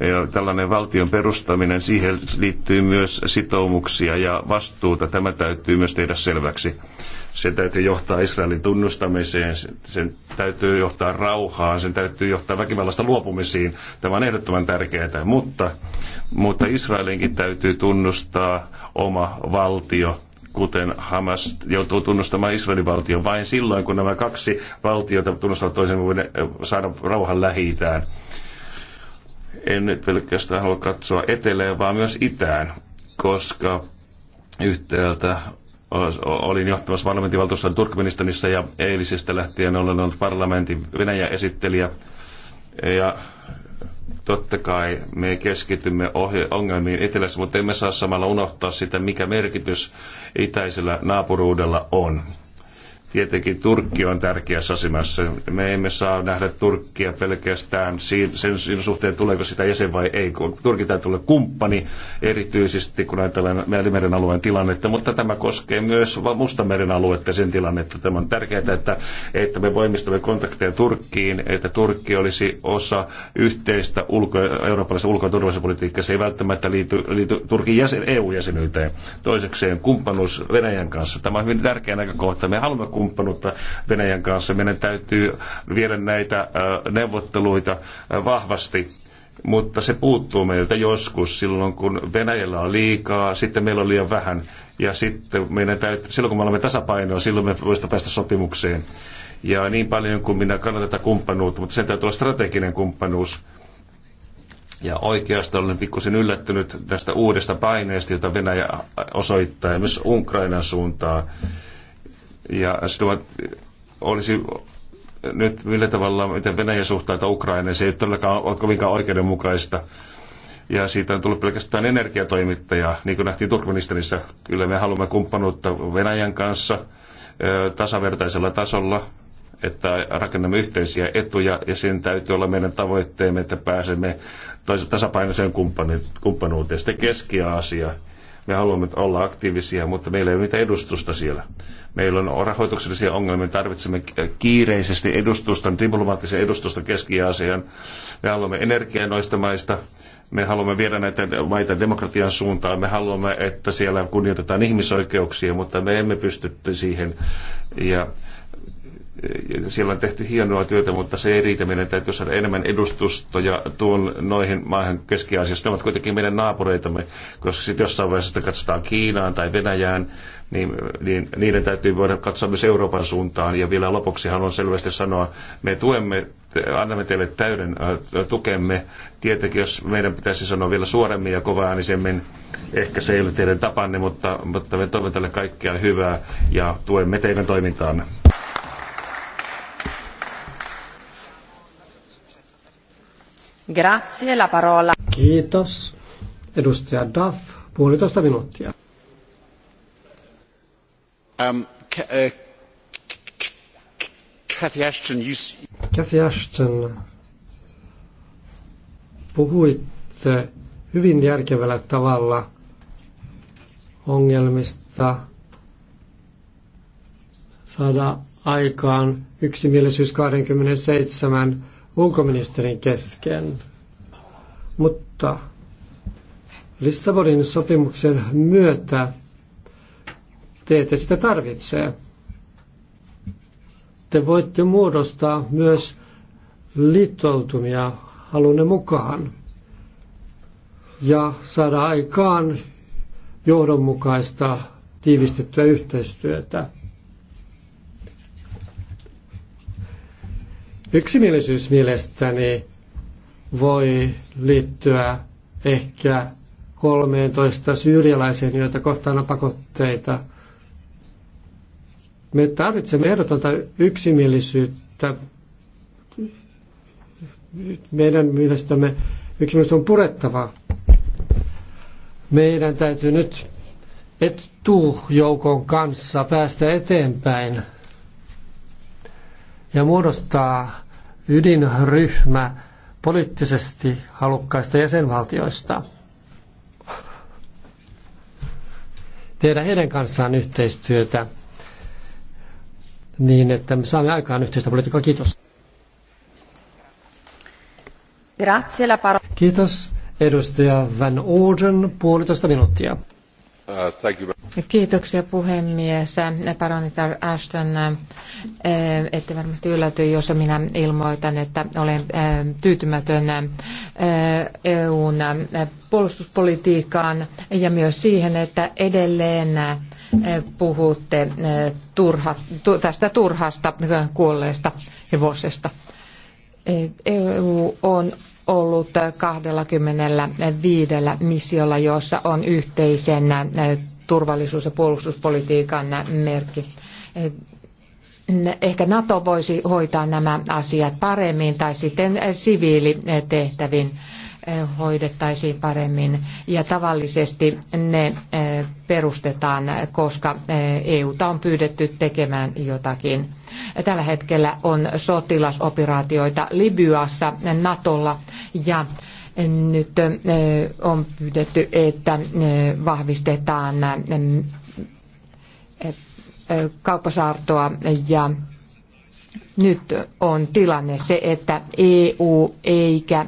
Ja tällainen valtion perustaminen, siihen liittyy myös sitoumuksia ja vastuuta. Tämä täytyy myös tehdä selväksi sen täytyy johtaa Israelin tunnustamiseen, sen täytyy johtaa rauhaan, sen täytyy johtaa väkivallasta luopumisiin. Tämä on ehdottoman tärkeää, mutta, mutta Israelinkin täytyy tunnustaa oma valtio, kuten Hamas joutuu tunnustamaan Israelin valtion vain silloin, kun nämä kaksi valtiota tunnustavat toisen voivat saada rauhan lähi En nyt pelkästään halua katsoa etelään, vaan myös itään, koska yhtäältä olin johtamassa parlamentinvaltuuston Turkmenistanissa ja eilisestä lähtien olen ollut parlamentin Venäjä-esittelijä. Ja totta kai me keskitymme ongelmiin etelässä, mutta emme saa samalla unohtaa sitä, mikä merkitys itäisellä naapuruudella on. Tietenkin Turkki on tärkeässä asemassa. Me emme saa nähdä Turkkia pelkästään sen, sen suhteen, tuleeko sitä jäsen vai ei. Turkin täytyy olla kumppani, erityisesti kun ajatellaan Välimeren alueen tilannetta, mutta tämä koskee myös Mustameren aluetta ja sen tilannetta. Tämä on tärkeää, että, että me voimistamme kontakteja Turkkiin, että Turkki olisi osa yhteistä ulko, eurooppalaista ulko- ja turvallisuuspolitiikkaa. Se ei välttämättä liity, liity Turkin jäsen, EU-jäsenyyteen. Toisekseen kumppanuus Venäjän kanssa. Tämä on hyvin tärkeä näkökohta. Me haluamme kumppanuutta Venäjän kanssa. Meidän täytyy viedä näitä äh, neuvotteluita äh, vahvasti mutta se puuttuu meiltä joskus silloin, kun Venäjällä on liikaa, sitten meillä on liian vähän, ja sitten meidän täytyy, silloin kun me olemme tasapainoa, silloin me voisimme päästä sopimukseen. Ja niin paljon kuin minä kannatan tätä kumppanuutta, mutta sen täytyy olla strateginen kumppanuus. Ja oikeastaan olen pikkusen yllättynyt tästä uudesta paineesta, jota Venäjä osoittaa, ja myös Ukrainan suuntaan ja silloin olisi nyt millä tavalla, miten Venäjä suhtautuu Ukrainaan, se ei todellakaan ole kovinkaan oikeudenmukaista. Ja siitä on tullut pelkästään energiatoimittaja, niin kuin nähtiin Turkmenistanissa. Kyllä me haluamme kumppanuutta Venäjän kanssa tasavertaisella tasolla, että rakennamme yhteisiä etuja ja sen täytyy olla meidän tavoitteemme, että pääsemme tasapainoiseen kumppanuuteen. Sitten Keski-Aasia me haluamme olla aktiivisia, mutta meillä ei ole mitään edustusta siellä. Meillä on rahoituksellisia ongelmia. Tarvitsemme kiireisesti edustusta, diplomaattisen edustusta Keski-Aasian. Me haluamme energiaa noista maista. Me haluamme viedä näitä maita demokratian suuntaan. Me haluamme, että siellä kunnioitetaan ihmisoikeuksia, mutta me emme pysty siihen. Ja siellä on tehty hienoa työtä, mutta se ei riitä. Meidän täytyy saada enemmän edustustoja tuon noihin maahan keski -Aasiassa. Ne ovat kuitenkin meidän naapureitamme, koska sitten jossain vaiheessa sitä katsotaan Kiinaan tai Venäjään, niin, niin niiden täytyy voida katsoa myös Euroopan suuntaan. Ja vielä lopuksi haluan selvästi sanoa, me tuemme, annamme teille täyden tukemme. Tietenkin, jos meidän pitäisi sanoa vielä suoremmin ja kovaäänisemmin, ehkä se ei ole teidän tapanne, mutta, mutta me toivon tälle kaikkea hyvää ja tuemme teidän toimintaanne. Grazie, la parola. Kiitos. Edustaja Duff, puolitoista minuuttia. Um, uh, Cathy Ashton, you... Cathy Ashton, puhuitte hyvin järkevällä tavalla ongelmista saada aikaan yksimielisyys 27 ulkoministerin kesken. Mutta Lissabonin sopimuksen myötä te ette sitä tarvitse. Te voitte muodostaa myös liittoutumia halunne mukaan ja saada aikaan johdonmukaista tiivistettyä yhteistyötä. Yksimielisyys mielestäni voi liittyä ehkä 13 syyrialaiseen, joita kohtaan on pakotteita. Me tarvitsemme ehdotonta yksimielisyyttä. Meidän mielestämme yksimielisyys on purettava. Meidän täytyy nyt etujoukon kanssa päästä eteenpäin ja muodostaa ydinryhmä poliittisesti halukkaista jäsenvaltioista. Tehdä heidän kanssaan yhteistyötä niin, että me saamme aikaan yhteistä politiikkaa. Kiitos. Kiitos. Edustaja Van Orden, puolitoista minuuttia. Kiitoksia puhemies. Paronitar Ashton, eh, ette varmasti ylläty, jos minä ilmoitan, että olen eh, tyytymätön eh, EUn puolustuspolitiikkaan ja myös siihen, että edelleen puhutte turha, tästä turhasta kuolleesta hevosesta. EU on ollut 25 missiolla, jossa on yhteisen turvallisuus- ja puolustuspolitiikan merkki. Ehkä NATO voisi hoitaa nämä asiat paremmin tai sitten siviilitehtävin. Eh, hoidettaisiin paremmin ja tavallisesti ne eh, perustetaan, koska eh, EUta on pyydetty tekemään jotakin. Tällä hetkellä on sotilasoperaatioita Libyassa, Natolla ja nyt on pyydetty, että vahvistetaan kauppasaartoa ja nyt on tilanne se, että EU eikä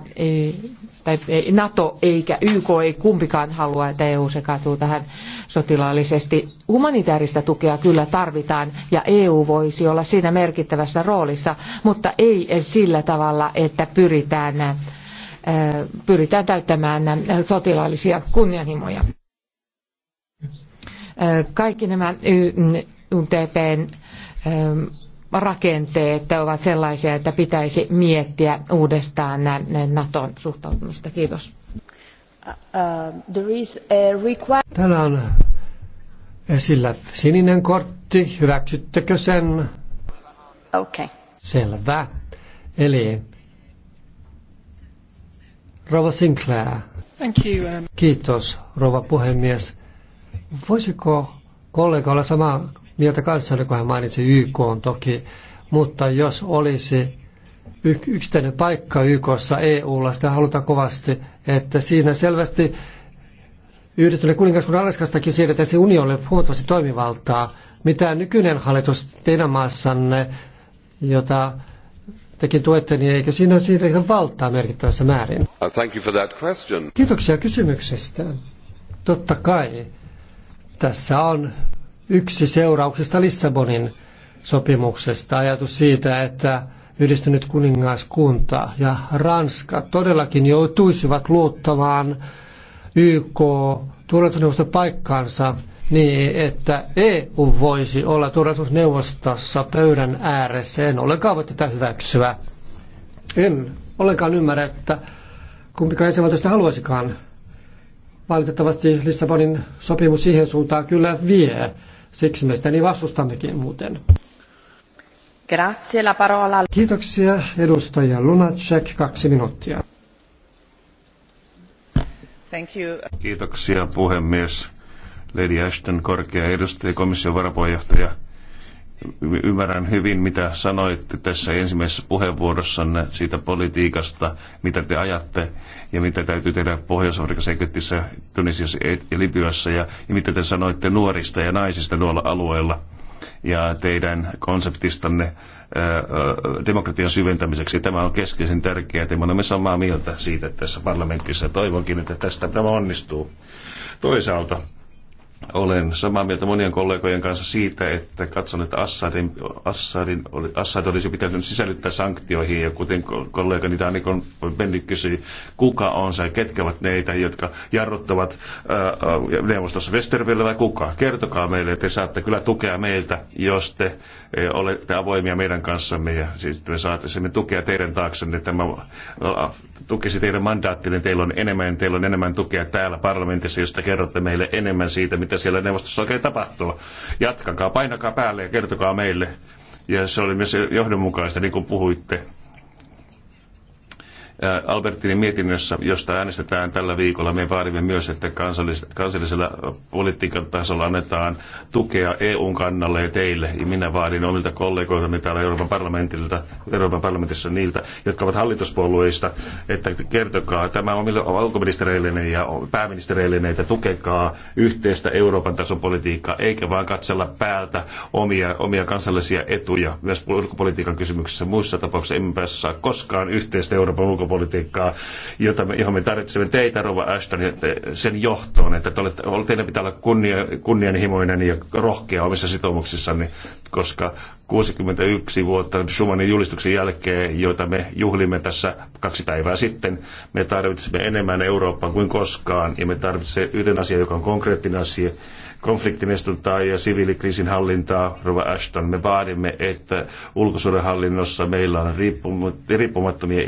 tai NATO eikä YK ei kumpikaan halua, että EU sekaantuu tähän sotilaallisesti. Humanitaarista tukea kyllä tarvitaan ja EU voisi olla siinä merkittävässä roolissa, mutta ei sillä tavalla, että pyritään, äh, pyritään täyttämään sotilaallisia kunnianhimoja. Äh, kaikki nämä YTPn rakenteet ovat sellaisia, että pitäisi miettiä uudestaan NATOn suhtautumista. Kiitos. Uh, Täällä on esillä sininen kortti. Hyväksyttekö sen? Okay. Selvä. Eli Rova Sinclair. Thank you. Um- Kiitos, rouva puhemies. Voisiko kollega olla samaa mieltä kanssani, kun hän mainitsi YK on toki, mutta jos olisi yksittäinen paikka YKssa EUlla, sitä halutaan kovasti, että siinä selvästi Yhdistyneen kuningaskunnan Alaskastakin siirretäisiin unionille huomattavasti toimivaltaa. Mitä nykyinen hallitus teidän maassanne, jota tekin tuette, niin eikö siinä siirretä valtaa merkittävässä määrin? Uh, thank you for that question. Kiitoksia kysymyksestä. Totta kai tässä on yksi seurauksista Lissabonin sopimuksesta, ajatus siitä, että yhdistynyt kuningaskunta ja Ranska todellakin joutuisivat luottamaan YK turvallisuusneuvoston paikkaansa niin, että EU voisi olla turvallisuusneuvostossa pöydän ääressä. En ollenkaan voi tätä hyväksyä. En ollenkaan ymmärrä, että kumpikaan jäsenvaltiosta haluaisikaan. Valitettavasti Lissabonin sopimus siihen suuntaan kyllä vie. Siksi me sitä niin vastustammekin muuten. Grazie la parola. Kiitoksia edustaja Lunacek, kaksi minuuttia. Thank you. Kiitoksia puhemies. Lady Ashton, korkea edustaja, komission varapuheenjohtaja. Ymmärrän hyvin, mitä sanoitte tässä ensimmäisessä puheenvuorossanne siitä politiikasta, mitä te ajatte ja mitä täytyy tehdä Pohjois-Afrikassa, Egyptissä, Tunisiassa ja e- Libyassa ja, ja mitä te sanoitte nuorista ja naisista tuolla alueella ja teidän konseptistanne demokratian syventämiseksi. Tämä on keskeisen tärkeää, että me olemme samaa mieltä siitä tässä parlamentissa. Toivonkin, että tästä tämä onnistuu. Toisaalta olen samaa mieltä monien kollegojen kanssa siitä, että katson, että Assadin, Assadin, Assad olisi pitänyt sisällyttää sanktioihin. Ja kuten kollegani Danikon Benny kysyi, kuka on se, ketkä ovat neitä, jotka jarruttavat ää, neuvostossa Westerville vai kuka? Kertokaa meille, että te saatte kyllä tukea meiltä, jos te e, olette avoimia meidän kanssamme. Ja siis me saatte sinne tukea teidän taaksenne. Tämä tukisi teidän mandaattinne, teillä on enemmän, teillä on enemmän tukea täällä parlamentissa, josta kerrotte meille enemmän siitä, mitä mitä siellä neuvostossa oikein tapahtuu. Jatkakaa, painakaa päälle ja kertokaa meille. Ja se oli myös johdonmukaista, niin kuin puhuitte. Albertinin mietinnössä, josta äänestetään tällä viikolla. Me vaadimme myös, että kansallis- kansallisella politiikan tasolla annetaan tukea EUn kannalle ja teille. Ja minä vaadin omilta kollegoiltani täällä Euroopan, parlamentilta, Euroopan parlamentissa niiltä, jotka ovat hallituspuolueista, että kertokaa tämä omille ulkoministereillenne ja pääministereillenne, että tukekaa yhteistä Euroopan tason politiikkaa, eikä vaan katsella päältä omia, omia kansallisia etuja myös ulkopolitiikan kysymyksissä. Muissa tapauksissa emme saa koskaan yhteistä Euroopan ulkopolitiikkaa ulkopolitiikkaa, jota me, johon me tarvitsemme teitä, Rova Ashton, sen johtoon, että te olette, teidän pitää olla kunnia, kunnianhimoinen ja rohkea omissa sitoumuksissanne, koska 61 vuotta Schumannin julistuksen jälkeen, joita me juhlimme tässä kaksi päivää sitten. Me tarvitsemme enemmän Eurooppaa kuin koskaan ja me tarvitsemme yhden asian, joka on konkreettinen asia, konfliktinestuntaa ja siviilikriisin hallintaa, Rova Ashton. Me vaadimme, että ulkosuudenhallinnossa meillä on riippumattomia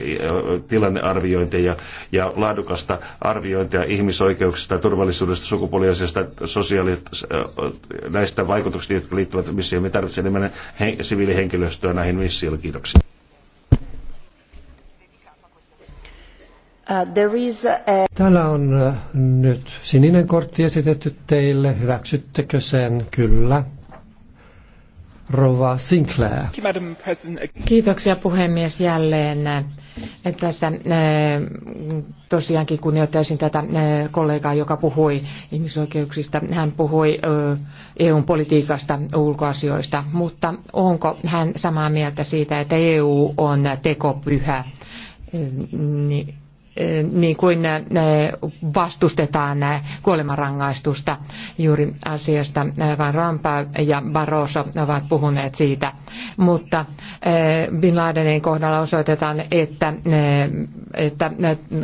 tilannearviointeja ja laadukasta arviointia ihmisoikeuksista, turvallisuudesta, sukupuoliasiasta, sosiaali- näistä vaikutuksista, jotka liittyvät missioon. Me tarvitsemme enemmän siviilihenkilöstöä näihin missioihin. Kiitoksia. Uh, Täällä on uh, nyt sininen kortti esitetty teille. Hyväksyttekö sen? Kyllä. Rova Sinclair. Kiitoksia puhemies jälleen. Uh, tässä tosiaankin kunnioittaisin tätä kollegaa, joka puhui ihmisoikeuksista. Hän puhui EUn politiikasta, ulkoasioista, mutta onko hän samaa mieltä siitä, että EU on tekopyhä? Niin Eh, niin kuin eh, eh, vastustetaan kuolemanrangaistusta juuri asiasta. Van Rampää ja Barroso ovat puhuneet siitä, mutta Bin Ladenin kohdalla osoitetaan, että, että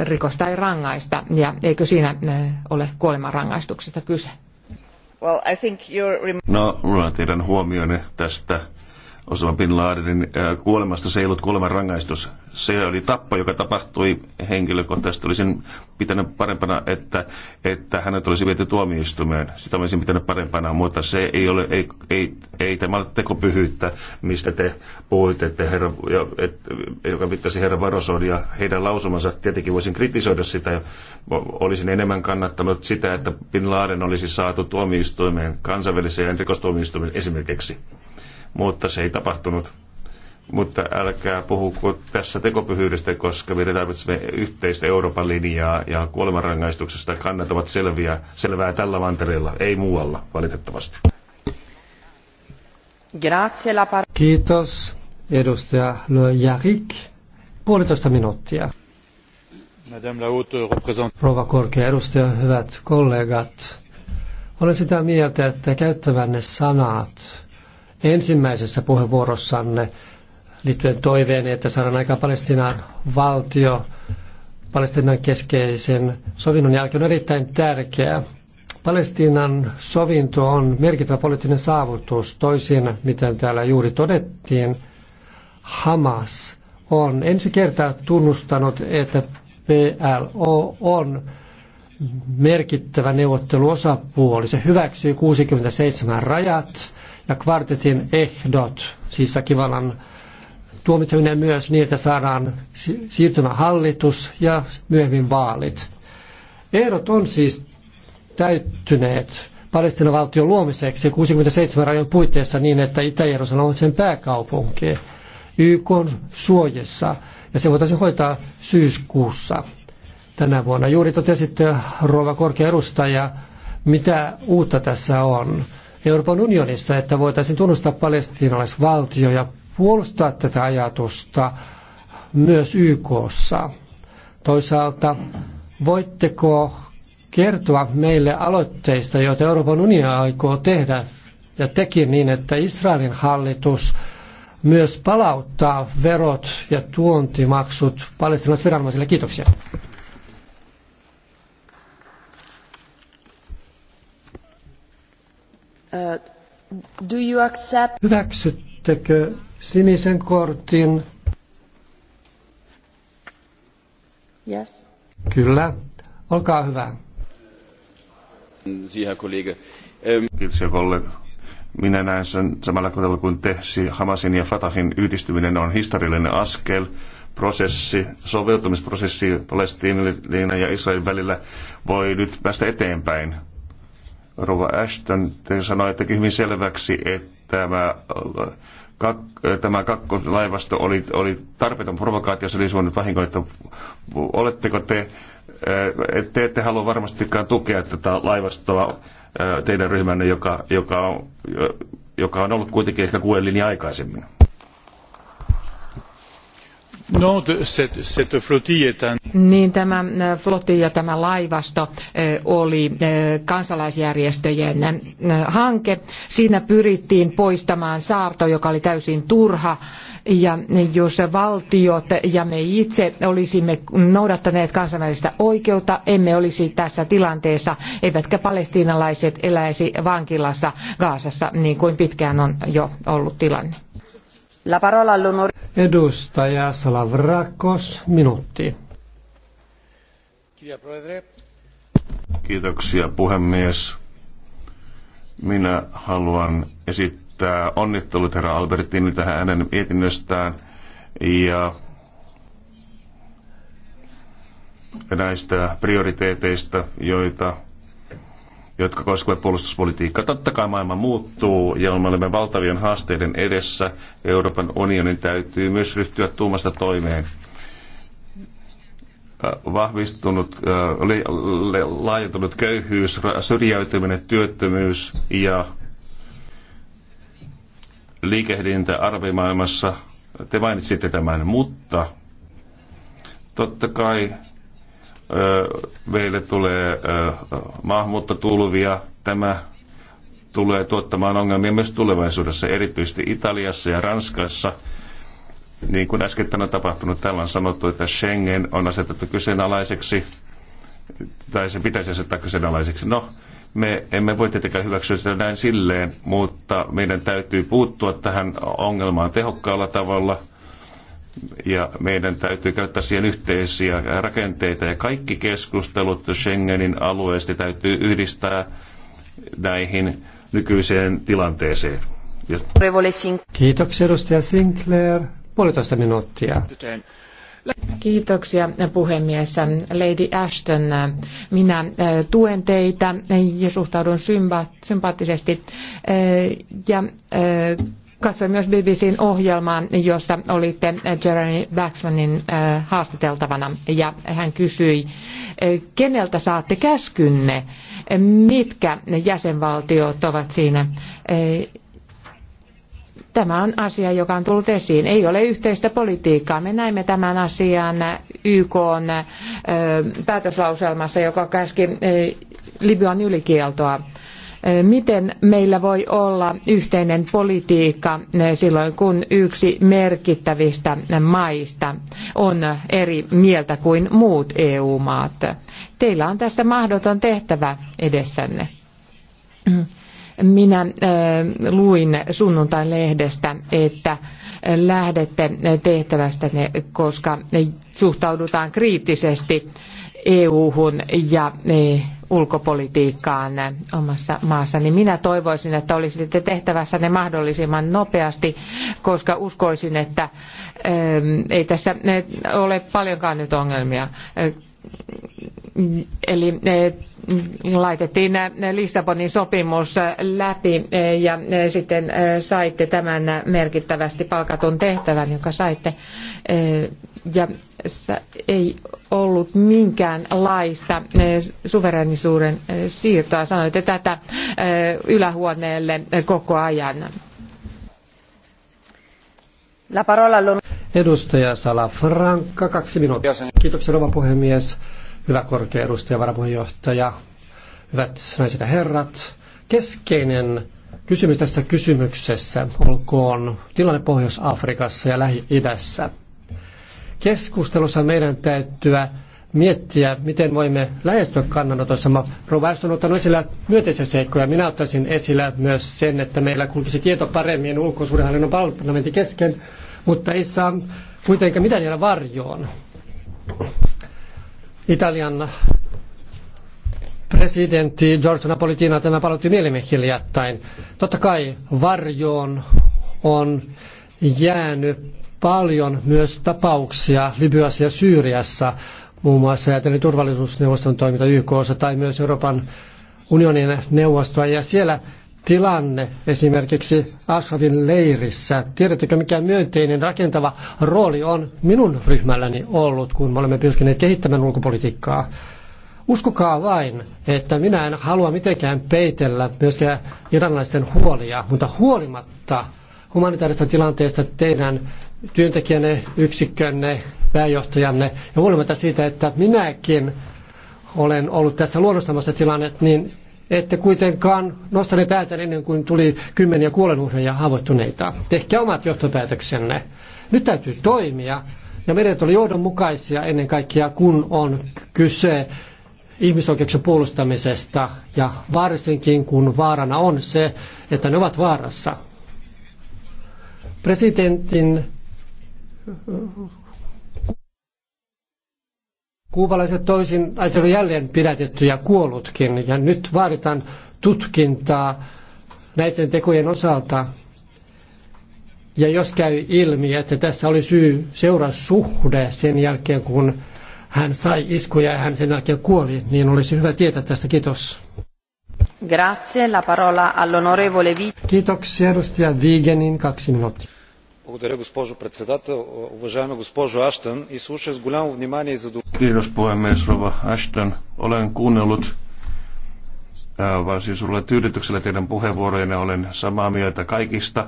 rikosta ei rangaista ja eikö siinä ole kuolemanrangaistuksesta kyse? Well, I think No, luulen teidän huomionne tästä Osama Bin Ladenin äh, kuolemasta se ei ollut kuoleman rangaistus. Se oli tappo, joka tapahtui henkilökohtaisesti. Olisin pitänyt parempana, että, että hänet olisi viety tuomioistumeen. Sitä olisin pitänyt parempana, mutta se ei ole, ei, ei, ei tämä ole tekopyhyyttä, mistä te puhuitte, että herra, et, joka viittasi herra Varoson ja heidän lausumansa. Tietenkin voisin kritisoida sitä. Olisin enemmän kannattanut sitä, että Bin Laden olisi saatu tuomioistuimeen, kansainväliseen rikostuomioistuimeen esimerkiksi mutta se ei tapahtunut. Mutta älkää puhuko tässä tekopyhyydestä, koska meidän tarvitsemme yhteistä Euroopan linjaa ja kuolemanrangaistuksesta kannat ovat selviä, selvää tällä mantereella, ei muualla valitettavasti. Kiitos. Edustaja Le Jarik, puolitoista minuuttia. Rova korkea edustaja, hyvät kollegat. Olen sitä mieltä, että käyttävänne sanat ensimmäisessä puheenvuorossanne liittyen toiveen, että saadaan aikaan Palestiinan valtio Palestiinan keskeisen sovinnon jälkeen on erittäin tärkeää. Palestiinan sovinto on merkittävä poliittinen saavutus. Toisin, miten täällä juuri todettiin, Hamas on ensi kertaa tunnustanut, että PLO on merkittävä neuvotteluosapuoli. Se hyväksyy 67 rajat ja kvartetin ehdot, siis väkivallan tuomitseminen myös niin, että saadaan siirtymähallitus ja myöhemmin vaalit. Ehdot on siis täyttyneet Palestinan valtion luomiseksi 67 rajan puitteissa niin, että Itä-Jerusalem on sen pääkaupunki YK on suojessa ja se voitaisiin hoitaa syyskuussa tänä vuonna. Juuri totesitte, rouva korkea edustaja, mitä uutta tässä on. Euroopan unionissa, että voitaisiin tunnustaa palestiinalaisvaltio ja puolustaa tätä ajatusta myös YKssa. Toisaalta voitteko kertoa meille aloitteista, joita Euroopan unioni aikoo tehdä ja teki niin, että Israelin hallitus myös palauttaa verot ja tuontimaksut palestinaisviranomaisille. Kiitoksia. Uh, do you accept... Hyväksyttekö sinisen kortin? Yes. Kyllä. Olkaa hyvä. Sie, Herr Kollege. Kiitoksia, kollega. Minä näen sen samalla tavalla kuin te. Hamasin ja Fatahin yhdistyminen on historiallinen askel prosessi, soveltumisprosessi Palestiinan ja Israelin välillä voi nyt päästä eteenpäin. Rova Ashton, te sanoitte hyvin selväksi, että tämä, kak, tämä kakkolaivasto oli, oli tarpeeton provokaatio, se olisi voinut vahingoittaa. Oletteko te, eh, te ette halua varmastikaan tukea tätä laivastoa eh, teidän ryhmänne, joka, joka, on, eh, joka on ollut kuitenkin ehkä kuuden linja aikaisemmin? No, Niin tämä äh, flotti ja tämä laivasto äh, oli äh, kansalaisjärjestöjen hanke. Siinä pyrittiin poistamaan saarto, joka oli täysin turha. Ja jos valtiot ja me itse olisimme noudattaneet kansainvälistä oikeutta, emme olisi tässä tilanteessa, eivätkä palestiinalaiset eläisi vankilassa Gaasassa niin kuin pitkään on jo ollut tilanne. La parola all'onore. Edustaja Salavrakos, minuutti. Kiitoksia puhemies. Minä haluan esittää onnittelut herra Albertini tähän hänen mietinnöstään ja näistä prioriteeteista, joita jotka koskevat puolustuspolitiikkaa. Totta kai maailma muuttuu ja me olemme valtavien haasteiden edessä. Euroopan unionin täytyy myös ryhtyä tuumasta toimeen. Äh, vahvistunut, äh, laajentunut köyhyys, syrjäytyminen, työttömyys ja liikehdintä arvimaailmassa, te mainitsitte tämän, mutta totta kai meille tulee maahanmuuttotulvia. Tämä tulee tuottamaan ongelmia myös tulevaisuudessa, erityisesti Italiassa ja Ranskassa. Niin kuin äsken on tapahtunut, täällä on sanottu, että Schengen on asetettu kyseenalaiseksi, tai se pitäisi asettaa kyseenalaiseksi. No, me emme voi tietenkään hyväksyä sitä näin silleen, mutta meidän täytyy puuttua tähän ongelmaan tehokkaalla tavalla ja meidän täytyy käyttää siihen yhteisiä rakenteita ja kaikki keskustelut Schengenin alueesta täytyy yhdistää näihin nykyiseen tilanteeseen. Kiitoksia edustaja Sinclair. Puolitoista minuuttia. Kiitoksia puhemies. Lady Ashton, minä äh, tuen teitä ja suhtaudun sympaattisesti. Äh, ja äh, Katsoin myös BBCn ohjelman, jossa olitte Jeremy Baxmanin äh, haastateltavana ja hän kysyi, äh, keneltä saatte käskynne, mitkä jäsenvaltiot ovat siinä äh, Tämä on asia, joka on tullut esiin. Ei ole yhteistä politiikkaa. Me näimme tämän asian YK päätöslauselmassa, joka käski Libyan ylikieltoa. Miten meillä voi olla yhteinen politiikka eh, silloin, kun yksi merkittävistä maista on eri mieltä kuin muut EU-maat? Teillä on tässä mahdoton tehtävä edessänne. Minä eh, luin sunnuntain lehdestä, että lähdette tehtävästänne, koska suhtaudutaan kriittisesti EU-hun ja eh, ulkopolitiikkaan omassa maassa, niin minä toivoisin, että olisitte tehtävässä ne mahdollisimman nopeasti, koska uskoisin, että ähm, ei tässä äh, ole paljonkaan nyt ongelmia. Äh, eli eh, laitettiin eh, Lissabonin sopimus eh, läpi ja sitten saitte tämän merkittävästi palkatun tehtävän, jonka saitte. Ja ei ollut minkäänlaista suverenisuuden siirtoa. Sanoitte tätä ylähuoneelle koko ajan. La parola Edustaja kaksi minuuttia. Kiitoksia rouva puhemies, hyvä korkea edustaja, varapuheenjohtaja, hyvät naiset ja herrat. Keskeinen kysymys tässä kysymyksessä olkoon tilanne Pohjois-Afrikassa ja Lähi-idässä. Keskustelussa meidän täytyy miettiä, miten voimme lähestyä kannanotossa. Rovaist on ottanut esillä myönteisiä seikkoja. Minä ottaisin esillä myös sen, että meillä kulkisi tieto paremmin ulkosuudenhallinnon parlamentin kesken, mutta ei saa kuitenkaan mitään jäädä varjoon. Italian presidentti Giorgio Napolitino tämä palautti mielimme hiljattain. Totta kai varjoon on jäänyt paljon myös tapauksia Libyassa ja Syyriassa, muun muassa ajatellen turvallisuusneuvoston toiminta YKssa tai myös Euroopan unionin neuvostoa. Ja siellä tilanne esimerkiksi Ashrafin leirissä. Tiedättekö, mikä myönteinen rakentava rooli on minun ryhmälläni ollut, kun me olemme pyrkineet kehittämään ulkopolitiikkaa? Uskokaa vain, että minä en halua mitenkään peitellä myöskään iranilaisten huolia, mutta huolimatta humanitaarista tilanteesta teidän työntekijänne, yksikkönne, pääjohtajanne. Ja huolimatta siitä, että minäkin olen ollut tässä luonnostamassa tilannet, niin ette kuitenkaan nostaneet ääntä ennen kuin tuli kymmeniä kuolenuhreja haavoittuneita. Tehkää omat johtopäätöksenne. Nyt täytyy toimia. Ja meidän oli johdonmukaisia ennen kaikkea, kun on kyse ihmisoikeuksien puolustamisesta ja varsinkin kun vaarana on se, että ne ovat vaarassa. Presidentin kuubalaiset toisin ajatellut jälleen pidätetty ja kuollutkin. Ja nyt vaaditaan tutkintaa näiden tekojen osalta. Ja jos käy ilmi, että tässä oli syy suhde sen jälkeen, kun hän sai iskuja ja hän sen jälkeen kuoli, niin olisi hyvä tietää tästä. Kiitos. Kiitoksia edustaja kaksi minuuttia. Благодаря, госпожо председател. Уважаема госпожо Аштън, с голямо внимание и Kiitos puhemies Rova Ashton. Olen kuunnellut äh, vaan sulle siis tyydytyksellä teidän puheenvuorojenne. Olen samaa mieltä kaikista.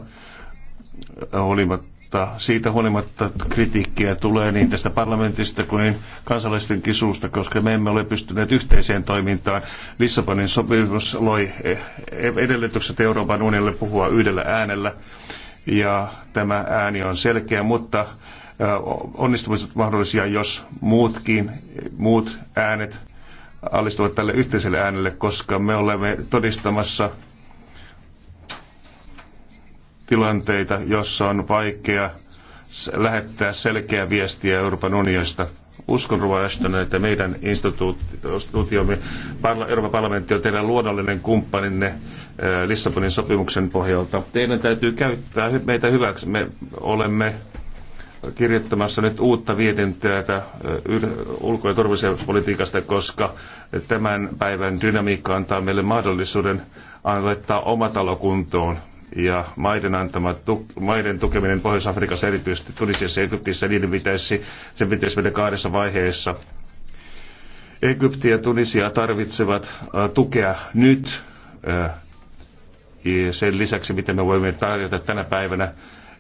Olivat mutta siitä huolimatta kritiikkiä tulee niin tästä parlamentista kuin kansalaisten kisuusta, koska me emme ole pystyneet yhteiseen toimintaan. Lissabonin sopimus loi edellytykset Euroopan unionille puhua yhdellä äänellä ja tämä ääni on selkeä, mutta onnistumiset mahdollisia, jos muutkin, muut äänet alistuvat tälle yhteiselle äänelle, koska me olemme todistamassa tilanteita, jossa on vaikea lähettää selkeää viestiä Euroopan unionista. Uskon Ruva että meidän instituutiomme, Euroopan parlamentti on teidän luonnollinen kumppaninne äh, Lissabonin sopimuksen pohjalta. Teidän täytyy käyttää meitä hyväksi. Me olemme kirjoittamassa nyt uutta vietintöä äh, ulko- ja turvallisuuspolitiikasta, koska tämän päivän dynamiikka antaa meille mahdollisuuden laittaa oma talo kuntoon ja maiden, antama tu, maiden tukeminen Pohjois-Afrikassa, erityisesti Tunisiassa ja Egyptissä, niiden pitäisi, sen pitäisi mennä kahdessa vaiheessa. Egypti ja Tunisia tarvitsevat tukea nyt ja sen lisäksi, mitä me voimme tarjota tänä päivänä.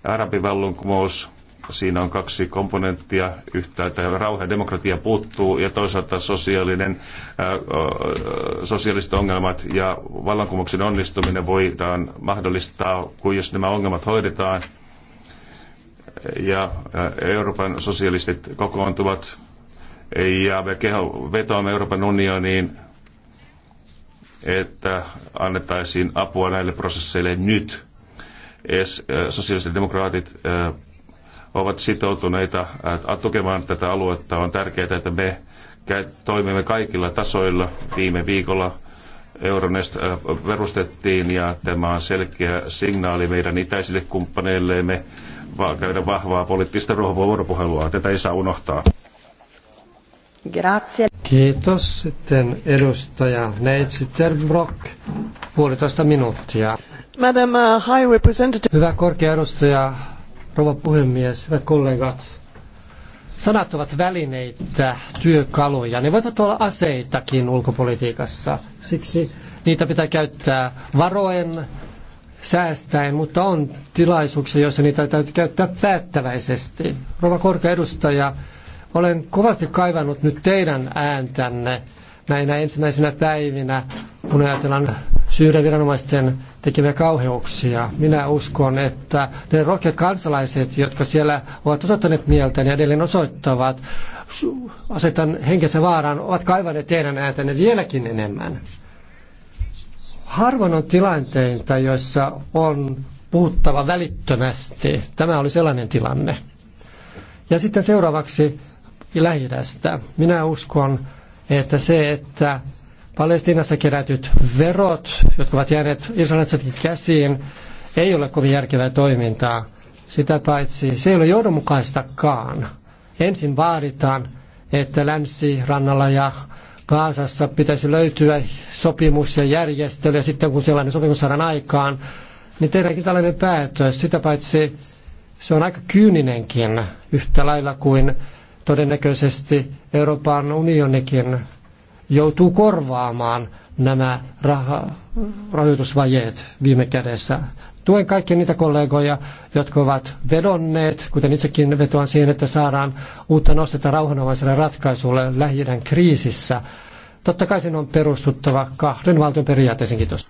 Arabivallankumous Siinä on kaksi komponenttia. Yhtäältä rauha ja demokratia puuttuu ja toisaalta sosiaalinen, ää, sosiaaliset ongelmat ja vallankumouksen onnistuminen voidaan mahdollistaa, kun jos nämä ongelmat hoidetaan ja Euroopan sosialistit kokoontuvat ja me keho, vetoamme Euroopan unioniin, että annettaisiin apua näille prosesseille nyt. Es, sosiaaliset demokraatit ovat sitoutuneita äh, tukemaan tätä aluetta. On tärkeää, että me toimimme kaikilla tasoilla. Viime viikolla Euronest äh, perustettiin ja tämä on selkeä signaali meidän itäisille kumppaneillemme vaan käydä vahvaa poliittista vuoropuhelua. Tätä ei saa unohtaa. Grazie. Kiitos. Sitten edustaja Neitsiter Brock, puolitoista minuuttia. Madam uh, High Representative. Hyvä korkea edustaja, rouva puhemies, hyvät kollegat. Sanat ovat välineitä, työkaluja. Ne voivat olla aseitakin ulkopolitiikassa. Siksi niitä pitää käyttää varoen, säästäen, mutta on tilaisuuksia, joissa niitä täytyy käyttää päättäväisesti. Rova korkea edustaja, olen kovasti kaivannut nyt teidän ääntänne näinä ensimmäisenä päivinä, kun ajatellaan syyden viranomaisten tekemiä kauheuksia. Minä uskon, että ne rohkeat kansalaiset, jotka siellä ovat osoittaneet mieltä ja edelleen osoittavat, asetan henkensä vaaraan, ovat kaivaneet teidän ääntänne vieläkin enemmän. Harvoin on tilanteita, joissa on puhuttava välittömästi. Tämä oli sellainen tilanne. Ja sitten seuraavaksi lähidästä. Minä uskon, että se, että Palestiinassa kerätyt verot, jotka ovat jääneet israelilaisetkin käsiin, ei ole kovin järkevää toimintaa. Sitä paitsi se ei ole johdonmukaistakaan. Ensin vaaditaan, että länsirannalla ja Kaasassa pitäisi löytyä sopimus ja järjestely, ja sitten kun sellainen sopimus saadaan aikaan, niin tehdäänkin tällainen päätös. Sitä paitsi se on aika kyyninenkin, yhtä lailla kuin todennäköisesti Euroopan unionikin joutuu korvaamaan nämä raha, rahoitusvajeet viime kädessä. Tuen kaikkia niitä kollegoja, jotka ovat vedonneet, kuten itsekin vetoan siihen, että saadaan uutta nostetta rauhanomaiselle ratkaisulle lähi kriisissä. Totta kai sen on perustuttava kahden valtion periaatteeseen. Kiitos.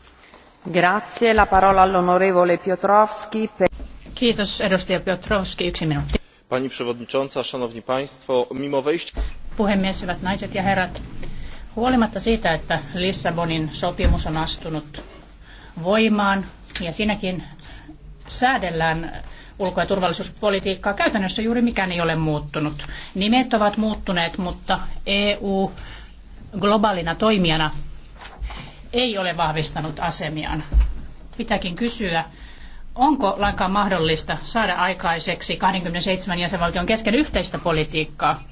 Grazie, la parola all'onorevole Piotrowski. Per... Kiitos, edustaja Piotrowski, yksi minuutti. Pani przewodnicząca, szanowni państwo, mimo wejścia... Puhemies, hyvät naiset ja herrat. Huolimatta siitä, että Lissabonin sopimus on astunut voimaan ja siinäkin säädellään ulko- ja turvallisuuspolitiikkaa, käytännössä juuri mikään ei ole muuttunut. Nimet ovat muuttuneet, mutta EU globaalina toimijana ei ole vahvistanut asemiaan. Pitääkin kysyä, onko lainkaan mahdollista saada aikaiseksi 27 jäsenvaltion kesken yhteistä politiikkaa?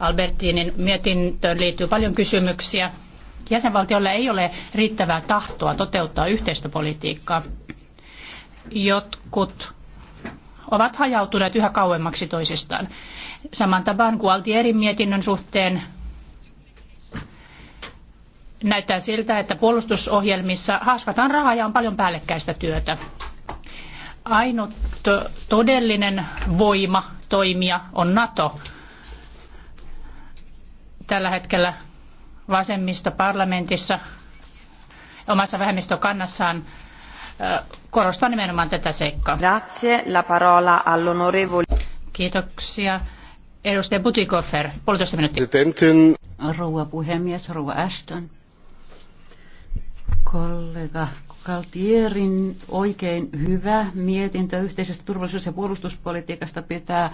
Albertinin mietintöön liittyy paljon kysymyksiä. Jäsenvaltiolle ei ole riittävää tahtoa toteuttaa yhteistä politiikkaa. Jotkut ovat hajautuneet yhä kauemmaksi toisistaan. Saman tapaan kuin Altierin mietinnön suhteen näyttää siltä, että puolustusohjelmissa haaskataan rahaa ja on paljon päällekkäistä työtä. Ainut todellinen voima toimia on NATO tällä hetkellä vasemmisto parlamentissa omassa vähemmistökannassaan korostaa nimenomaan tätä seikkaa. Grazie, la parola all'onorevole. Kiitoksia. Edustaja Butikofer, puolitoista minuuttia. Rouva puhemies, rouva Ashton kollega Kaltierin oikein hyvä mietintö yhteisestä turvallisuus- ja puolustuspolitiikasta pitää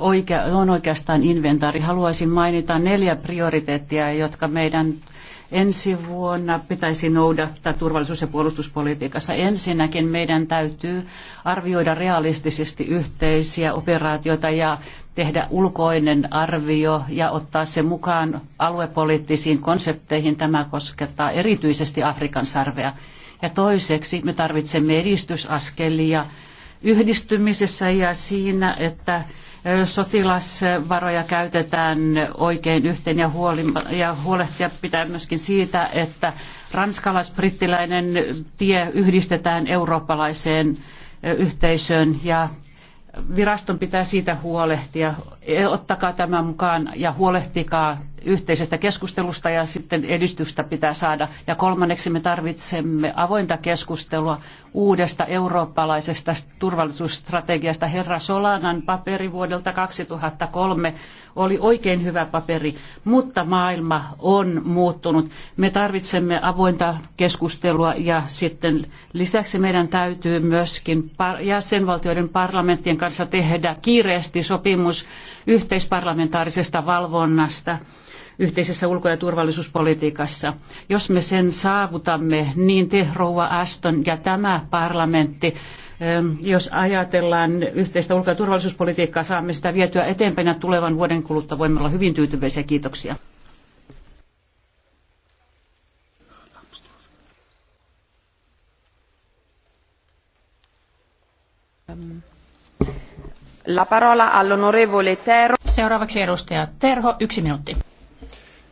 oikea, on oikeastaan inventaari. Haluaisin mainita neljä prioriteettia, jotka meidän Ensi vuonna pitäisi noudattaa turvallisuus- ja puolustuspolitiikassa. Ensinnäkin meidän täytyy arvioida realistisesti yhteisiä operaatioita ja tehdä ulkoinen arvio ja ottaa se mukaan aluepoliittisiin konsepteihin. Tämä koskettaa erityisesti Afrikan sarvea. Ja toiseksi me tarvitsemme edistysaskelia yhdistymisessä ja siinä, että sotilasvaroja käytetään oikein yhteen ja, huoli- ja huolehtia pitää myöskin siitä, että ranskalais-brittiläinen tie yhdistetään eurooppalaiseen yhteisöön ja viraston pitää siitä huolehtia. E, ottakaa tämä mukaan ja huolehtikaa yhteisestä keskustelusta ja sitten edistystä pitää saada. Ja kolmanneksi me tarvitsemme avointa keskustelua uudesta eurooppalaisesta turvallisuusstrategiasta. Herra Solanan paperi vuodelta 2003 oli oikein hyvä paperi, mutta maailma on muuttunut. Me tarvitsemme avointa keskustelua ja sitten lisäksi meidän täytyy myöskin jäsenvaltioiden parlamenttien kanssa tehdä kiireesti sopimus yhteisparlamentaarisesta valvonnasta – yhteisessä ulko- ja turvallisuuspolitiikassa. Jos me sen saavutamme, niin te, Rouva Aston ja tämä parlamentti, jos ajatellaan yhteistä ulko- ja turvallisuuspolitiikkaa, saamme sitä vietyä eteenpäin ja tulevan vuoden kuluttua voimme olla hyvin tyytyväisiä. Kiitoksia. La parola all'onorevole Terho. Seuraavaksi edustaja Terho, yksi minuutti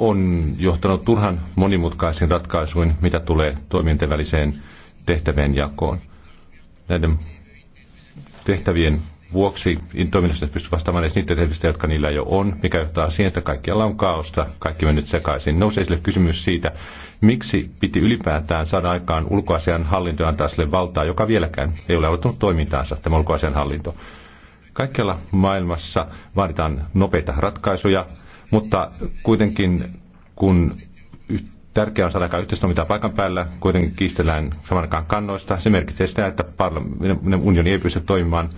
on johtanut turhan monimutkaisiin ratkaisuihin, mitä tulee toimijoiden väliseen tehtävien jakoon. Näiden tehtävien vuoksi toiminnassa pysty vastaamaan edes niitä tehtävistä, jotka niillä jo on, mikä johtaa siihen, että kaikkialla on kaosta, kaikki mennyt sekaisin. Nousee sille kysymys siitä, miksi piti ylipäätään saada aikaan ulkoasian hallinto antaa sille valtaa, joka vieläkään ei ole aloittanut toimintaansa, tämä ulkoasian hallinto. Kaikkialla maailmassa vaaditaan nopeita ratkaisuja, mutta kuitenkin, kun tärkeää on saada aikaan yhteistoimintaa paikan päällä, kuitenkin kiistellään samankaan kannoista. Se merkitsee sitä, että unioni ei pysty toimimaan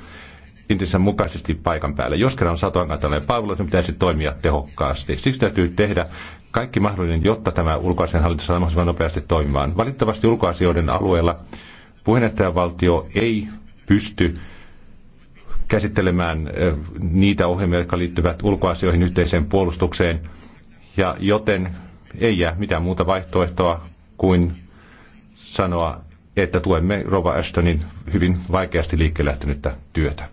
intressinsä mukaisesti paikan päällä. Jos kerran on saatu aikaan tällainen palvelu, se pitäisi toimia tehokkaasti. Siksi täytyy tehdä kaikki mahdollinen, jotta tämä ulkoasian hallitus saa mahdollisimman nopeasti toimimaan. Valitettavasti ulkoasioiden alueella puheenjohtajavaltio ei pysty käsittelemään niitä ohjelmia, jotka liittyvät ulkoasioihin, yhteiseen puolustukseen, ja joten ei jää mitään muuta vaihtoehtoa kuin sanoa, että tuemme Rova Ashtonin hyvin vaikeasti liikkeelle lähtenyttä työtä.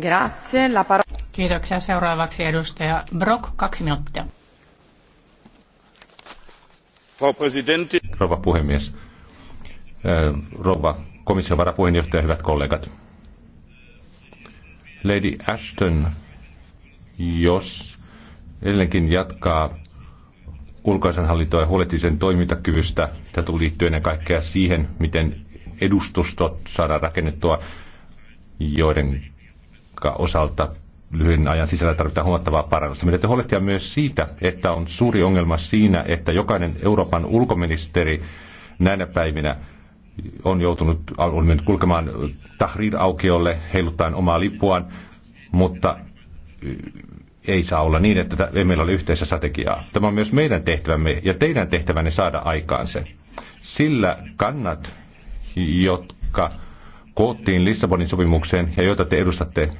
Grazie. La paro- Kiitoksia. Seuraavaksi edustaja Brock, kaksi minuuttia. Rova puhemies, rova komission varapuheenjohtaja, hyvät kollegat. Lady Ashton, jos edelleenkin jatkaa hallintoa ja huolehtii sen toimintakyvystä, tätä liittyy ennen kaikkea siihen, miten edustustot saadaan rakennettua, joiden osalta lyhyen ajan sisällä tarvitaan huomattavaa parannusta. Meidän täytyy huolehtia myös siitä, että on suuri ongelma siinä, että jokainen Euroopan ulkoministeri näinä päivinä on joutunut on mennyt kulkemaan Tahrir-aukiolle heiluttaen omaa lippuaan, mutta eh, ei saa olla niin, että ei meillä ole yhteistä strategiaa. Tämä on myös meidän tehtävämme ja teidän tehtävänne saada aikaan se. Sillä kannat, jotka koottiin Lissabonin sopimukseen ja joita te edustatte,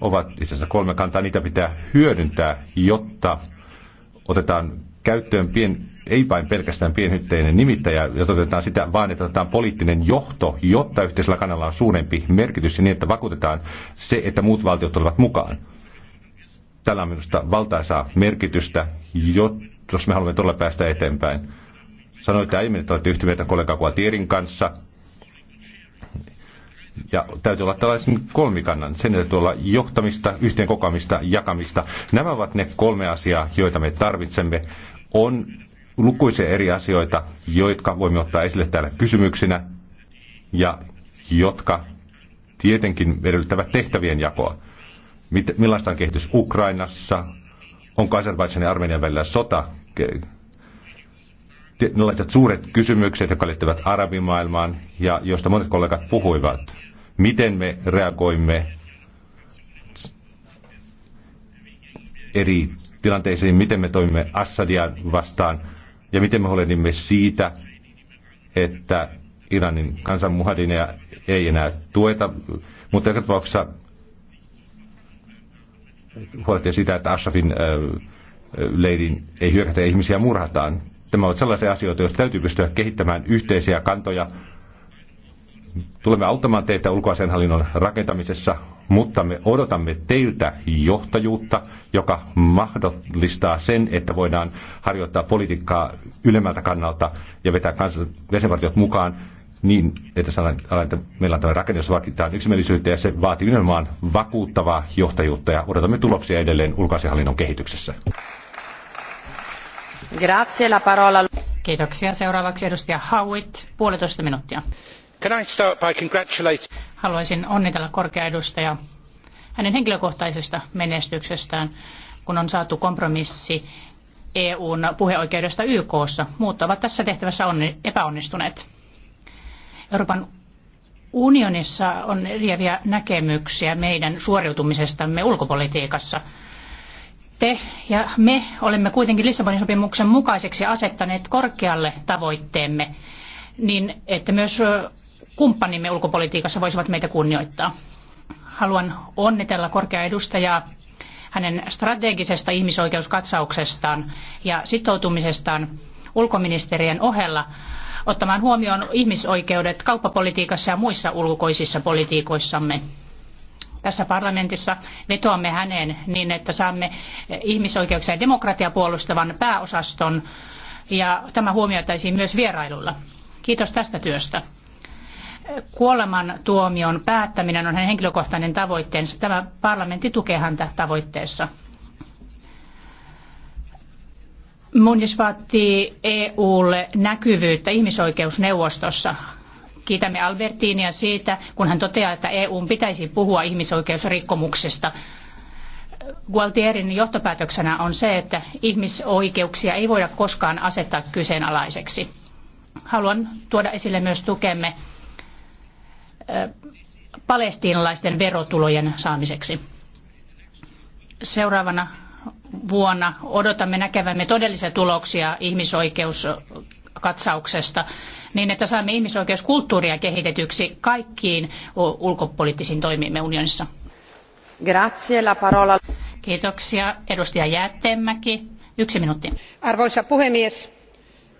ovat itse asiassa kolme kantaa. Niitä pitää hyödyntää, jotta otetaan käyttöön pien, ei vain pelkästään pienhytteinen nimittäjä, ja otetaan sitä, vaan että otetaan poliittinen johto, jotta yhteisellä kanalla on suurempi merkitys ja niin, että vakuutetaan se, että muut valtiot tulevat mukaan. Tällä on minusta valtaisaa merkitystä, jos me haluamme todella päästä eteenpäin. Sanoitte aiemmin, että olette yhtä mieltä kollega Kualtierin kanssa, ja täytyy olla tällaisen kolmikannan. Sen täytyy olla johtamista, yhteen kokoamista, jakamista. Nämä ovat ne kolme asiaa, joita me tarvitsemme on lukuisia eri asioita, jotka voimme ottaa esille täällä kysymyksinä ja jotka tietenkin edellyttävät tehtävien jakoa. Mit, millaista on kehitys Ukrainassa? Onko Azerbaidžan ja Armenian välillä sota? Tällaiset suuret kysymykset, jotka liittyvät arabimaailmaan ja joista monet kollegat puhuivat. Miten me reagoimme eri tilanteisiin, miten me toimimme Assadia vastaan ja miten me huolehdimme siitä, että Iranin kansanmuhadineja ei enää tueta. Mutta joka tapauksessa huolehtia sitä, että Ashrafin leirin ei hyökätä ihmisiä murhataan. Tämä on sellaisia asioita, joista täytyy pystyä kehittämään yhteisiä kantoja tulemme auttamaan teitä ulkoasenhallinnon rakentamisessa, mutta me odotamme teiltä johtajuutta, joka mahdollistaa sen, että voidaan harjoittaa politiikkaa ylemmältä kannalta ja vetää jäsenvaltiot mukaan niin, että saadaan, että meillä on tämä rakennus, jossa vaaditaan yksimielisyyttä ja se vaatii nimenomaan vakuuttavaa johtajuutta ja odotamme tuloksia edelleen ulkoasenhallinnon kehityksessä. Grazie, la parola. Kiitoksia. Seuraavaksi edustaja Howitt, puolitoista minuuttia. Can I start by congratulating... Haluaisin onnitella korkea edustajaa hänen henkilökohtaisesta menestyksestään, kun on saatu kompromissi EUn puheoikeudesta YKssa. Muut ovat tässä tehtävässä epäonnistuneet. Euroopan unionissa on eriäviä näkemyksiä meidän suoriutumisestamme ulkopolitiikassa. Te ja me olemme kuitenkin Lissabonin sopimuksen mukaiseksi asettaneet korkealle tavoitteemme, niin että myös kumppanimme ulkopolitiikassa voisivat meitä kunnioittaa. Haluan onnitella korkea edustajaa hänen strategisesta ihmisoikeuskatsauksestaan ja sitoutumisestaan ulkoministerien ohella ottamaan huomioon ihmisoikeudet kauppapolitiikassa ja muissa ulkoisissa politiikoissamme. Tässä parlamentissa vetoamme häneen niin, että saamme ihmisoikeuksia ja demokratiaa puolustavan pääosaston ja tämä huomioitaisiin myös vierailulla. Kiitos tästä työstä kuoleman tuomion päättäminen on hänen henkilökohtainen tavoitteensa. Tämä parlamentti tukee häntä tavoitteessa. Munis vaatii EUlle näkyvyyttä ihmisoikeusneuvostossa. Kiitämme Albertinia siitä, kun hän toteaa, että EUn pitäisi puhua ihmisoikeusrikkomuksista. Gualtierin johtopäätöksenä on se, että ihmisoikeuksia ei voida koskaan asettaa kyseenalaiseksi. Haluan tuoda esille myös tukemme palestiinalaisten verotulojen saamiseksi. Seuraavana vuonna odotamme näkevämme todellisia tuloksia ihmisoikeuskatsauksesta niin, että saamme ihmisoikeuskulttuuria kehitetyksi kaikkiin ulkopoliittisiin toimiimme unionissa. Grazie, la parola. Kiitoksia. Edustaja Jäätteenmäki, yksi minuutti. Arvoisa puhemies,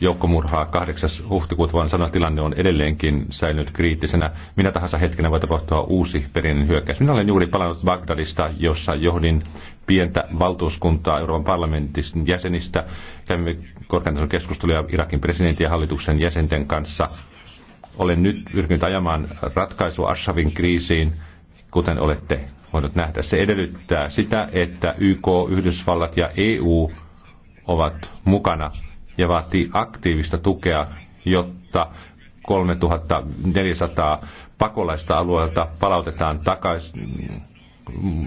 joukkomurhaa 8. huhtikuuta, vaan sana tilanne on edelleenkin säilynyt kriittisenä. Minä tahansa hetkenä voi tapahtua uusi perinen hyökkäys. Minä olen juuri palannut Bagdadista, jossa johdin pientä valtuuskuntaa Euroopan parlamentin jäsenistä. Kävimme korkean keskusteluja Irakin presidentin ja hallituksen jäsenten kanssa. Olen nyt pyrkinyt ajamaan ratkaisua Ashavin kriisiin, kuten olette voineet nähdä. Se edellyttää sitä, että YK, Yhdysvallat ja EU ovat mukana ja vaatii aktiivista tukea, jotta 3400 pakolaista alueelta palautetaan takaisin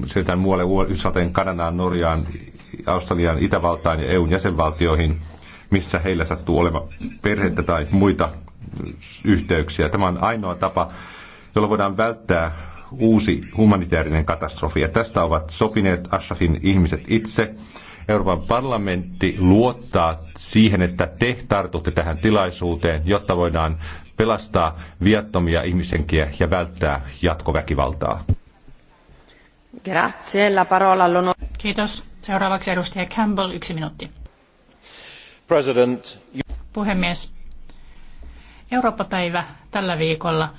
sieltä muualle Yhdysvaltain, Kanadaan, Norjaan, Australian, Itävaltaan ja EUn jäsenvaltioihin, missä heillä sattuu olemaan perhettä tai muita yhteyksiä. Tämä on ainoa tapa, jolla voidaan välttää uusi humanitaarinen katastrofi. Ja tästä ovat sopineet Ashrafin ihmiset itse Euroopan parlamentti luottaa siihen, että te tartutte tähän tilaisuuteen, jotta voidaan pelastaa viattomia ihmisenkiä ja välttää jatkoväkivaltaa. Grazie, la parola Kiitos. Seuraavaksi edustaja Campbell, yksi minuutti. President. Puhemies, Eurooppa-päivä tällä viikolla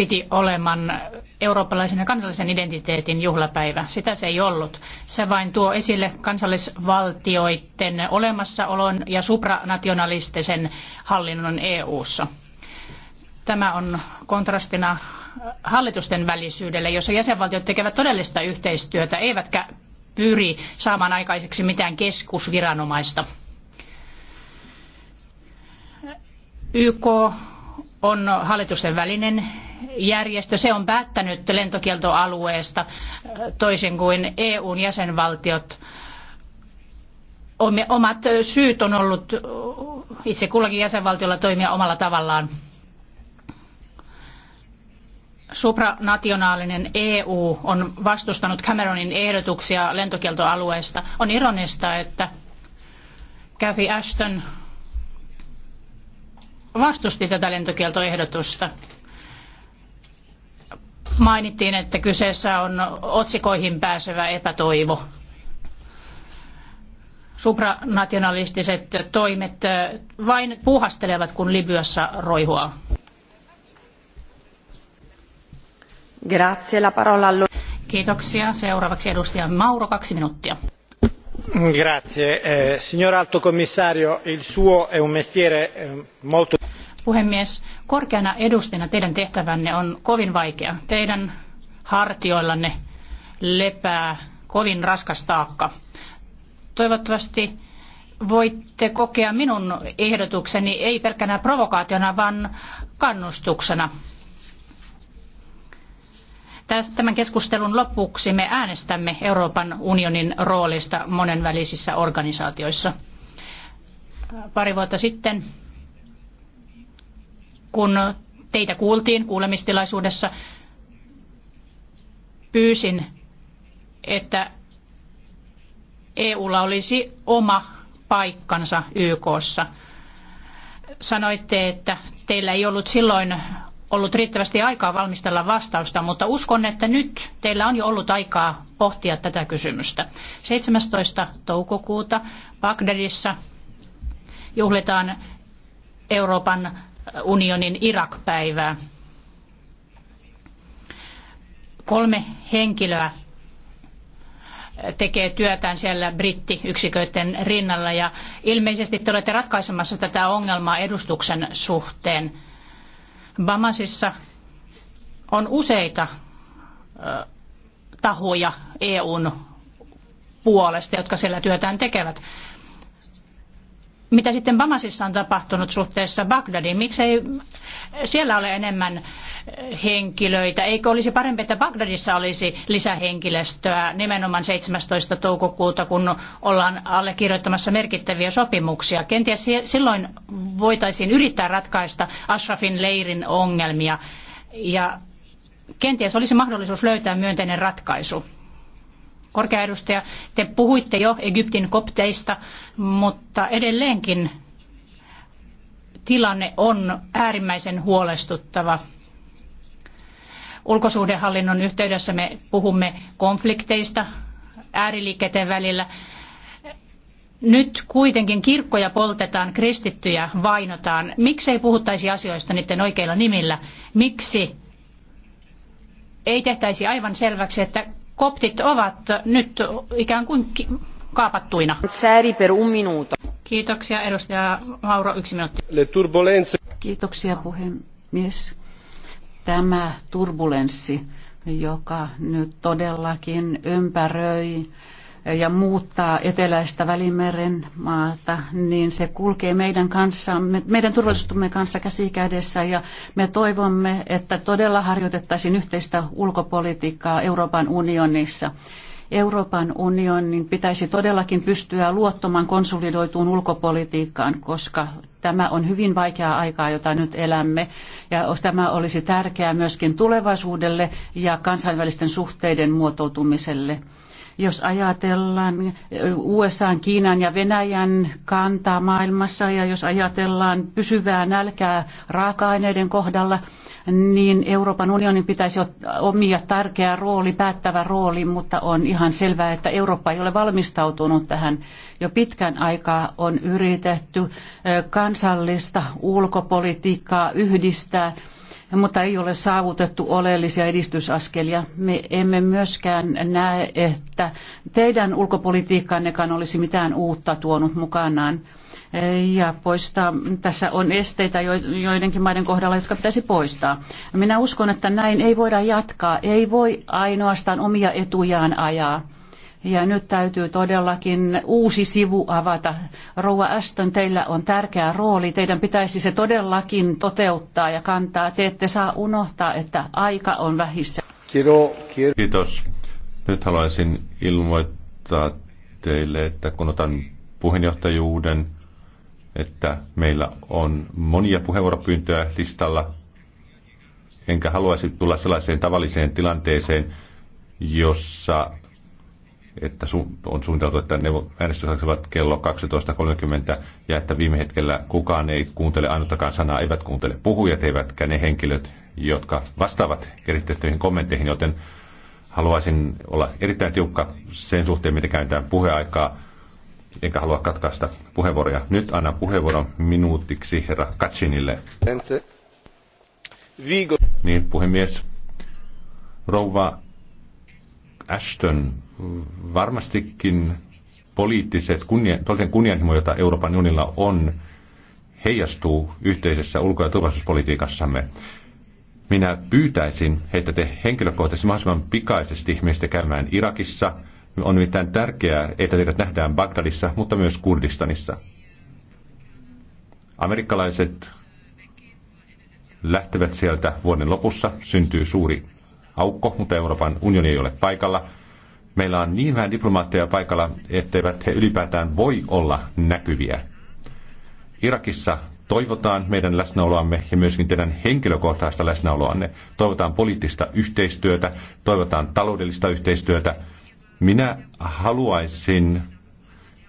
piti oleman eurooppalaisen ja kansallisen identiteetin juhlapäivä. Sitä se ei ollut. Se vain tuo esille kansallisvaltioiden olemassaolon ja supranationalistisen hallinnon EU-ssa. Tämä on kontrastina hallitusten välisyydelle, jossa jäsenvaltiot tekevät todellista yhteistyötä, eivätkä pyri saamaan aikaiseksi mitään keskusviranomaista. YK on hallitusten välinen järjestö, se on päättänyt lentokieltoalueesta äh, toisin kuin EUn jäsenvaltiot. Omat syyt on ollut äh, itse kullakin jäsenvaltiolla toimia omalla tavallaan. Supranationaalinen EU on vastustanut Cameronin ehdotuksia lentokieltoalueesta. On ironista, että Cathy Ashton vastusti tätä lentokieltoehdotusta mainittiin, että kyseessä on otsikoihin pääsevä epätoivo. Supranationalistiset toimet vain puhastelevat kun Libyassa roihua. Grazie, la parola Kiitoksia. Seuraavaksi edustaja Mauro, kaksi minuuttia. Grazie. Eh, signor Alto Commissario, il suo è un mestiere eh, molto... Puhemies, Korkeana edustajana teidän tehtävänne on kovin vaikea. Teidän hartioillanne lepää kovin raskas taakka. Toivottavasti voitte kokea minun ehdotukseni ei pelkkänä provokaationa, vaan kannustuksena. Tämän keskustelun lopuksi me äänestämme Euroopan unionin roolista monenvälisissä organisaatioissa. Pari vuotta sitten kun teitä kuultiin kuulemistilaisuudessa, pyysin, että EUlla olisi oma paikkansa YKssa. Sanoitte, että teillä ei ollut silloin ollut riittävästi aikaa valmistella vastausta, mutta uskon, että nyt teillä on jo ollut aikaa pohtia tätä kysymystä. 17. toukokuuta Bagdadissa juhlitaan Euroopan unionin Irak-päivää. Kolme henkilöä tekee työtään siellä brittiyksiköiden rinnalla ja ilmeisesti te olette ratkaisemassa tätä ongelmaa edustuksen suhteen. Bamasissa on useita tahoja EUn puolesta, jotka siellä työtään tekevät. Mitä sitten Bamasissa on tapahtunut suhteessa Bagdadiin? Miksei siellä ole enemmän henkilöitä? Eikö olisi parempi, että Bagdadissa olisi lisähenkilöstöä nimenomaan 17. toukokuuta, kun ollaan allekirjoittamassa merkittäviä sopimuksia? Kenties silloin voitaisiin yrittää ratkaista Ashrafin leirin ongelmia ja kenties olisi mahdollisuus löytää myönteinen ratkaisu korkea edustaja, te puhuitte jo Egyptin kopteista, mutta edelleenkin tilanne on äärimmäisen huolestuttava. Ulkosuhdehallinnon yhteydessä me puhumme konflikteista ääriliikkeiden välillä. Nyt kuitenkin kirkkoja poltetaan, kristittyjä vainotaan. Miksei puhuttaisi asioista niiden oikeilla nimillä? Miksi ei tehtäisi aivan selväksi, että koptit ovat nyt ikään kuin kaapattuina. Sääri per un minuto. Kiitoksia edustaja Mauro, yksi minuutti. Le turbulenze. Kiitoksia puhemies. Tämä turbulenssi, joka nyt todellakin ympäröi ja muuttaa eteläistä välimeren maata, niin se kulkee meidän kanssa, meidän turvallisuutemme kanssa käsi kädessä ja me toivomme, että todella harjoitettaisiin yhteistä ulkopolitiikkaa Euroopan unionissa. Euroopan unionin pitäisi todellakin pystyä luottamaan konsolidoituun ulkopolitiikkaan, koska tämä on hyvin vaikeaa aikaa, jota nyt elämme. Ja tämä olisi tärkeää myöskin tulevaisuudelle ja kansainvälisten suhteiden muotoutumiselle. Jos ajatellaan äh, USA, Kiinan ja Venäjän kantaa maailmassa ja jos ajatellaan pysyvää nälkää raaka-aineiden kohdalla, niin Euroopan unionin pitäisi omia tärkeä rooli, päättävä rooli, mutta on ihan selvää, että Eurooppa ei ole valmistautunut tähän. Jo pitkän aikaa on yritetty äh, kansallista ulkopolitiikkaa yhdistää mutta ei ole saavutettu oleellisia edistysaskelia. Me emme myöskään näe, että teidän ulkopolitiikkannekaan olisi mitään uutta tuonut mukanaan. Ja poistaa, tässä on esteitä joidenkin maiden kohdalla, jotka pitäisi poistaa. Minä uskon, että näin ei voida jatkaa. Ei voi ainoastaan omia etujaan ajaa ja nyt täytyy todellakin uusi sivu avata. Rouva Aston, teillä on tärkeä rooli. Teidän pitäisi se todellakin toteuttaa ja kantaa. Te ette saa unohtaa, että aika on vähissä. Kiitos. Nyt haluaisin ilmoittaa teille, että kun otan puheenjohtajuuden, että meillä on monia puheenvuoropyyntöjä listalla, enkä haluaisi tulla sellaiseen tavalliseen tilanteeseen, jossa että on suunniteltu, että äänestys alkavat kello 12.30 ja että viime hetkellä kukaan ei kuuntele ainuttakaan sanaa, eivät kuuntele puhujat, eivätkä ne henkilöt, jotka vastaavat kerittettyihin kommentteihin, joten haluaisin olla erittäin tiukka sen suhteen, miten käytetään puheaikaa, enkä halua katkaista puheenvuoroja. Nyt annan puheenvuoron minuutiksi herra Katsinille. Niin, puhemies. Rouva Ashton varmastikin poliittiset kunnian, kunnianhimo, jota Euroopan unionilla on, heijastuu yhteisessä ulko- ja turvallisuuspolitiikassamme. Minä pyytäisin, että te henkilökohtaisesti mahdollisimman pikaisesti meistä käymään Irakissa. On nimittäin tärkeää, että teidät nähdään Bagdadissa, mutta myös Kurdistanissa. Amerikkalaiset lähtevät sieltä vuoden lopussa, syntyy suuri aukko, mutta Euroopan unioni ei ole paikalla – meillä on niin vähän diplomaatteja paikalla, etteivät he ylipäätään voi olla näkyviä. Irakissa toivotaan meidän läsnäoloamme ja myöskin teidän henkilökohtaista läsnäoloanne. Toivotaan poliittista yhteistyötä, toivotaan taloudellista yhteistyötä. Minä haluaisin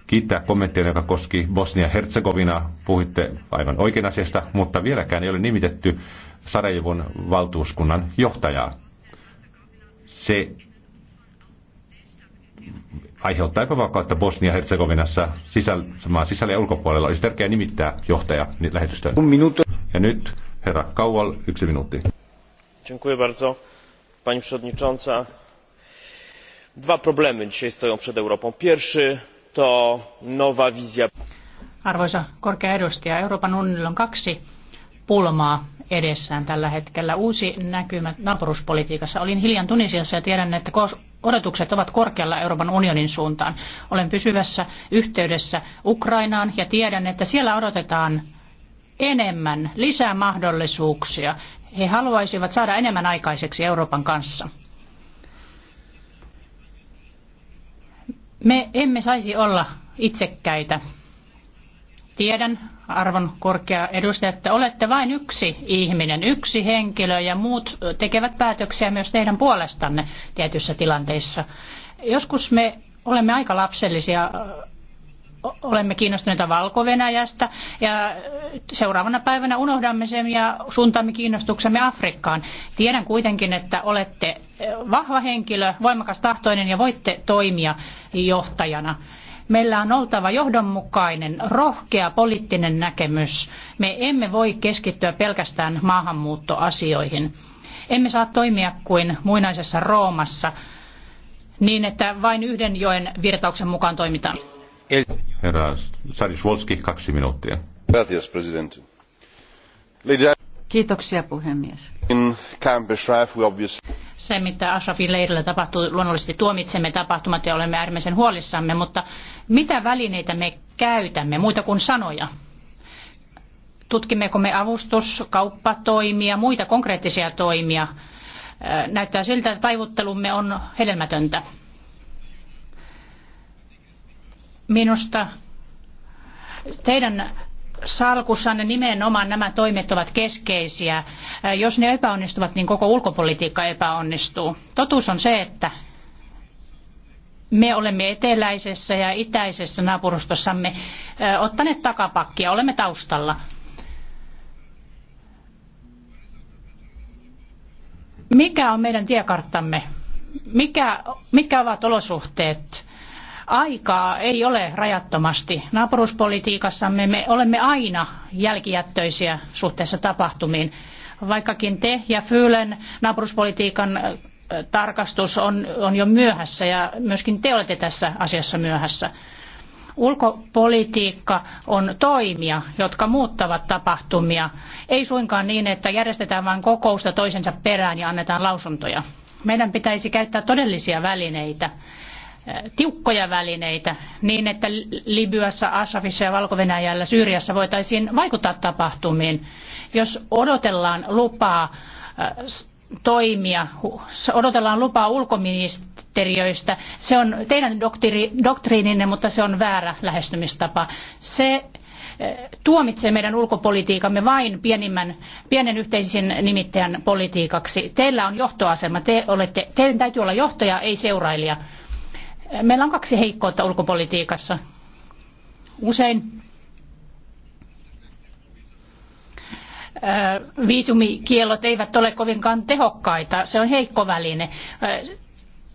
kiittää kommenttia, joka koski Bosnia-Herzegovina. Puhuitte aivan oikein asiasta, mutta vieläkään ei ole nimitetty Sarajevon valtuuskunnan johtajaa. Se aiheuttaa epävakautta Bosnia-Herzegovinassa sisällä, sisällä ja ulkopuolella. Olisi tärkeää nimittää johtaja niin lähetystöön. Ja nyt herra Kauval, yksi minuutti. Dziękuję bardzo, pani przewodnicząca. Dwa problemy dzisiaj stoją przed Europą. Pierwszy to nowa wizja. Arvoisa korkea edustaja, Euroopan unionilla on kaksi pulmaa edessään tällä hetkellä. Uusi näkymä naapuruspolitiikassa. Olin hiljan Tunisiassa ja tiedän, että odotukset ovat korkealla Euroopan unionin suuntaan. Olen pysyvässä yhteydessä Ukrainaan ja tiedän, että siellä odotetaan enemmän, lisää mahdollisuuksia. He haluaisivat saada enemmän aikaiseksi Euroopan kanssa. Me emme saisi olla itsekkäitä. Tiedän, arvon korkea edustaja, että olette vain yksi ihminen, yksi henkilö ja muut tekevät päätöksiä myös teidän puolestanne tietyissä tilanteissa. Joskus me olemme aika lapsellisia, olemme kiinnostuneita valko ja seuraavana päivänä unohdamme sen ja suuntaamme kiinnostuksemme Afrikkaan. Tiedän kuitenkin, että olette vahva henkilö, voimakas tahtoinen ja voitte toimia johtajana. Meillä on oltava johdonmukainen, rohkea poliittinen näkemys. Me emme voi keskittyä pelkästään maahanmuuttoasioihin. Emme saa toimia kuin muinaisessa Roomassa, niin että vain yhden joen virtauksen mukaan toimitaan. Herra Sarius Volski, kaksi minuuttia. Gracias, presidente. Kiitoksia puhemies. Se, mitä Ashrafin leirillä tapahtui, luonnollisesti tuomitsemme tapahtumat ja olemme äärimmäisen huolissamme, mutta mitä välineitä me käytämme muita kuin sanoja? Tutkimmeko me avustus, kauppatoimia, muita konkreettisia toimia? Äh, näyttää siltä, että taivuttelumme on hedelmätöntä. Minusta teidän salkussanne nimenomaan nämä toimet ovat keskeisiä. Äh, jos ne epäonnistuvat, niin koko ulkopolitiikka epäonnistuu. Totuus on se, että me olemme eteläisessä ja itäisessä naapurustossamme äh, ottaneet takapakkia, olemme taustalla. Mikä on meidän tiekarttamme? Mikä, mitkä ovat olosuhteet? Aikaa ei ole rajattomasti. Naapuruspolitiikassamme me olemme aina jälkijättöisiä suhteessa tapahtumiin. Vaikkakin te ja Fyylen naapuruspolitiikan äh, tarkastus on, on jo myöhässä ja myöskin te olette tässä asiassa myöhässä. Ulkopolitiikka on toimia, jotka muuttavat tapahtumia. Ei suinkaan niin, että järjestetään vain kokousta toisensa perään ja annetaan lausuntoja. Meidän pitäisi käyttää todellisia välineitä tiukkoja välineitä niin, että Libyassa, Ashrafissa ja valko ja Syyriassa voitaisiin vaikuttaa tapahtumiin. Jos odotellaan lupaa toimia, odotellaan lupaa ulkoministeriöistä, se on teidän doktri, doktriininne, mutta se on väärä lähestymistapa. Se tuomitsee meidän ulkopolitiikamme vain pienimmän, pienen yhteisen nimittäjän politiikaksi. Teillä on johtoasema, te olette, teidän täytyy olla johtaja, ei seurailija. Meillä on kaksi heikkoutta ulkopolitiikassa. Usein viisumikielot eivät ole kovinkaan tehokkaita. Se on heikko väline.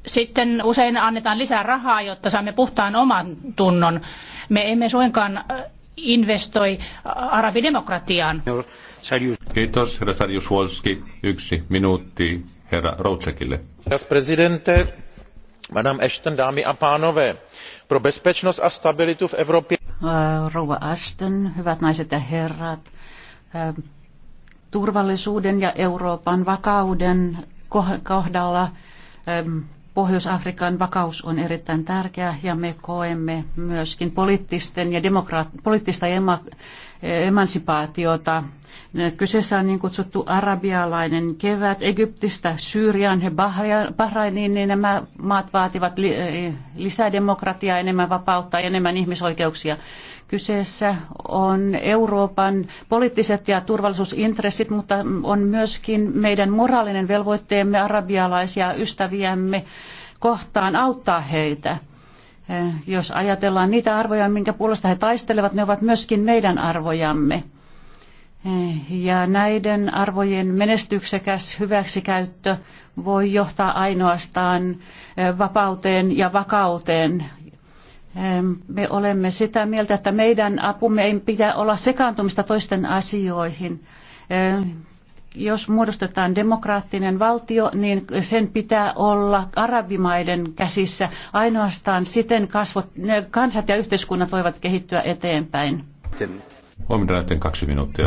Sitten usein annetaan lisää rahaa, jotta saamme puhtaan oman tunnon. Me emme suinkaan investoi arabidemokratiaan. Kiitos, herra Sarjus Volski. Yksi minuutti herra Rousekille. Presidente, paní ashton dámy a pánové pro bezpečnost a stabilitu v evropě. Eh, rouva ashton hyvät naiset ja herrat eh, turvallisuuden ja euroopan vakauden kohdalla eh, Pohjois-Afrikan vakaus on erittäin tärkeä ja me koemme myöskin poliittisten ja demokraat, poliittista ja emansipaatiota. Kyseessä on niin kutsuttu arabialainen kevät. Egyptistä Syyrian ja Bahrainiin niin nämä maat vaativat lisää demokratiaa, enemmän vapautta ja enemmän ihmisoikeuksia. Kyseessä on Euroopan poliittiset ja turvallisuusintressit, mutta on myöskin meidän moraalinen velvoitteemme arabialaisia ystäviämme kohtaan auttaa heitä. Eh, jos ajatellaan niitä arvoja, minkä puolesta he taistelevat, ne ovat myöskin meidän arvojamme. Eh, ja näiden arvojen menestyksekäs hyväksikäyttö voi johtaa ainoastaan eh, vapauteen ja vakauteen. Me olemme sitä mieltä, että meidän apumme ei pidä olla sekaantumista toisten asioihin jos muodostetaan demokraattinen valtio, niin sen pitää olla arabimaiden käsissä. Ainoastaan siten kasvot, kansat ja yhteiskunnat voivat kehittyä eteenpäin. Huomenna kaksi minuuttia.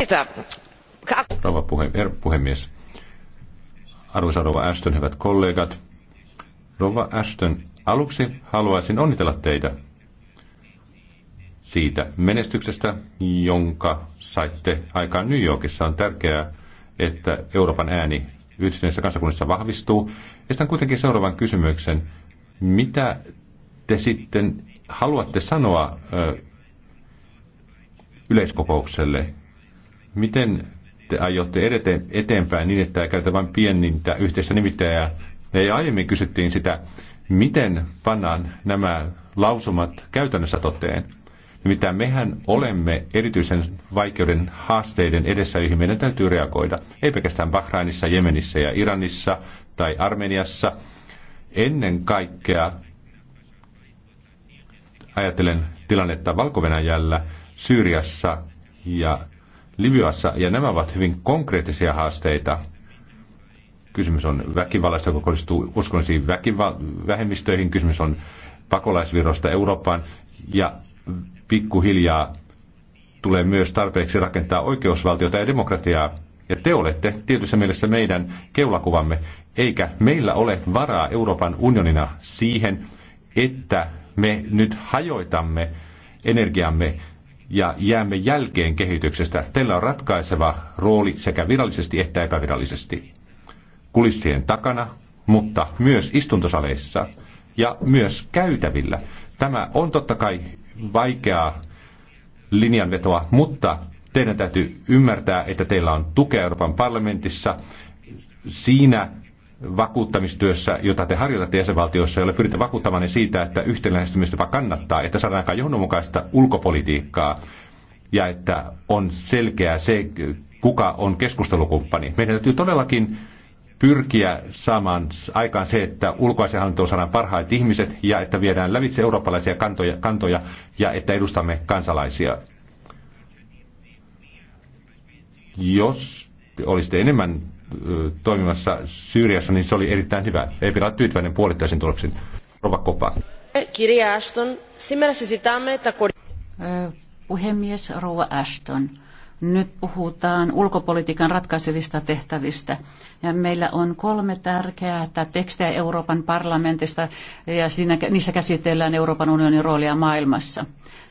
Rouva puhemies. Arvoisa Rova Ashton, hyvät kollegat. Rova Ashton, aluksi haluaisin onnitella teitä siitä menestyksestä, jonka saitte aikaan New Yorkissa. On tärkeää, että Euroopan ääni yhdistyneissä kansakunnissa vahvistuu. Estän kuitenkin seuraavan kysymyksen. Mitä te sitten haluatte sanoa ö, yleiskokoukselle? Miten te aiotte edetä eteenpäin niin, että käytetään vain pienintä yhteistä nimittäjää? Ja aiemmin kysyttiin sitä, miten pannaan nämä lausumat käytännössä toteen. Nimittäin mehän olemme erityisen vaikeuden haasteiden edessä, joihin meidän täytyy reagoida. Ei pelkästään Bahrainissa, Jemenissä ja Iranissa tai Armeniassa. Ennen kaikkea ajattelen tilannetta valko Syyriassa ja Libyassa, ja nämä ovat hyvin konkreettisia haasteita. Kysymys on väkivallasta, joka kohdistuu uskonnollisiin väkival- vähemmistöihin, kysymys on pakolaisvirosta Eurooppaan, ja pikkuhiljaa tulee myös tarpeeksi rakentaa oikeusvaltiota ja demokratiaa. Ja te olette tietyssä mielessä meidän keulakuvamme, eikä meillä ole varaa Euroopan unionina siihen, että me nyt hajoitamme energiamme ja jäämme jälkeen kehityksestä. Teillä on ratkaiseva rooli sekä virallisesti että epävirallisesti. Kulissien takana, mutta myös istuntosaleissa ja myös käytävillä. Tämä on totta kai vaikeaa linjanvetoa, mutta teidän täytyy ymmärtää, että teillä on tukea Euroopan parlamentissa siinä vakuuttamistyössä, jota te harjoitatte jäsenvaltioissa, jolle pyritte vakuuttamaan niin siitä, että jopa kannattaa, että saadaan aikaan johdonmukaista ulkopolitiikkaa ja että on selkeää se, kuka on keskustelukumppani. Meidän täytyy todellakin pyrkiä saamaan aikaan se, että ulkoasianhallintoon saadaan parhaat ihmiset ja että viedään lävitse eurooppalaisia kantoja, kantoja ja että edustamme kansalaisia. Jos olisitte enemmän toimimassa Syyriassa, niin se oli erittäin hyvä. Ei pidä tyytyväinen puolittaisen tuloksen. Rova Kopa. Eh, kirja Ashton, σήμερα Puhemies Rouva Ashton. Nyt puhutaan ulkopolitiikan ratkaisevista tehtävistä. Ja meillä on kolme tärkeää tekstiä Euroopan parlamentista ja siinä, niissä käsitellään Euroopan unionin roolia maailmassa.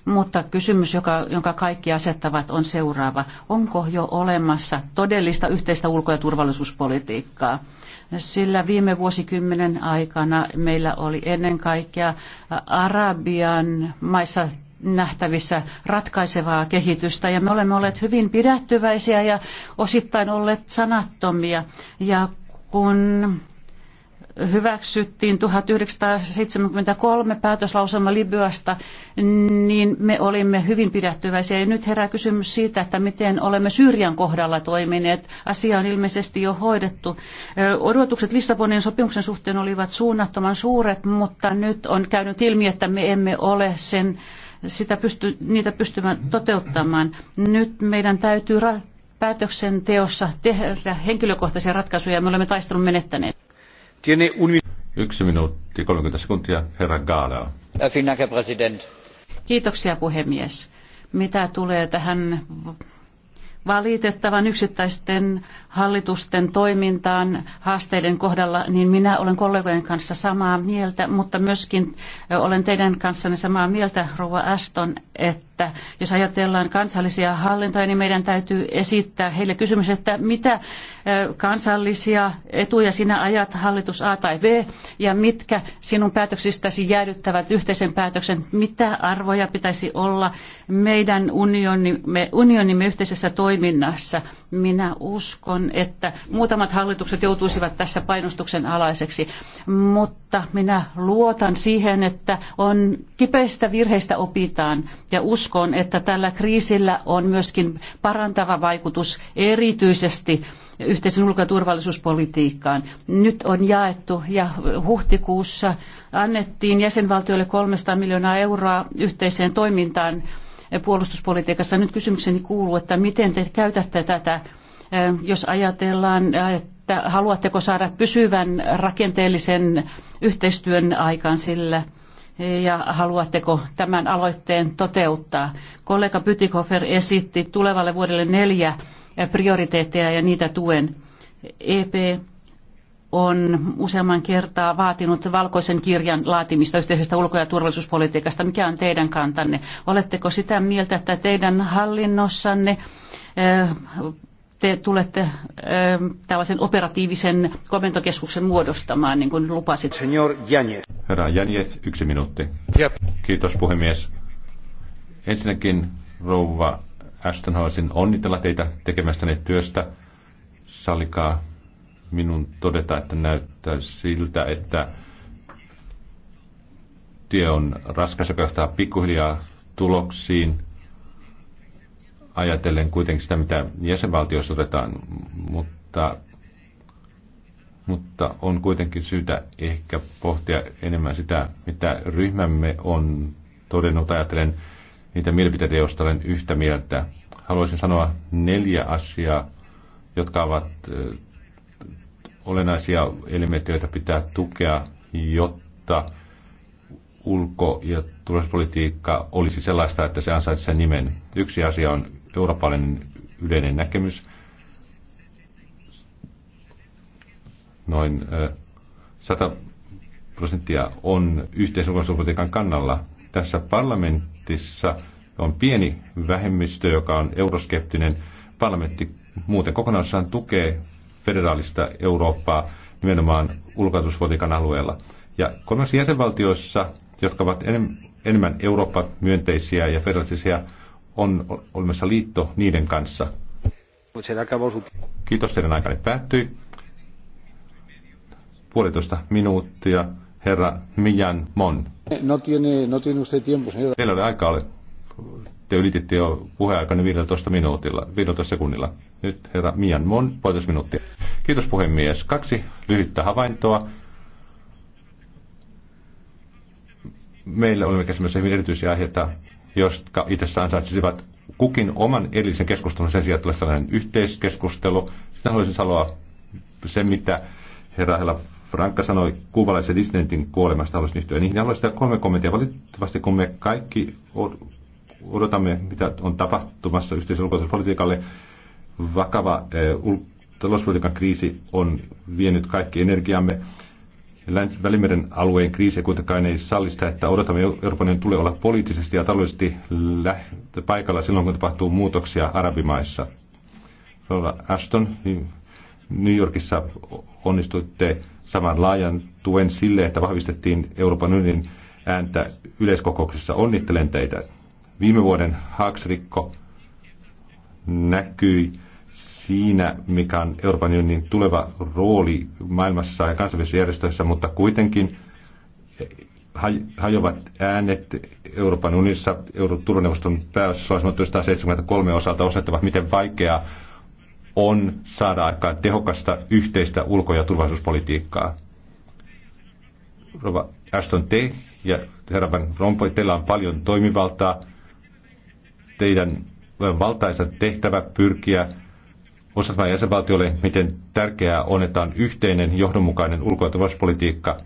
Mutta kysymys, joka, jonka kaikki asettavat, on seuraava. Onko jo olemassa todellista yhteistä ulko- ja turvallisuuspolitiikkaa? Sillä viime vuosikymmenen aikana meillä oli ennen kaikkea Arabian maissa nähtävissä ratkaisevaa kehitystä ja me olemme olleet hyvin pidättyväisiä ja osittain olleet sanattomia. Ja kun hyväksyttiin 1973 päätöslauselma Libyasta, niin me olimme hyvin pidättyväisiä. Ja nyt herää kysymys siitä, että miten olemme Syyrian kohdalla toimineet. Asia on ilmeisesti jo hoidettu. Odotukset Lissabonin sopimuksen suhteen olivat suunnattoman suuret, mutta nyt on käynyt ilmi, että me emme ole sen sitä pysty, niitä pystymään toteuttamaan. Nyt meidän täytyy ra- päätöksenteossa tehdä henkilökohtaisia ratkaisuja. Me olemme taistelun menettäneet. Yksi minuutti, 30 sekuntia, herra Gaala. Kiitoksia puhemies. Mitä tulee tähän valitettavan yksittäisten hallitusten toimintaan haasteiden kohdalla, niin minä olen kollegojen kanssa samaa mieltä, mutta myöskin olen teidän kanssanne samaa mieltä, Rouva Aston, että että jos ajatellaan kansallisia hallintoja, niin meidän täytyy esittää heille kysymys, että mitä kansallisia etuja sinä ajat hallitus A tai B ja mitkä sinun päätöksistäsi jäädyttävät yhteisen päätöksen, mitä arvoja pitäisi olla meidän unionimme, unionimme yhteisessä toiminnassa. Minä uskon, että muutamat hallitukset joutuisivat tässä painostuksen alaiseksi, mutta minä luotan siihen, että on kipeistä virheistä opitaan ja uskon, että tällä kriisillä on myöskin parantava vaikutus erityisesti yhteisen ulko- ja turvallisuuspolitiikkaan. Nyt on jaettu ja huhtikuussa annettiin jäsenvaltioille 300 miljoonaa euroa yhteiseen toimintaan puolustuspolitiikassa. Nyt kysymykseni kuuluu, että miten te käytätte tätä, jos ajatellaan, että haluatteko saada pysyvän rakenteellisen yhteistyön aikaan sillä – ja haluatteko tämän aloitteen toteuttaa. Kollega Pytikofer esitti tulevalle vuodelle neljä prioriteetteja ja niitä tuen. EP on useamman kertaa vaatinut valkoisen kirjan laatimista yhteisestä ulko- ja turvallisuuspolitiikasta. Mikä on teidän kantanne? Oletteko sitä mieltä, että teidän hallinnossanne eh, te tulette eh, tällaisen operatiivisen komentokeskuksen muodostamaan, niin kuin lupasit? Senor Janjes. Herra Janjes, yksi minuutti. Jep. Kiitos puhemies. Ensinnäkin rouva Ashton haluaisin onnitella teitä tekemästäne työstä. Sallikaa minun todeta, että näyttää siltä, että tie on raskas, ja johtaa pikkuhiljaa tuloksiin, ajatellen kuitenkin sitä, mitä jäsenvaltioissa otetaan, mutta, mutta on kuitenkin syytä ehkä pohtia enemmän sitä, mitä ryhmämme on todennut, ajatellen niitä mielipiteitä, joista olen yhtä mieltä. Haluaisin sanoa neljä asiaa, jotka ovat olennaisia elementtejä, joita pitää tukea, jotta ulko- ja turvallisuuspolitiikka olisi sellaista, että se ansaitsee nimen. Yksi asia on eurooppalainen yleinen näkemys. Noin 100 prosenttia on yhteisulkoisuuspolitiikan kannalla. Tässä parlamentissa on pieni vähemmistö, joka on euroskeptinen. Parlamentti muuten kokonaisuudessaan tukee federaalista Eurooppaa nimenomaan ulkoituspolitiikan alueella. Ja kolmanneksi jäsenvaltioissa, jotka ovat enemmän Eurooppa-myönteisiä ja federalistisia, on olemassa liitto niiden kanssa. Kiitos, teidän aikani päättyi. Puolitoista minuuttia, herra Mijan Mon. No tiene, no tiene usted tiempo, señora. Teillä oli aikaa, te ylititte jo puheaikanne 15 minuutilla, 15 sekunnilla. Nyt herra Mian Mon, puolitoista minuuttia. Kiitos puhemies. Kaksi lyhyttä havaintoa. Meillä olemme käsimässä hyvin erityisiä aiheita, jotka itse ansaitsisivat kukin oman erillisen keskustelun sen sijaan tulee sellainen yhteiskeskustelu. Sitten haluaisin sanoa se, mitä herra Hela Frankka sanoi kuvalaisen dissidentin kuolemasta, haluaisin yhtyä niihin. Haluaisin tehdä kolme kommenttia. Valitettavasti kun me kaikki odotamme, mitä on tapahtumassa yhteisen ulkoiselle politiikalle, vakava talouspolitiikan kriisi on vienyt kaikki energiamme. Välimeren alueen kriisi kuitenkaan ei sallista, että odotamme Euroopan tulee olla poliittisesti ja taloudellisesti paikalla silloin, kun tapahtuu muutoksia arabimaissa. Rola Ashton, niin New Yorkissa onnistuitte saman laajan tuen sille, että vahvistettiin Euroopan unionin ääntä yleiskokouksessa. Onnittelen teitä. Viime vuoden haaksrikko näkyi siinä, mikä on Euroopan unionin tuleva rooli maailmassa ja kansainvälisissä järjestöissä, mutta kuitenkin eh, hajovat äänet Euroopan unionissa Euroopan turvaneuvoston pääosaslasmat 173 osalta osoittavat, miten vaikeaa on saada aikaan tehokasta yhteistä ulko- ja turvallisuuspolitiikkaa. Rova Ashton, te ja herra Van Rompuy, teillä on paljon toimivaltaa. Teidän valtaisa tehtävä pyrkiä muistuttamaan jäsenvaltiolle, miten tärkeää on, että on yhteinen johdonmukainen ulko- ja turvallisuuspolitiikka.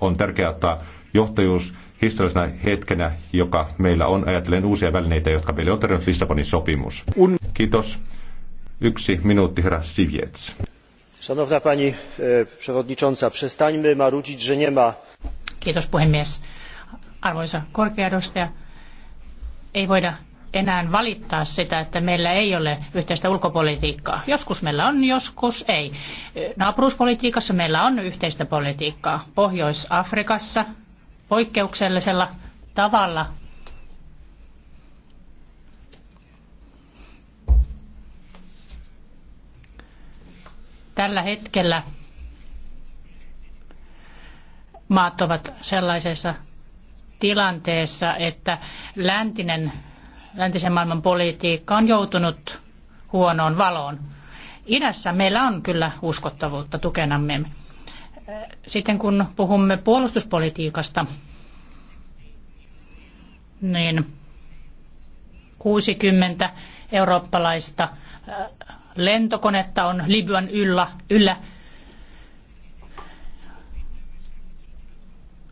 On tärkeää ottaa johtajuus historiallisena hetkenä, joka meillä on, ajatellen uusia välineitä, jotka meille on tarjonnut Lissabonin sopimus. Kiitos. Yksi minuutti, herra Sivjets. Szanowna pani e, przewodnicząca, przestańmy marudzić, że nie ma... Kiitos puhemies. Arvoisa korkeadostaja, ei voida enää valittaa sitä, että meillä ei ole yhteistä ulkopolitiikkaa. Joskus meillä on, joskus ei. Naapuruuspolitiikassa meillä on yhteistä politiikkaa. Pohjois-Afrikassa poikkeuksellisella tavalla tällä hetkellä maat ovat sellaisessa tilanteessa, että läntinen läntisen maailman politiikka on joutunut huonoon valoon. Idässä meillä on kyllä uskottavuutta tukenamme. Sitten kun puhumme puolustuspolitiikasta, niin 60 eurooppalaista lentokonetta on Libyan yllä, yllä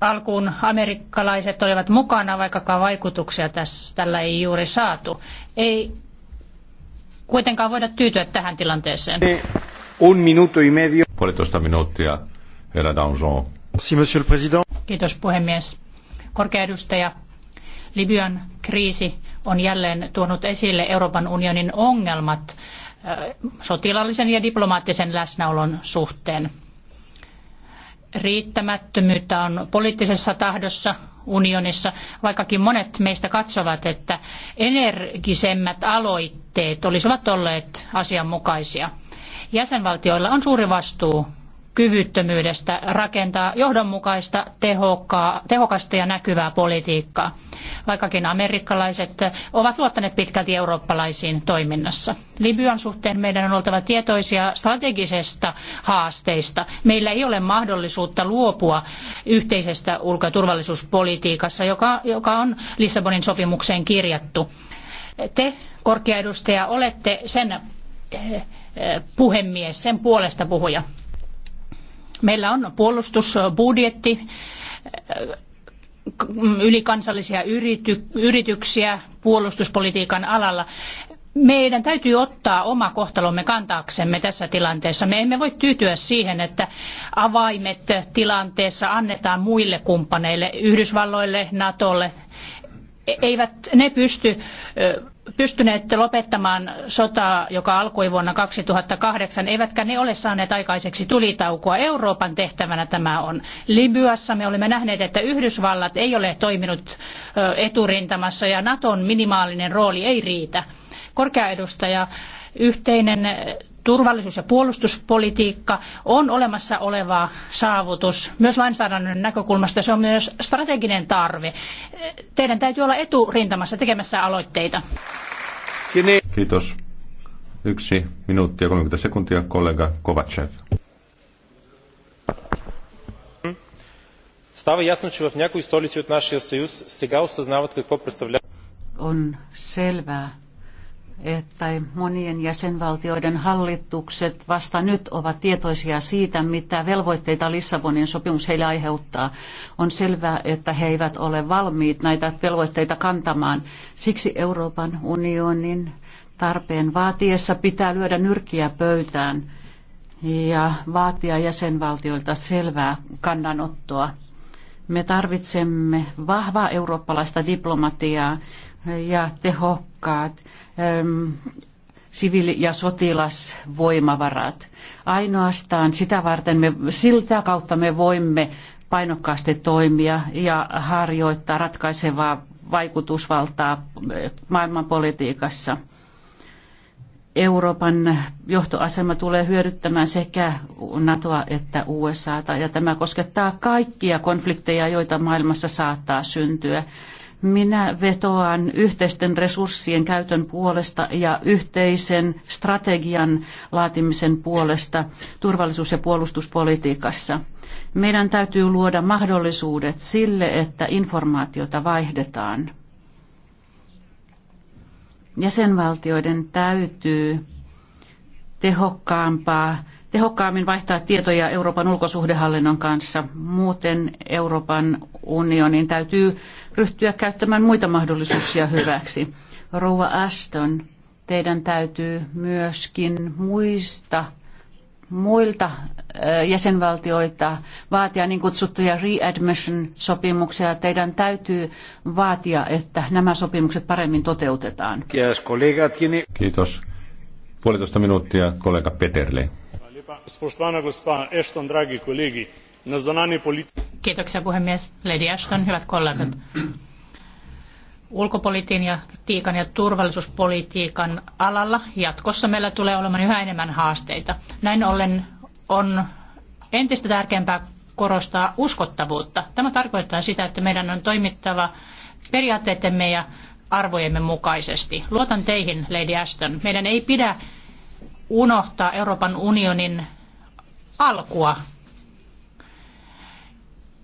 alkuun amerikkalaiset olivat mukana, vaikkakaan vaikutuksia tässä, tällä ei juuri saatu. Ei kuitenkaan voida tyytyä tähän tilanteeseen. Eh, un minuto y medio. Puolitoista minuuttia, herra Danjon. monsieur le président. Kiitos puhemies. Korkea edustaja, Libyan kriisi on jälleen tuonut esille Euroopan unionin ongelmat eh, sotilaallisen ja diplomaattisen läsnäolon suhteen riittämättömyyttä on poliittisessa tahdossa unionissa, vaikkakin monet meistä katsovat, että energisemmät aloitteet olisivat olleet asianmukaisia. Jäsenvaltioilla on suuri vastuu kyvyttömyydestä rakentaa johdonmukaista, tehokkaa, tehokasta ja näkyvää politiikkaa, vaikkakin amerikkalaiset ovat luottaneet pitkälti eurooppalaisiin toiminnassa. Libyan suhteen meidän on oltava tietoisia strategisesta haasteista. Meillä ei ole mahdollisuutta luopua yhteisestä ulko- ja turvallisuuspolitiikassa, joka, joka on Lissabonin sopimukseen kirjattu. Te, korkea edustaja, olette sen eh, eh, puhemies, sen puolesta puhuja. Meillä on puolustusbudjetti, ylikansallisia yrity, yrityksiä puolustuspolitiikan alalla. Meidän täytyy ottaa oma kohtalomme kantaaksemme tässä tilanteessa. Me emme voi tyytyä siihen, että avaimet tilanteessa annetaan muille kumppaneille, Yhdysvalloille, Natolle. Eivät ne pysty pystyneet lopettamaan sotaa, joka alkoi vuonna 2008, eivätkä ne ole saaneet aikaiseksi tulitaukoa. Euroopan tehtävänä tämä on. Libyassa me olemme nähneet, että Yhdysvallat ei ole toiminut eturintamassa ja Naton minimaalinen rooli ei riitä. Korkea edustaja, yhteinen turvallisuus- ja puolustuspolitiikka on olemassa oleva saavutus myös lainsäädännön näkökulmasta. Se on myös strateginen tarve. Teidän täytyy olla eturintamassa tekemässä aloitteita. Kiitos. Yksi minuutti ja 30 sekuntia kollega Kovacev. Става ясно, че в някои столици от нашия съюз сега осъзнават какво представлява. On selvää, että monien jäsenvaltioiden hallitukset vasta nyt ovat tietoisia siitä, mitä velvoitteita Lissabonin sopimus heille aiheuttaa. On selvää, että he eivät ole valmiit näitä velvoitteita kantamaan. Siksi Euroopan unionin tarpeen vaatiessa pitää lyödä nyrkkiä pöytään ja vaatia jäsenvaltioilta selvää kannanottoa. Me tarvitsemme vahvaa eurooppalaista diplomatiaa ja tehokkaat Ehm, siviili- ja sotilasvoimavarat. Ainoastaan sitä varten me, siltä kautta me voimme painokkaasti toimia ja harjoittaa ratkaisevaa vaikutusvaltaa eh, maailmanpolitiikassa. Euroopan johtoasema tulee hyödyttämään sekä NATOa että USAta, ja tämä koskettaa kaikkia konflikteja, joita maailmassa saattaa syntyä. Minä vetoan yhteisten resurssien käytön puolesta ja yhteisen strategian laatimisen puolesta turvallisuus- ja puolustuspolitiikassa. Meidän täytyy luoda mahdollisuudet sille, että informaatiota vaihdetaan. Jäsenvaltioiden täytyy tehokkaampaa tehokkaammin vaihtaa tietoja Euroopan ulkosuhdehallinnon kanssa. Muuten Euroopan unionin täytyy ryhtyä käyttämään muita mahdollisuuksia hyväksi. Rouva Ashton, teidän täytyy myöskin muista muilta eh, jäsenvaltioita vaatia niin kutsuttuja readmission-sopimuksia. Teidän täytyy vaatia, että nämä sopimukset paremmin toteutetaan. Kiitos. Puolitoista minuuttia kollega Peterle spoštovana gospa ashton dragi kolegi na zunanji politiikka. Kiitoksia puhemies. Lady Ashton, hyvät kollegat. Ulkopolitiikan ja turvallisuuspolitiikan alalla jatkossa meillä tulee olemaan yhä enemmän haasteita. Näin ollen on entistä tärkeämpää korostaa uskottavuutta. Tämä tarkoittaa sitä, että meidän on toimittava periaatteidemme ja arvojemme mukaisesti. Luotan teihin, Lady Ashton. Meidän ei pidä unohtaa Euroopan unionin alkua.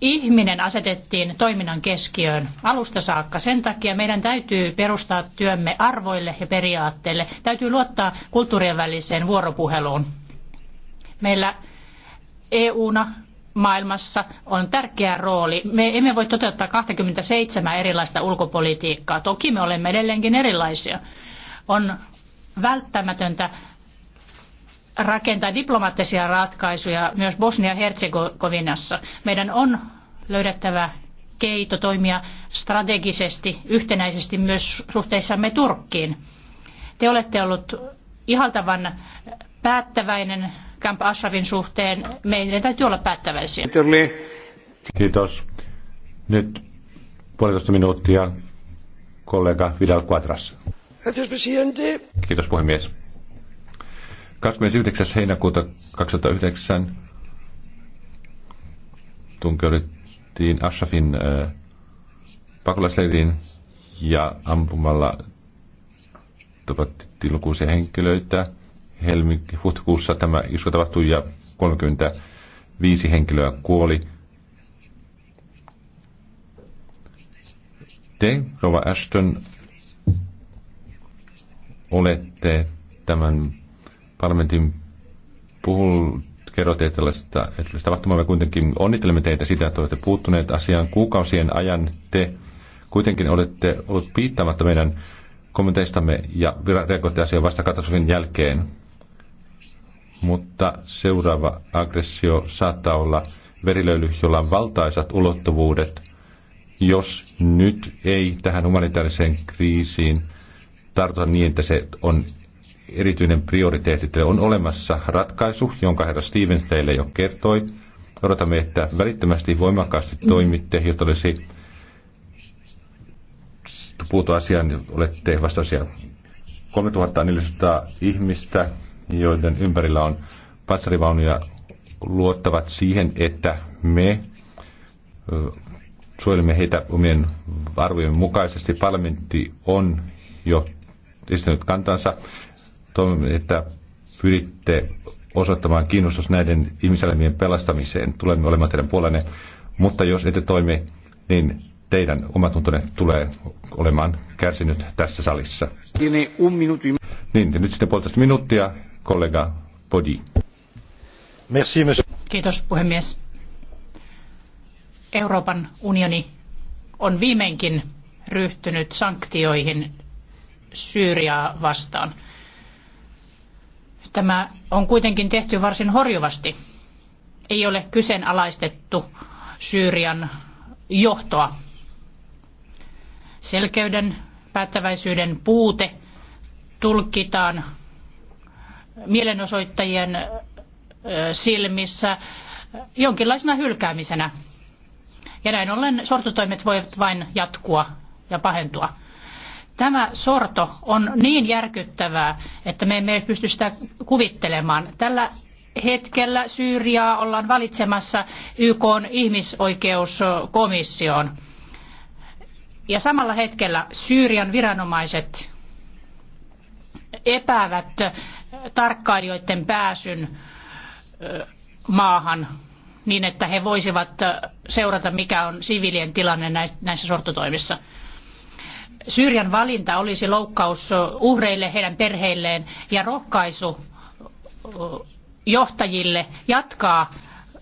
Ihminen asetettiin toiminnan keskiöön alusta saakka. Sen takia meidän täytyy perustaa työmme arvoille ja periaatteille. Täytyy luottaa kulttuurien väliseen vuoropuheluun. Meillä EUna maailmassa on tärkeä rooli. Me emme voi toteuttaa 27 erilaista ulkopolitiikkaa. Toki me olemme edelleenkin erilaisia. On välttämätöntä rakentaa diplomaattisia ratkaisuja myös Bosnia-Herzegovinassa. Meidän on löydettävä keito toimia strategisesti, yhtenäisesti myös suhteissamme Turkkiin. Te olette ollut ihaltavan päättäväinen Camp Ashrafin suhteen. Meidän täytyy olla päättäväisiä. Kiitos. Nyt puolitoista minuuttia kollega Vidal Quadras. Kiitos puhemies. 29. heinäkuuta 2009 tunkeuduttiin Ashrafin äh, pakolaisleiriin ja ampumalla tapattiin lukuisia henkilöitä. Helmi, huhtikuussa tämä isku tapahtui ja 35 henkilöä kuoli. Te, Rova Ashton, olette tämän parlamentin puhul, kerrotte tällaista, tällaista tapahtumaa. Me kuitenkin onnittelemme teitä sitä, että olette puuttuneet asiaan kuukausien ajan. Te kuitenkin olette ollut piittämättä meidän kommenteistamme ja reagoitte asiaan vasta katastrofin jälkeen. Mutta seuraava aggressio saattaa olla verilöyly, jolla on valtaisat ulottuvuudet, jos nyt ei tähän humanitaariseen kriisiin tartuta niin, että se on erityinen prioriteetti teille on olemassa ratkaisu, jonka herra Stevens teille jo kertoi. Odotamme, että välittömästi voimakkaasti toimitte, jotta olisi puutua asiaan, niin olette vastaisia 3400 ihmistä, joiden ympärillä on patsarivaunuja, luottavat siihen, että me suojelemme heitä omien arvojen mukaisesti. Parlamentti on jo esittänyt kantansa toivon, että pyritte osoittamaan kiinnostus näiden ihmiselämien pelastamiseen. Tulemme olemaan teidän puolenne, mutta jos ette toimi, niin teidän omatuntonne tulee olemaan kärsinyt tässä salissa. Niin, nyt sitten puolitoista minuuttia, kollega Podi. Merci, Kiitos puhemies. Euroopan unioni on viimeinkin ryhtynyt sanktioihin Syyriaa vastaan. Tämä on kuitenkin tehty varsin horjuvasti. Ei ole kyseenalaistettu Syyrian johtoa. Selkeyden, päättäväisyyden puute tulkitaan mielenosoittajien silmissä jonkinlaisena hylkäämisenä. Ja näin ollen sortotoimet voivat vain jatkua ja pahentua. Tämä sorto on niin järkyttävää, että me emme pysty sitä kuvittelemaan. Tällä hetkellä Syyriaa ollaan valitsemassa YK ihmisoikeuskomissioon. Ja samalla hetkellä Syyrian viranomaiset epäävät tarkkailijoiden pääsyn maahan niin, että he voisivat seurata, mikä on siviilien tilanne näissä sortotoimissa. Syyrian valinta olisi loukkaus uhreille, heidän perheilleen ja rohkaisu johtajille jatkaa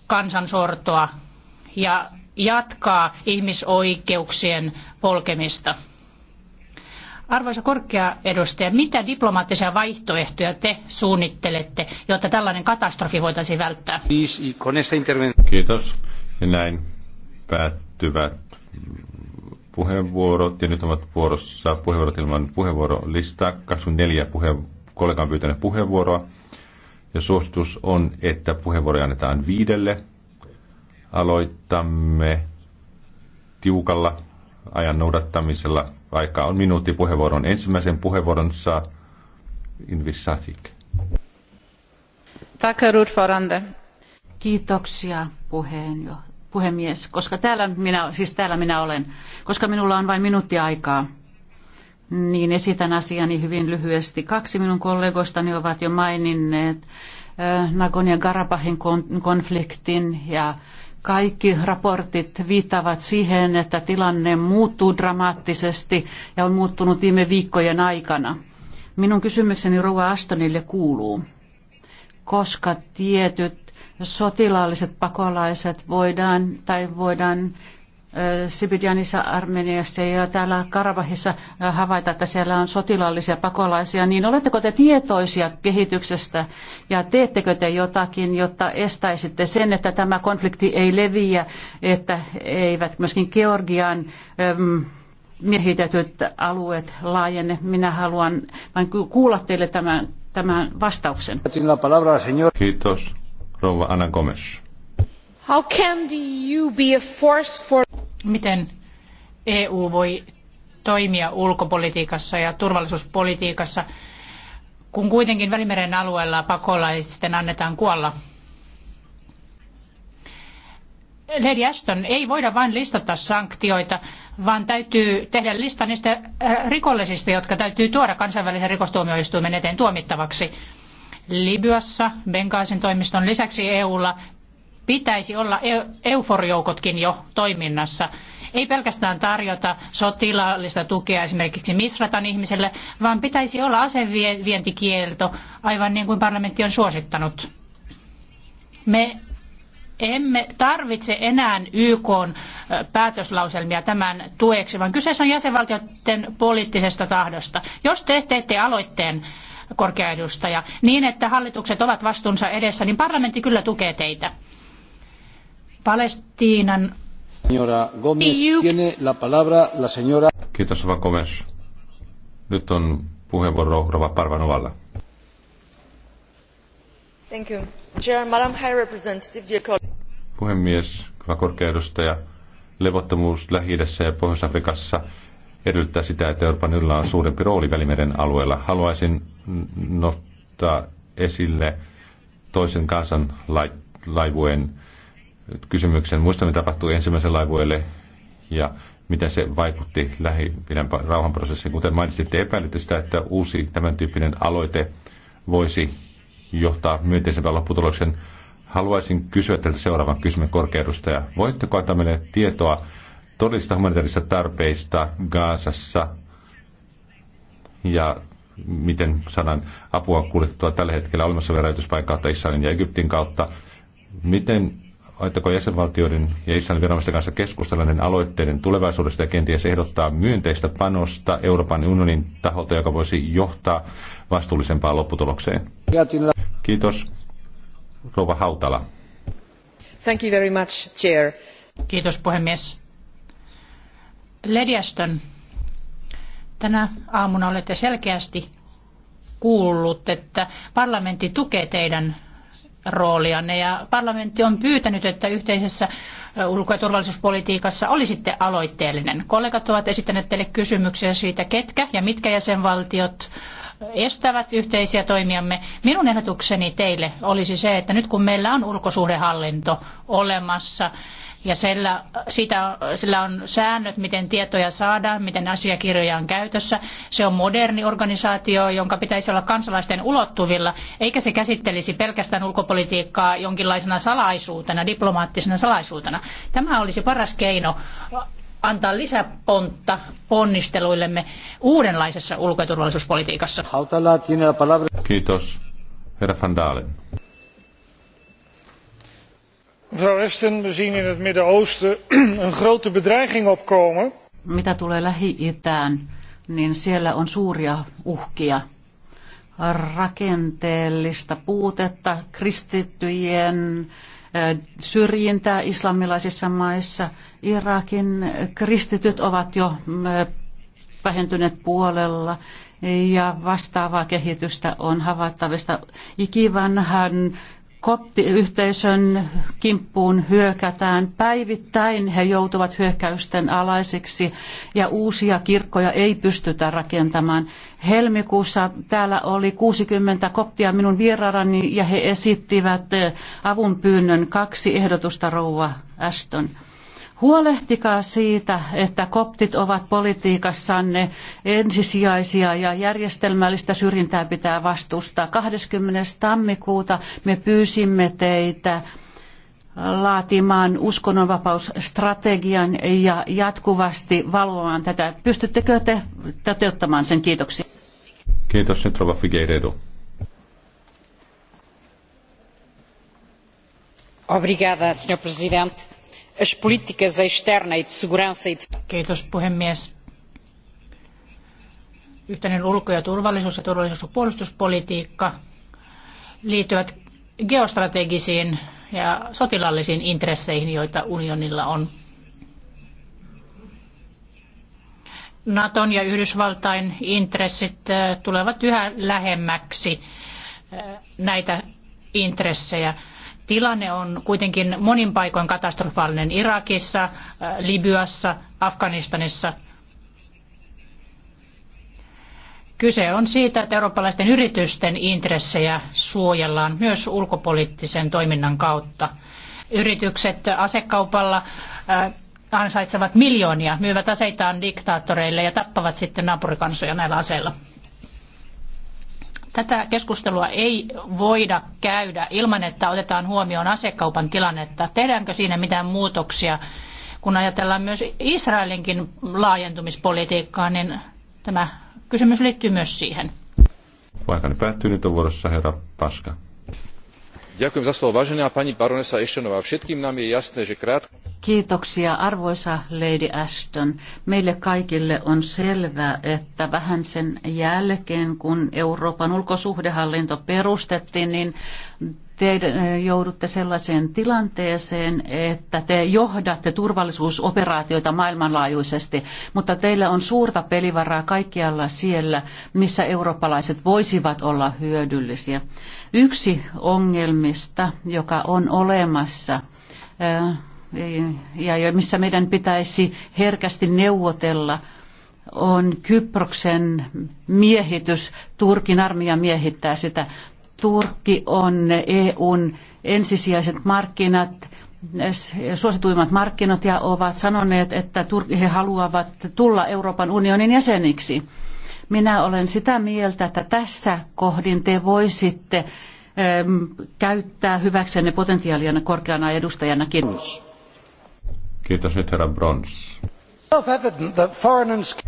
kansansortoa ja jatkaa ihmisoikeuksien polkemista. Arvoisa korkea edustaja, mitä diplomaattisia vaihtoehtoja te suunnittelette, jotta tällainen katastrofi voitaisiin välttää? Kiitos. Ja näin päättyvät puheenvuorot ja nyt ovat vuorossa puheenvuorot ilman puheenvuorolistaa. 24 puhe, kollega on pyytänyt puheenvuoroa ja suositus on, että puheenvuoroja annetaan viidelle. Aloitamme tiukalla ajan noudattamisella. Aika on minuutti puheenvuoron. Ensimmäisen puheenvuoron saa Invisatik. Tack, Kiitoksia puheenjohtaja puhemies, koska täällä minä, siis täällä minä olen, koska minulla on vain minuutti aikaa, niin esitän asiani hyvin lyhyesti. Kaksi minun kollegostani ovat jo maininneet äh, Nagon ja Garabahin konfliktin ja kaikki raportit viittaavat siihen, että tilanne muuttuu dramaattisesti ja on muuttunut viime viikkojen aikana. Minun kysymykseni Rova Astonille kuuluu, koska tietyt sotilaalliset pakolaiset voidaan tai voidaan Sibidjanissa, Armeniassa ja täällä Karabahissa havaita, että siellä on sotilaallisia pakolaisia, niin oletteko te tietoisia kehityksestä ja teettekö te jotakin, jotta estäisitte sen, että tämä konflikti ei leviä, että eivät myöskin Georgian äm, miehitetyt alueet laajenne. Minä haluan vain kuulla teille tämän, tämän vastauksen. Kiitos. Rouva Anna Gomes. How can the EU be a force for... Miten EU voi toimia ulkopolitiikassa ja turvallisuuspolitiikassa, kun kuitenkin Välimeren alueella pakolaisten annetaan kuolla? Lady Ashton, ei voida vain listata sanktioita, vaan täytyy tehdä lista niistä äh, rikollisista, jotka täytyy tuoda kansainvälisen rikostuomioistuimen eteen tuomittavaksi Libyassa Benghazin toimiston lisäksi EUlla pitäisi olla euforjoukotkin jo toiminnassa. Ei pelkästään tarjota sotilaallista tukea esimerkiksi Misratan ihmiselle, vaan pitäisi olla asevientikielto, aivan niin kuin parlamentti on suosittanut. Me emme tarvitse enää YK päätöslauselmia tämän tueksi, vaan kyseessä on jäsenvaltioiden poliittisesta tahdosta. Jos te teette aloitteen korkea edustaja, niin että hallitukset ovat vastuunsa edessä, niin parlamentti kyllä tukee teitä. Palestiinan Señora Gómez EU... tiene la palabra la señora... Kiitos, Rova Gómez. Nyt on puheenvuoro Rova Parvanovalla. Thank you. Chair, Madam High Representative, dear colleagues. Puhemies, korkea edustaja. Levottomuus lähi ja Pohjois-Afrikassa edellyttää sitä, että Euroopan yllä on suurempi rooli Välimeren alueella. Haluaisin nostaa esille toisen kansan laivueen kysymyksen. mitä tapahtui ensimmäisen laivueelle ja miten se vaikutti lähipidän rauhanprosessiin. Kuten mainitsitte, epäilitte sitä, että uusi tämän tyyppinen aloite voisi johtaa myönteisempään lopputuloksen. Haluaisin kysyä teiltä seuraavan kysymyksen korkeudusta. Voitteko antaa meille tietoa todellisista humanitaarisista tarpeista Gaasassa ja miten saadaan apua kuljettua tällä hetkellä olemassa olevien kautta Israelin ja Egyptin kautta. Miten Ajatteko jäsenvaltioiden ja Israelin viranomaisten kanssa keskustella näiden aloitteiden tulevaisuudesta ja kenties ehdottaa myönteistä panosta Euroopan unionin taholta, joka voisi johtaa vastuullisempaan lopputulokseen? Kiitos. Rova Hautala. Thank you very much, Chair. Kiitos puhemies. Ledjästön, tänä aamuna olette selkeästi kuullut, että parlamentti tukee teidän roolianne ja parlamentti on pyytänyt, että yhteisessä ulko- ja turvallisuuspolitiikassa olisitte aloitteellinen. Kollegat ovat esittäneet teille kysymyksiä siitä, ketkä ja mitkä jäsenvaltiot estävät yhteisiä toimiamme. Minun ehdotukseni teille olisi se, että nyt kun meillä on ulkosuhdehallinto olemassa, ja sillä, sitä, sillä on säännöt, miten tietoja saadaan, miten asiakirjoja on käytössä. Se on moderni organisaatio, jonka pitäisi olla kansalaisten ulottuvilla, eikä se käsittelisi pelkästään ulkopolitiikkaa jonkinlaisena salaisuutena, diplomaattisena salaisuutena. Tämä olisi paras keino antaa lisäpontta ponnisteluillemme uudenlaisessa ulko- ja turvallisuuspolitiikassa. Kiitos. Herra Van Dalen mevrouw ashton we zien in het midden oosten een grote bedreiging opkomen. mitä tulee lähi itään niin siellä on suuria uhkia rakenteellista puutetta kristittyjen syrjintää islamilaisissa maissa. Irakin kristityt ovat jo vähentyneet puolella ja vastaavaa kehitystä on havaittavista ikivanhan koptiyhteisön kimppuun hyökätään. Päivittäin he joutuvat hyökkäysten alaisiksi ja uusia kirkkoja ei pystytä rakentamaan. Helmikuussa täällä oli 60 koptia minun vieraarani ja he esittivät avunpyynnön kaksi ehdotusta rouva Aston. Huolehtikaa siitä, että koptit ovat politiikassanne ensisijaisia ja järjestelmällistä syrjintää pitää vastustaa. 20. tammikuuta me pyysimme teitä laatimaan uskonnonvapausstrategian ja jatkuvasti valvomaan tätä. Pystyttekö te toteuttamaan sen? Kiitoksia. Kiitos. Nyt Rova Figueiredo. Obrigada, senhor presidente. E e Kiitos puhemies. Yhteinen ulko- ja turvallisuus ja turvallisuus- ja puolustuspolitiikka liittyvät geostrategisiin ja sotilaallisiin intresseihin, joita unionilla on. Naton ja Yhdysvaltain intressit äh, tulevat yhä lähemmäksi äh, näitä intressejä. Tilanne on kuitenkin monin paikoin katastrofaalinen Irakissa, äh, Libyassa, Afganistanissa. Kyse on siitä, että eurooppalaisten yritysten intressejä suojellaan myös ulkopoliittisen toiminnan kautta. Yritykset asekaupalla äh, ansaitsevat miljoonia, myyvät aseitaan diktaattoreille ja tappavat sitten naapurikansoja näillä aseilla. Tätä keskustelua ei voida käydä ilman, että otetaan huomioon asekaupan tilannetta. Tehdäänkö siinä mitään muutoksia? Kun ajatellaan myös Israelinkin laajentumispolitiikkaa, niin tämä kysymys liittyy myös siihen. Vaikka ne päättyy, nyt on vuorossa herra Paska vážená pani barónka ashtonová všetkým nám je jasné že Kiitoksia arvoisa Lady Ashton. Meille kaikille on selvää, että vähän sen jälkeen kun Euroopan ulkosuhdehallinto perustettiin, niin te joudutte sellaiseen tilanteeseen, että te johdatte turvallisuusoperaatioita maailmanlaajuisesti, mutta teillä on suurta pelivaraa kaikkialla siellä, missä eurooppalaiset voisivat olla hyödyllisiä. Yksi ongelmista, joka on olemassa, ja missä meidän pitäisi herkästi neuvotella, on Kyproksen miehitys. Turkin armia miehittää sitä. Turkki on EUn ensisijaiset markkinat, suosituimmat markkinat ja ovat sanoneet, että he haluavat tulla Euroopan unionin jäseniksi. Minä olen sitä mieltä, että tässä kohdin te voisitte ähm, käyttää hyväksenne potentiaalia korkeana edustajana. Kiitos. Kiitos nyt herra Brons.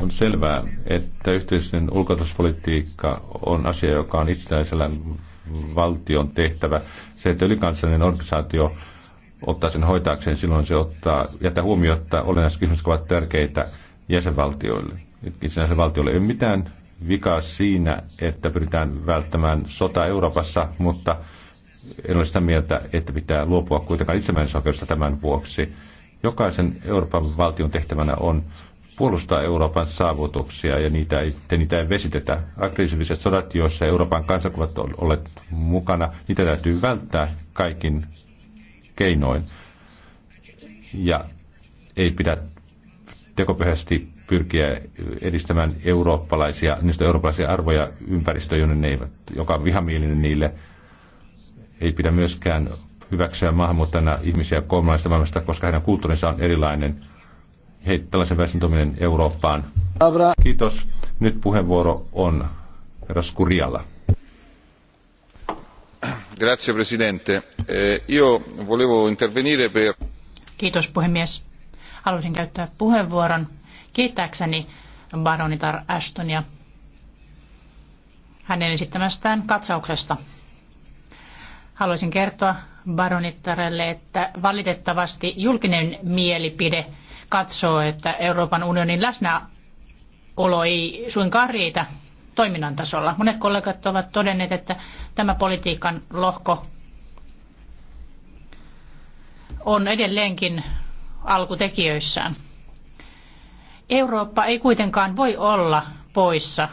On selvää, että yhteisen ulkotuspolitiikka on asia, joka on itsenäisellä valtion tehtävä. Se, että ylikansallinen organisaatio ottaa sen hoitaakseen, silloin se ottaa, jättää huomioon, että olennaiset kysymykset ovat tärkeitä jäsenvaltioille. Itse valtiolle ei ole mitään vikaa siinä, että pyritään välttämään sota Euroopassa, mutta en ole sitä mieltä, että pitää luopua kuitenkaan itsemäisoikeudesta tämän vuoksi. Jokaisen Euroopan valtion tehtävänä on puolustaa Euroopan saavutuksia ja niitä ei, te niitä ei vesitetä. Aggressiiviset sodat, joissa Euroopan kansakuvat on olleet mukana, niitä täytyy välttää kaikin keinoin. Ja ei pidä tekopyhästi pyrkiä edistämään eurooppalaisia, niistä eurooppalaisia arvoja ympäristö, jonne ne eivät, joka on vihamielinen niille. Ei pidä myöskään hyväksyä maahanmuuttajana ihmisiä kolmalaista maailmasta, koska heidän kulttuurinsa on erilainen – he, tällaisen väestön Eurooppaan. Abra. Kiitos. Nyt puheenvuoro on Raskurialla. Grazie Presidente. Eh, io volevo intervenire per... Kiitos puhemies. Halusin käyttää puheenvuoron kiittääkseni baronitar Ashtonia hänen esittämästään katsauksesta Haluaisin kertoa baronittarelle, että valitettavasti julkinen mielipide katsoo, että Euroopan unionin läsnäolo ei suinkaan riitä toiminnan tasolla. Monet kollegat ovat todenneet, että tämä politiikan lohko on edelleenkin alkutekijöissään. Eurooppa ei kuitenkaan voi olla poissa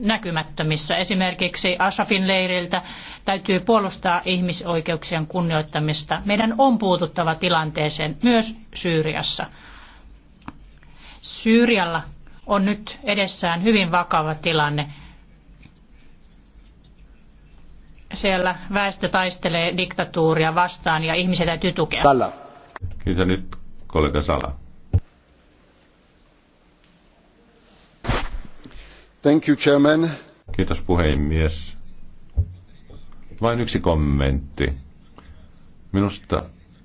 näkymättömissä. Esimerkiksi Asafin leiriltä täytyy puolustaa ihmisoikeuksien kunnioittamista. Meidän on puututtava tilanteeseen myös Syyriassa. Syyrialla on nyt edessään hyvin vakava tilanne. Siellä väestö taistelee diktatuuria vastaan ja ihmisiä täytyy tukea. Tällä. Kiitos nyt kollega Sala. Thank you, chairman. Kiitos puhemies. Vain yksi kommentti. Minusta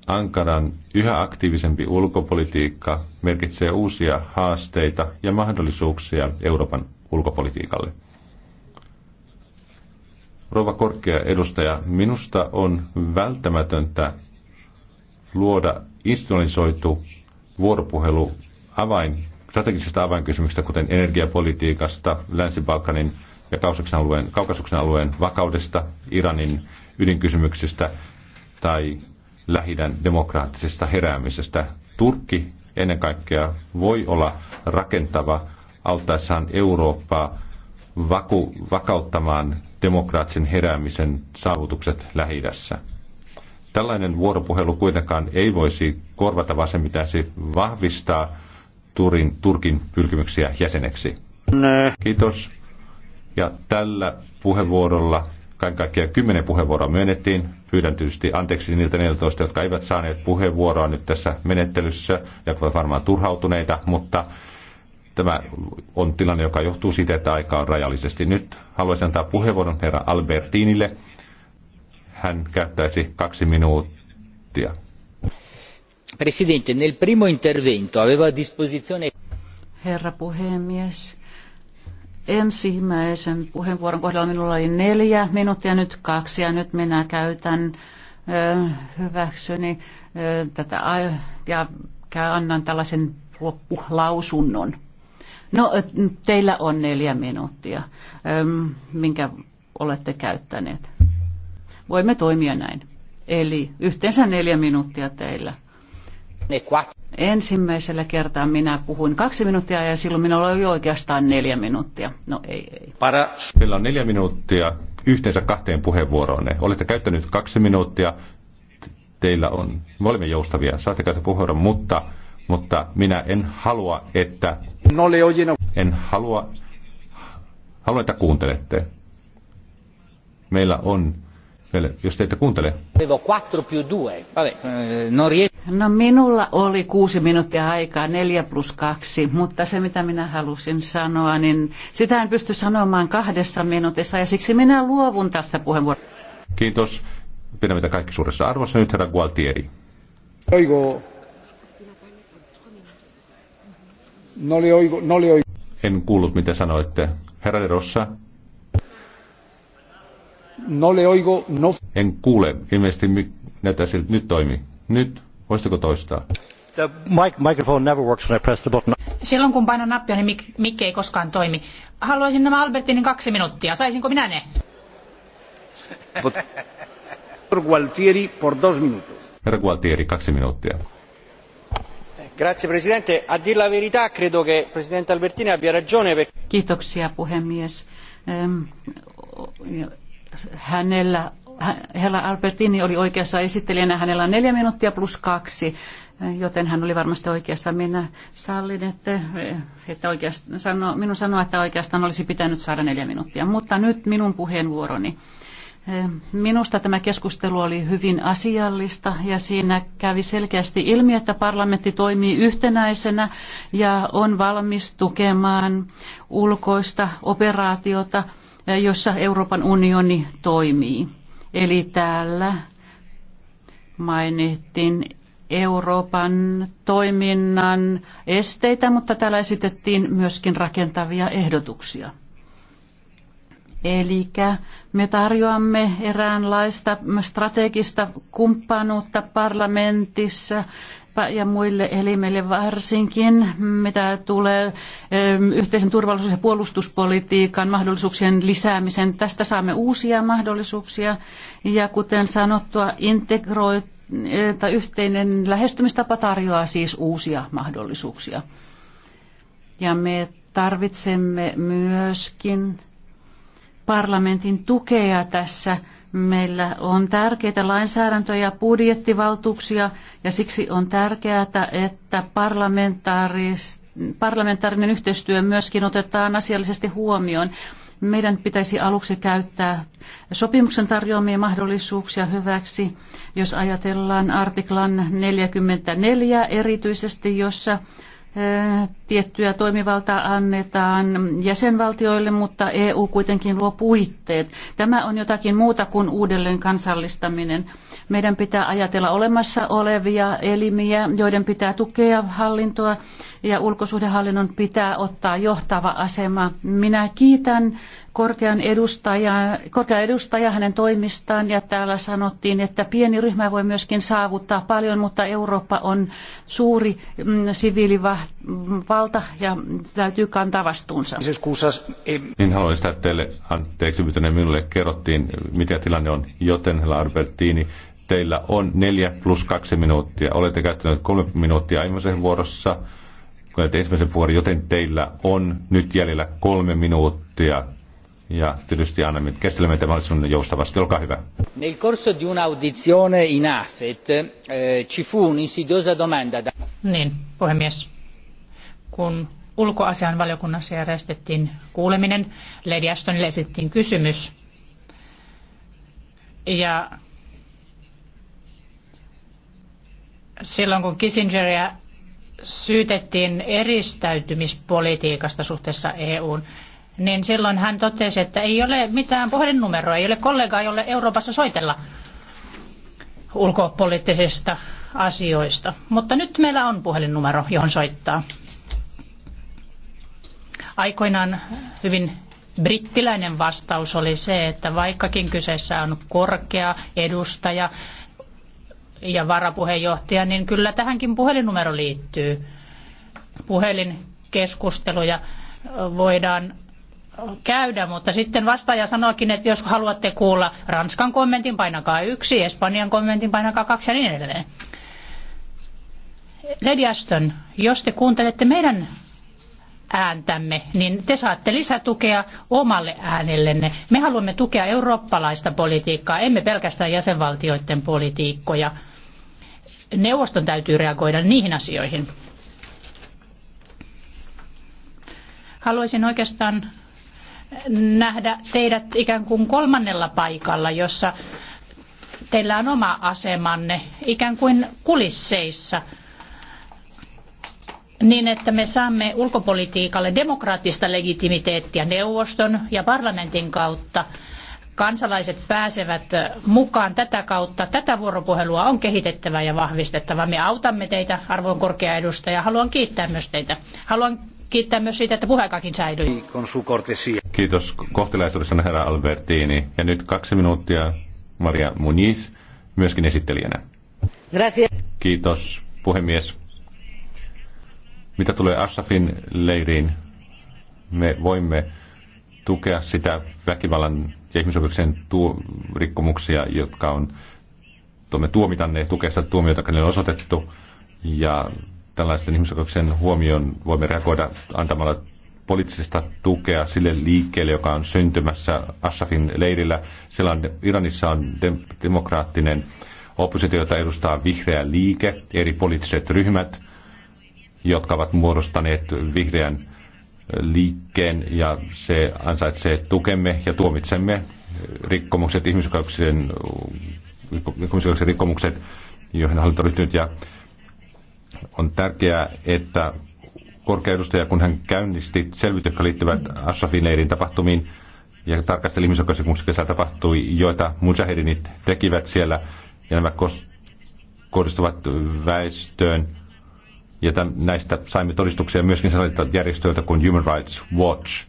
Ankaran yhä aktiivisempi ulkopolitiikka merkitsee uusia haasteita ja mahdollisuuksia Euroopan ulkopolitiikalle. Rouva korkea edustaja, minusta on välttämätöntä luoda institutionalisoitu vuoropuhelu avain strategisista avainkysymyksistä, kuten energiapolitiikasta, Länsi-Balkanin ja Kaukasuksen alueen, Kaukasuksen alueen vakaudesta, Iranin ydinkysymyksistä tai lähidän demokraattisesta heräämisestä. Turkki ennen kaikkea voi olla rakentava auttaessaan Eurooppaa vaku, vakauttamaan demokraattisen heräämisen saavutukset lähi -idässä. Tällainen vuoropuhelu kuitenkaan ei voisi korvata, vaan se pitäisi vahvistaa Turin, Turkin pyrkimyksiä jäseneksi. Kiitos. Ja tällä puheenvuorolla, kaiken kaikkiaan kymmenen puheenvuoroa myönnettiin. Pyydän tietysti anteeksi niiltä 14, jotka eivät saaneet puheenvuoroa nyt tässä menettelyssä ja ovat varmaan turhautuneita, mutta tämä on tilanne, joka johtuu siitä, että aika on rajallisesti. Nyt haluaisin antaa puheenvuoron herra Albertinille. Hän käyttäisi kaksi minuuttia. Presidente, nel primo intervento a disposizione... Herra puhemies, ensimmäisen puheenvuoron kohdalla minulla oli neljä minuuttia, nyt kaksi ja nyt minä käytän ö, hyväksyni ö, tätä ja annan tällaisen loppulausunnon. No, teillä on neljä minuuttia, minkä olette käyttäneet. Voimme toimia näin. Eli yhteensä neljä minuuttia teillä. Ensimmäisellä kertaa minä puhuin kaksi minuuttia ja silloin minulla oli oikeastaan neljä minuuttia. No ei, ei. Para. Meillä on neljä minuuttia yhteensä kahteen puheenvuoroonne. Olette käyttänyt kaksi minuuttia. Teillä on, me olemme joustavia, saatte käyttää puheenvuoron, mutta, mutta minä en halua, että... No, no- En halua, haluan, että kuuntelette. Meillä on jos teitä kuuntelee. Eh, no minulla oli kuusi minuuttia aikaa, neljä plus kaksi, mutta se mitä minä halusin sanoa, niin sitä en pysty sanomaan kahdessa minuutissa ja siksi minä luovun tästä puheenvuorosta. Kiitos. Pidämme tätä kaikki suuressa arvossa. Nyt herra Gualtieri. Oigo. No li oigo, no oli. oigo. En kuullut, mitä sanoitte. Herra Rossa, No le oigo, no... En kuule. Ilmeisesti näyttää siltä, nyt toimi. Nyt. Voisitko toistaa? The mic microphone never works when I press the button. Silloin kun painan nappia, niin mik, mikki ei koskaan toimi. Haluaisin nämä Albertinin kaksi minuuttia. Saisinko minä ne? Gualtieri por dos minutos. Herra Gualtieri, kaksi minuuttia. Grazie Presidente. A dir la verità credo che Presidente Albertini abbia ragione. Per... Kiitoksia puhemies. Ehm, hänellä, herra Albertini oli oikeassa esittelijänä, hänellä on neljä minuuttia plus kaksi, joten hän oli varmasti oikeassa. Minä sallin, että, että oikeastaan, sano, minun sanoa, että oikeastaan olisi pitänyt saada neljä minuuttia. Mutta nyt minun puheenvuoroni. Minusta tämä keskustelu oli hyvin asiallista ja siinä kävi selkeästi ilmi, että parlamentti toimii yhtenäisenä ja on valmis tukemaan ulkoista operaatiota – Eh, jossa Euroopan unioni toimii. Eli täällä mainittiin Euroopan toiminnan esteitä, mutta täällä esitettiin myöskin rakentavia ehdotuksia. Eli me tarjoamme eräänlaista strategista kumppanuutta parlamentissa ja muille elimille varsinkin, mitä tulee yhteisen turvallisuus- ja puolustuspolitiikan mahdollisuuksien lisäämisen. Tästä saamme uusia mahdollisuuksia ja kuten sanottua, integroi, tai yhteinen lähestymistapa tarjoaa siis uusia mahdollisuuksia. Ja me tarvitsemme myöskin parlamentin tukea tässä Meillä on tärkeitä lainsäädäntö- ja budjettivaltuuksia ja siksi on tärkeää, että parlamentaarinen yhteistyö myöskin otetaan asiallisesti huomioon. Meidän pitäisi aluksi käyttää sopimuksen tarjoamia mahdollisuuksia hyväksi, jos ajatellaan artiklan 44 erityisesti, jossa eh, Tiettyä toimivaltaa annetaan jäsenvaltioille, mutta EU kuitenkin luo puitteet. Tämä on jotakin muuta kuin uudelleen kansallistaminen. Meidän pitää ajatella olemassa olevia elimiä, joiden pitää tukea hallintoa ja ulkosuhdehallinnon pitää ottaa johtava asema. Minä kiitän korkean edustajan, korkea edustaja hänen toimistaan ja täällä sanottiin, että pieni ryhmä voi myöskin saavuttaa paljon, mutta Eurooppa on suuri mm, valta ja se täytyy kantaa vastuunsa. Niin haluaisin sitä teille anteeksi, mitä ne minulle kerrottiin, mitä tilanne on, joten Albertini, teillä on neljä plus kaksi minuuttia. Olette käyttäneet kolme minuuttia ensimmäisen vuorossa, kun olette ensimmäisen vuoden, joten teillä on nyt jäljellä kolme minuuttia. Ja tietysti annamme, käsittelemme tämän mahdollisimman joustavasti. Olkaa hyvä. Nel corso di una audizione in AFET eh, ci fu un'insidiosa domanda. Da... Niin, puhemies kun ulkoasian valiokunnassa järjestettiin kuuleminen. Lady Ashtonille esittiin kysymys. Ja silloin kun Kissingeria syytettiin eristäytymispolitiikasta suhteessa EUn, niin silloin hän totesi, että ei ole mitään puhelinnumeroa, ei ole kollegaa, jolle Euroopassa soitella ulkopoliittisista asioista. Mutta nyt meillä on puhelinnumero, johon soittaa. Aikoinaan hyvin brittiläinen vastaus oli se, että vaikkakin kyseessä on korkea edustaja ja varapuheenjohtaja, niin kyllä tähänkin puhelinnumero liittyy. Puhelinkeskusteluja voidaan käydä, mutta sitten vastaaja sanoikin, että jos haluatte kuulla Ranskan kommentin, painakaa yksi, Espanjan kommentin, painakaa kaksi ja niin edelleen. Lady Aston, jos te kuuntelette meidän ääntämme, niin te saatte lisätukea omalle äänellenne. Me haluamme tukea eurooppalaista politiikkaa, emme pelkästään jäsenvaltioiden politiikkoja. Neuvoston täytyy reagoida niihin asioihin. Haluaisin oikeastaan nähdä teidät ikään kuin kolmannella paikalla, jossa teillä on oma asemanne, ikään kuin kulisseissa – niin, että me saamme ulkopolitiikalle demokraattista legitimiteettiä neuvoston ja parlamentin kautta. Kansalaiset pääsevät mukaan tätä kautta. Tätä vuoropuhelua on kehitettävä ja vahvistettava. Me autamme teitä, arvon korkea edustaja. Haluan kiittää myös teitä. Haluan kiittää myös siitä, että puheaikakin säilyi. Kiitos kohtelaisuudessani herra Albertini. Ja nyt kaksi minuuttia Maria Muniz, myöskin esittelijänä. Gracias. Kiitos puhemies mitä tulee Ashrafin leiriin, me voimme tukea sitä väkivallan ja ihmisoikeuksien tuo, rikkomuksia, jotka on tuomme tuomitanne ne tukea sitä tuomiota, joka on osoitettu. Ja tällaisten ihmisoikeuksien huomioon voimme reagoida antamalla poliittisesta tukea sille liikkeelle, joka on syntymässä Ashrafin leirillä. Siellä on, Iranissa on de- demokraattinen oppositio, jota edustaa vihreä liike, eri poliittiset ryhmät – jotka ovat muodostaneet vihreän liikkeen ja se ansaitsee tukemme ja tuomitsemme rikkomukset, ihmisoikeuksien rikkomukset, rikkomukset joihin hallinto on ryhtynyt. Ja on tärkeää, että korkea edustaja, kun hän käynnisti selvitykset, jotka liittyvät Ashrafin tapahtumiin, ja tarkasteli ihmisoikeusrikkomuksia, siellä tapahtui, joita mujahedinit tekivät siellä, ja nämä kohdistuvat väestöön, ja tämän, näistä saimme todistuksia myöskin sellaisilta järjestöiltä kuin Human Rights Watch.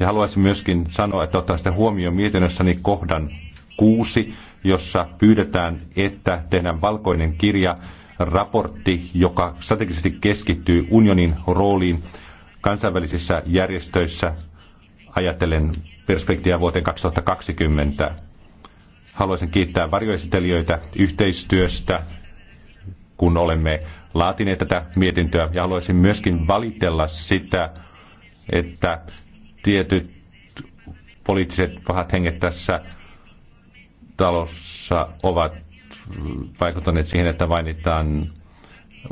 Ja haluaisin myöskin sanoa, että ottaa sitä huomioon mietinnössäni kohdan kuusi, jossa pyydetään, että tehdään valkoinen kirja, raportti, joka strategisesti keskittyy unionin rooliin kansainvälisissä järjestöissä ajatellen perspektiiviä vuoteen 2020. Haluaisin kiittää varjoesittelijöitä yhteistyöstä, kun olemme laatineet tätä mietintöä ja haluaisin myöskin valitella sitä, että tietyt poliittiset pahat henget tässä talossa ovat vaikuttaneet siihen, että mainitaan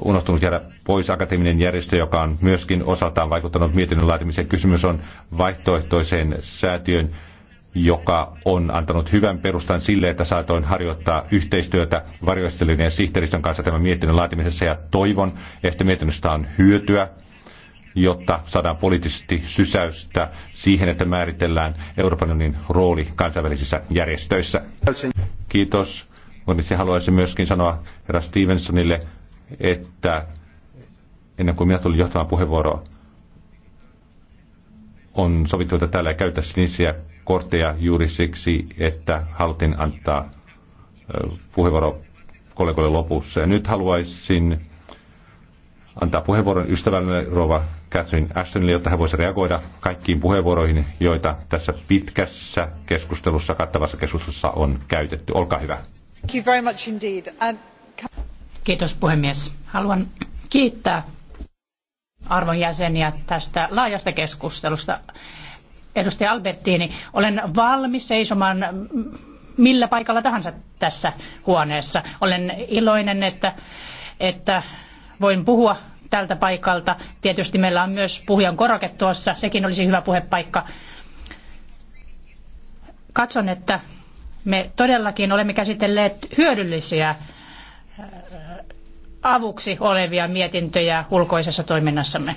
unohtunut jäädä pois akateeminen järjestö, joka on myöskin osaltaan vaikuttanut mietinnön laatimiseen. Kysymys on vaihtoehtoiseen säätiön joka on antanut hyvän perustan sille, että saatoin harjoittaa yhteistyötä varjoistelijan ja sihteeristön kanssa tämän mietinnön laatimisessa ja toivon, että mietinnöstä on hyötyä jotta saadaan poliittisesti sysäystä siihen, että määritellään Euroopan unionin rooli kansainvälisissä järjestöissä. Kiitos. Monesti haluaisin myöskin sanoa herra Stevensonille, että ennen kuin minä tulin johtamaan puheenvuoroa, on sovittu, että täällä ei käytä sinisiä kortteja juuri siksi, että haluttiin antaa puheenvuoro kollegoille lopussa. Ja nyt haluaisin antaa puheenvuoron ystävälle Rova Catherine Ashtonille, jotta hän voisi reagoida kaikkiin puheenvuoroihin, joita tässä pitkässä keskustelussa, kattavassa keskustelussa on käytetty. Olkaa hyvä. Thank you very much indeed. And... Kiitos puhemies. Haluan kiittää arvon jäseniä tästä laajasta keskustelusta edustaja Albertini, olen valmis seisomaan millä paikalla tahansa tässä huoneessa. Olen iloinen, että, että voin puhua tältä paikalta. Tietysti meillä on myös puhujan koroke tuossa, sekin olisi hyvä puhepaikka. Katson, että me todellakin olemme käsitelleet hyödyllisiä äh, avuksi olevia mietintöjä ulkoisessa toiminnassamme.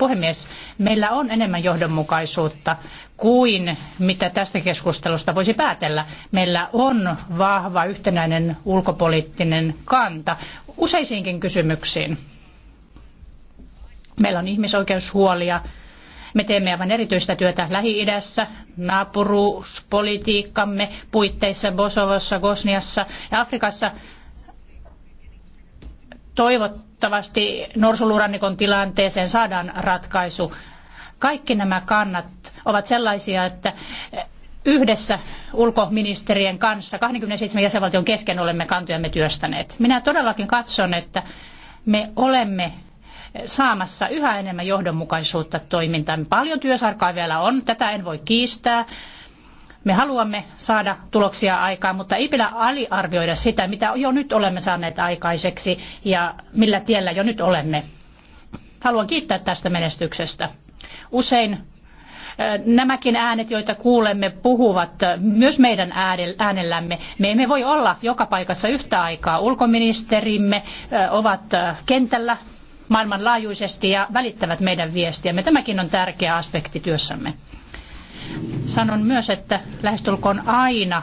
Puhemies, meillä on enemmän johdonmukaisuutta kuin mitä tästä keskustelusta voisi päätellä. Meillä on vahva yhtenäinen ulkopoliittinen kanta useisiinkin kysymyksiin. Meillä on ihmisoikeushuolia. Me teemme aivan erityistä työtä Lähi-idässä, naapuruuspolitiikkamme puitteissa Bosovossa, Bosniassa ja Afrikassa – Toivottavasti norsulurannikon tilanteeseen saadaan ratkaisu. Kaikki nämä kannat ovat sellaisia, että yhdessä ulkoministerien kanssa 27 jäsenvaltion kesken olemme kantojamme työstäneet. Minä todellakin katson, että me olemme saamassa yhä enemmän johdonmukaisuutta toimintaan. Paljon työsarkaa vielä on, tätä en voi kiistää. Me haluamme saada tuloksia aikaan, mutta ei pidä aliarvioida sitä, mitä jo nyt olemme saaneet aikaiseksi ja millä tiellä jo nyt olemme. Haluan kiittää tästä menestyksestä. Usein nämäkin äänet, joita kuulemme, puhuvat myös meidän äänellämme. Me emme voi olla joka paikassa yhtä aikaa. Ulkoministerimme ovat kentällä maailmanlaajuisesti ja välittävät meidän viestiämme. Tämäkin on tärkeä aspekti työssämme sanon myös, että lähestulkoon aina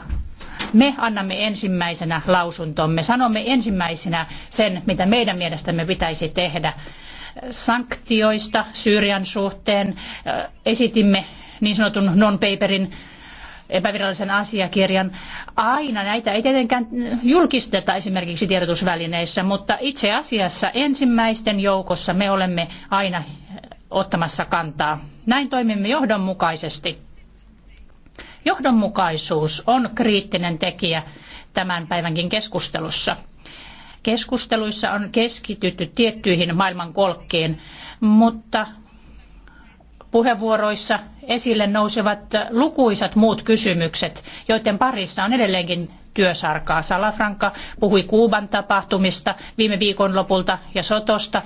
me annamme ensimmäisenä lausuntomme, sanomme ensimmäisenä sen, mitä meidän mielestämme pitäisi tehdä sanktioista Syyrian suhteen. Äh, esitimme niin sanotun non-paperin epävirallisen asiakirjan. Aina näitä ei tietenkään julkisteta esimerkiksi tiedotusvälineissä, mutta itse asiassa ensimmäisten joukossa me olemme aina ottamassa kantaa. Näin toimimme johdonmukaisesti. Johdonmukaisuus on kriittinen tekijä tämän päivänkin keskustelussa. Keskusteluissa on keskitytty tiettyihin maailmankolkkiin, mutta puheenvuoroissa esille nousevat lukuisat muut kysymykset, joiden parissa on edelleenkin työsarkaa. Salafranka puhui Kuuban tapahtumista viime viikon lopulta ja sotosta.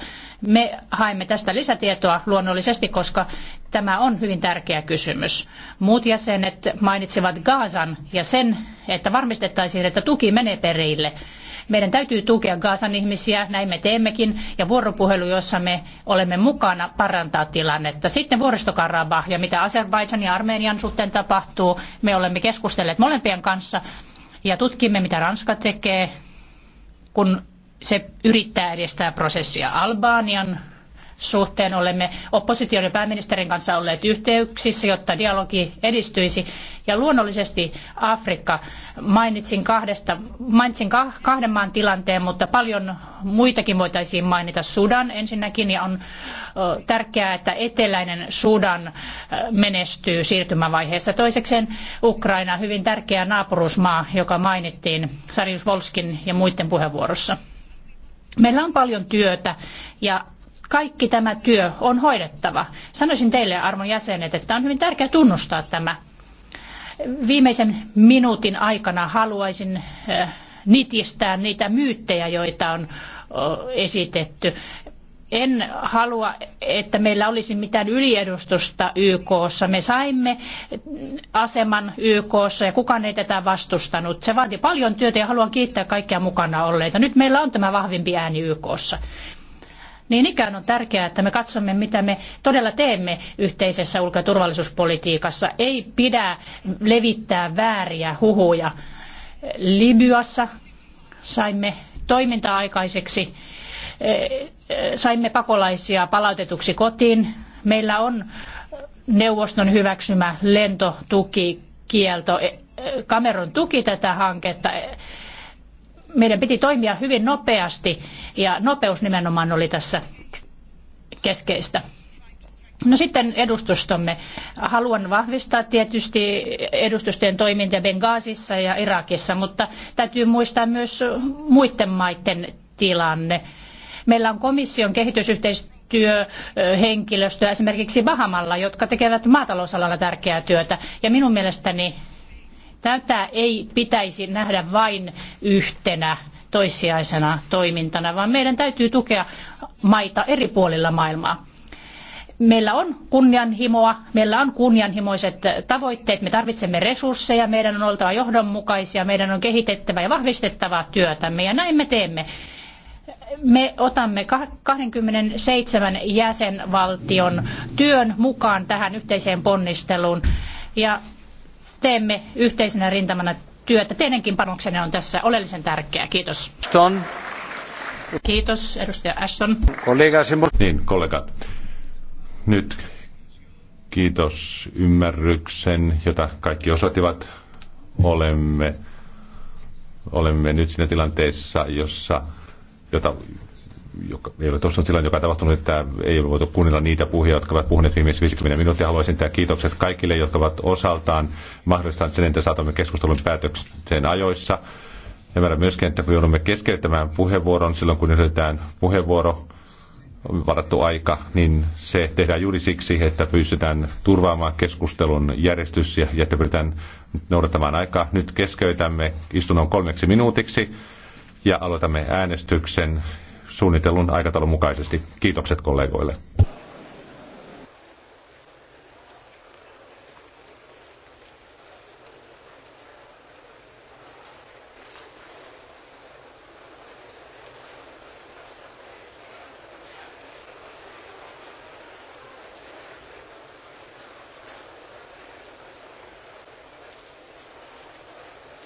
Me haemme tästä lisätietoa luonnollisesti, koska tämä on hyvin tärkeä kysymys. Muut jäsenet mainitsivat Gaasan ja sen, että varmistettaisiin, että tuki menee perille. Meidän täytyy tukea Gaasan ihmisiä, näin me teemmekin, ja vuoropuhelu, jossa me olemme mukana, parantaa tilannetta. Sitten vuoristokarabah ja mitä Azerbaidžan ja Armenian suhteen tapahtuu, me olemme keskustelleet molempien kanssa ja tutkimme, mitä Ranska tekee, kun se yrittää edistää prosessia. Albanian suhteen olemme opposition ja pääministerin kanssa olleet yhteyksissä, jotta dialogi edistyisi. Ja luonnollisesti Afrikka mainitsin, kahdesta, mainitsin kahden maan tilanteen, mutta paljon muitakin voitaisiin mainita. Sudan ensinnäkin ja on tärkeää, että eteläinen Sudan menestyy siirtymävaiheessa. Toisekseen Ukraina, hyvin tärkeä naapurusmaa, joka mainittiin Sarius Volskin ja muiden puheenvuorossa. Meillä on paljon työtä ja kaikki tämä työ on hoidettava. Sanoisin teille, arvon jäsenet, että on hyvin tärkeää tunnustaa tämä. Viimeisen minuutin aikana haluaisin äh, nitistää niitä myyttejä, joita on äh, esitetty. En halua, että meillä olisi mitään yliedustusta YKssa. Me saimme aseman YKssa ja kukaan ei tätä vastustanut. Se vaati paljon työtä ja haluan kiittää kaikkia mukana olleita. Nyt meillä on tämä vahvempi ääni YKssa. Niin ikään on tärkeää, että me katsomme, mitä me todella teemme yhteisessä ulko- ja turvallisuuspolitiikassa. Ei pidä levittää vääriä huhuja. Libyassa saimme toiminta aikaiseksi, saimme pakolaisia palautetuksi kotiin. Meillä on neuvoston hyväksymä lentotukikielto. Cameron tuki tätä hanketta meidän piti toimia hyvin nopeasti ja nopeus nimenomaan oli tässä keskeistä. No sitten edustustomme. Haluan vahvistaa tietysti edustustojen toimintaa Bengaasissa ja Irakissa, mutta täytyy muistaa myös muiden maiden tilanne. Meillä on komission kehitysyhteistyöhenkilöstöä esimerkiksi Bahamalla, jotka tekevät maatalousalalla tärkeää työtä. Ja minun mielestäni Tätä ei pitäisi nähdä vain yhtenä toissijaisena toimintana, vaan meidän täytyy tukea maita eri puolilla maailmaa. Meillä on kunnianhimoa, meillä on kunnianhimoiset tavoitteet, me tarvitsemme resursseja, meidän on oltava johdonmukaisia, meidän on kehitettävä ja vahvistettava työtämme ja näin me teemme me otamme 27 jäsenvaltion työn mukaan tähän yhteiseen ponnisteluun. Ja teemme yhteisenä rintamana työtä. Teidänkin panoksenne on tässä oleellisen tärkeä. Kiitos. Ashton. Kiitos, edustaja Ashton. Niin, kollegat. Nyt kiitos ymmärryksen, jota kaikki osoittivat. Olemme, olemme nyt siinä tilanteessa, jossa, jota joka ei ole tuossa tilanne, joka tapahtunut, että ei ole voitu kuunnella niitä puhujia, jotka ovat puhuneet viimeiset 50 minuuttia. Haluaisin tehdä kiitokset kaikille, jotka ovat osaltaan mahdollistaneet sen, että saatamme keskustelun päätökseen ajoissa. Ymmärrän myöskin, että joudumme keskeyttämään puheenvuoron silloin, kun yritetään puheenvuoro varattu aika, niin se tehdään juuri siksi, että pystytään turvaamaan keskustelun järjestys ja että pyritään noudattamaan aikaa. Nyt keskeytämme istunnon kolmeksi minuutiksi ja aloitamme äänestyksen suunnitellun aikataulun mukaisesti. Kiitokset kollegoille.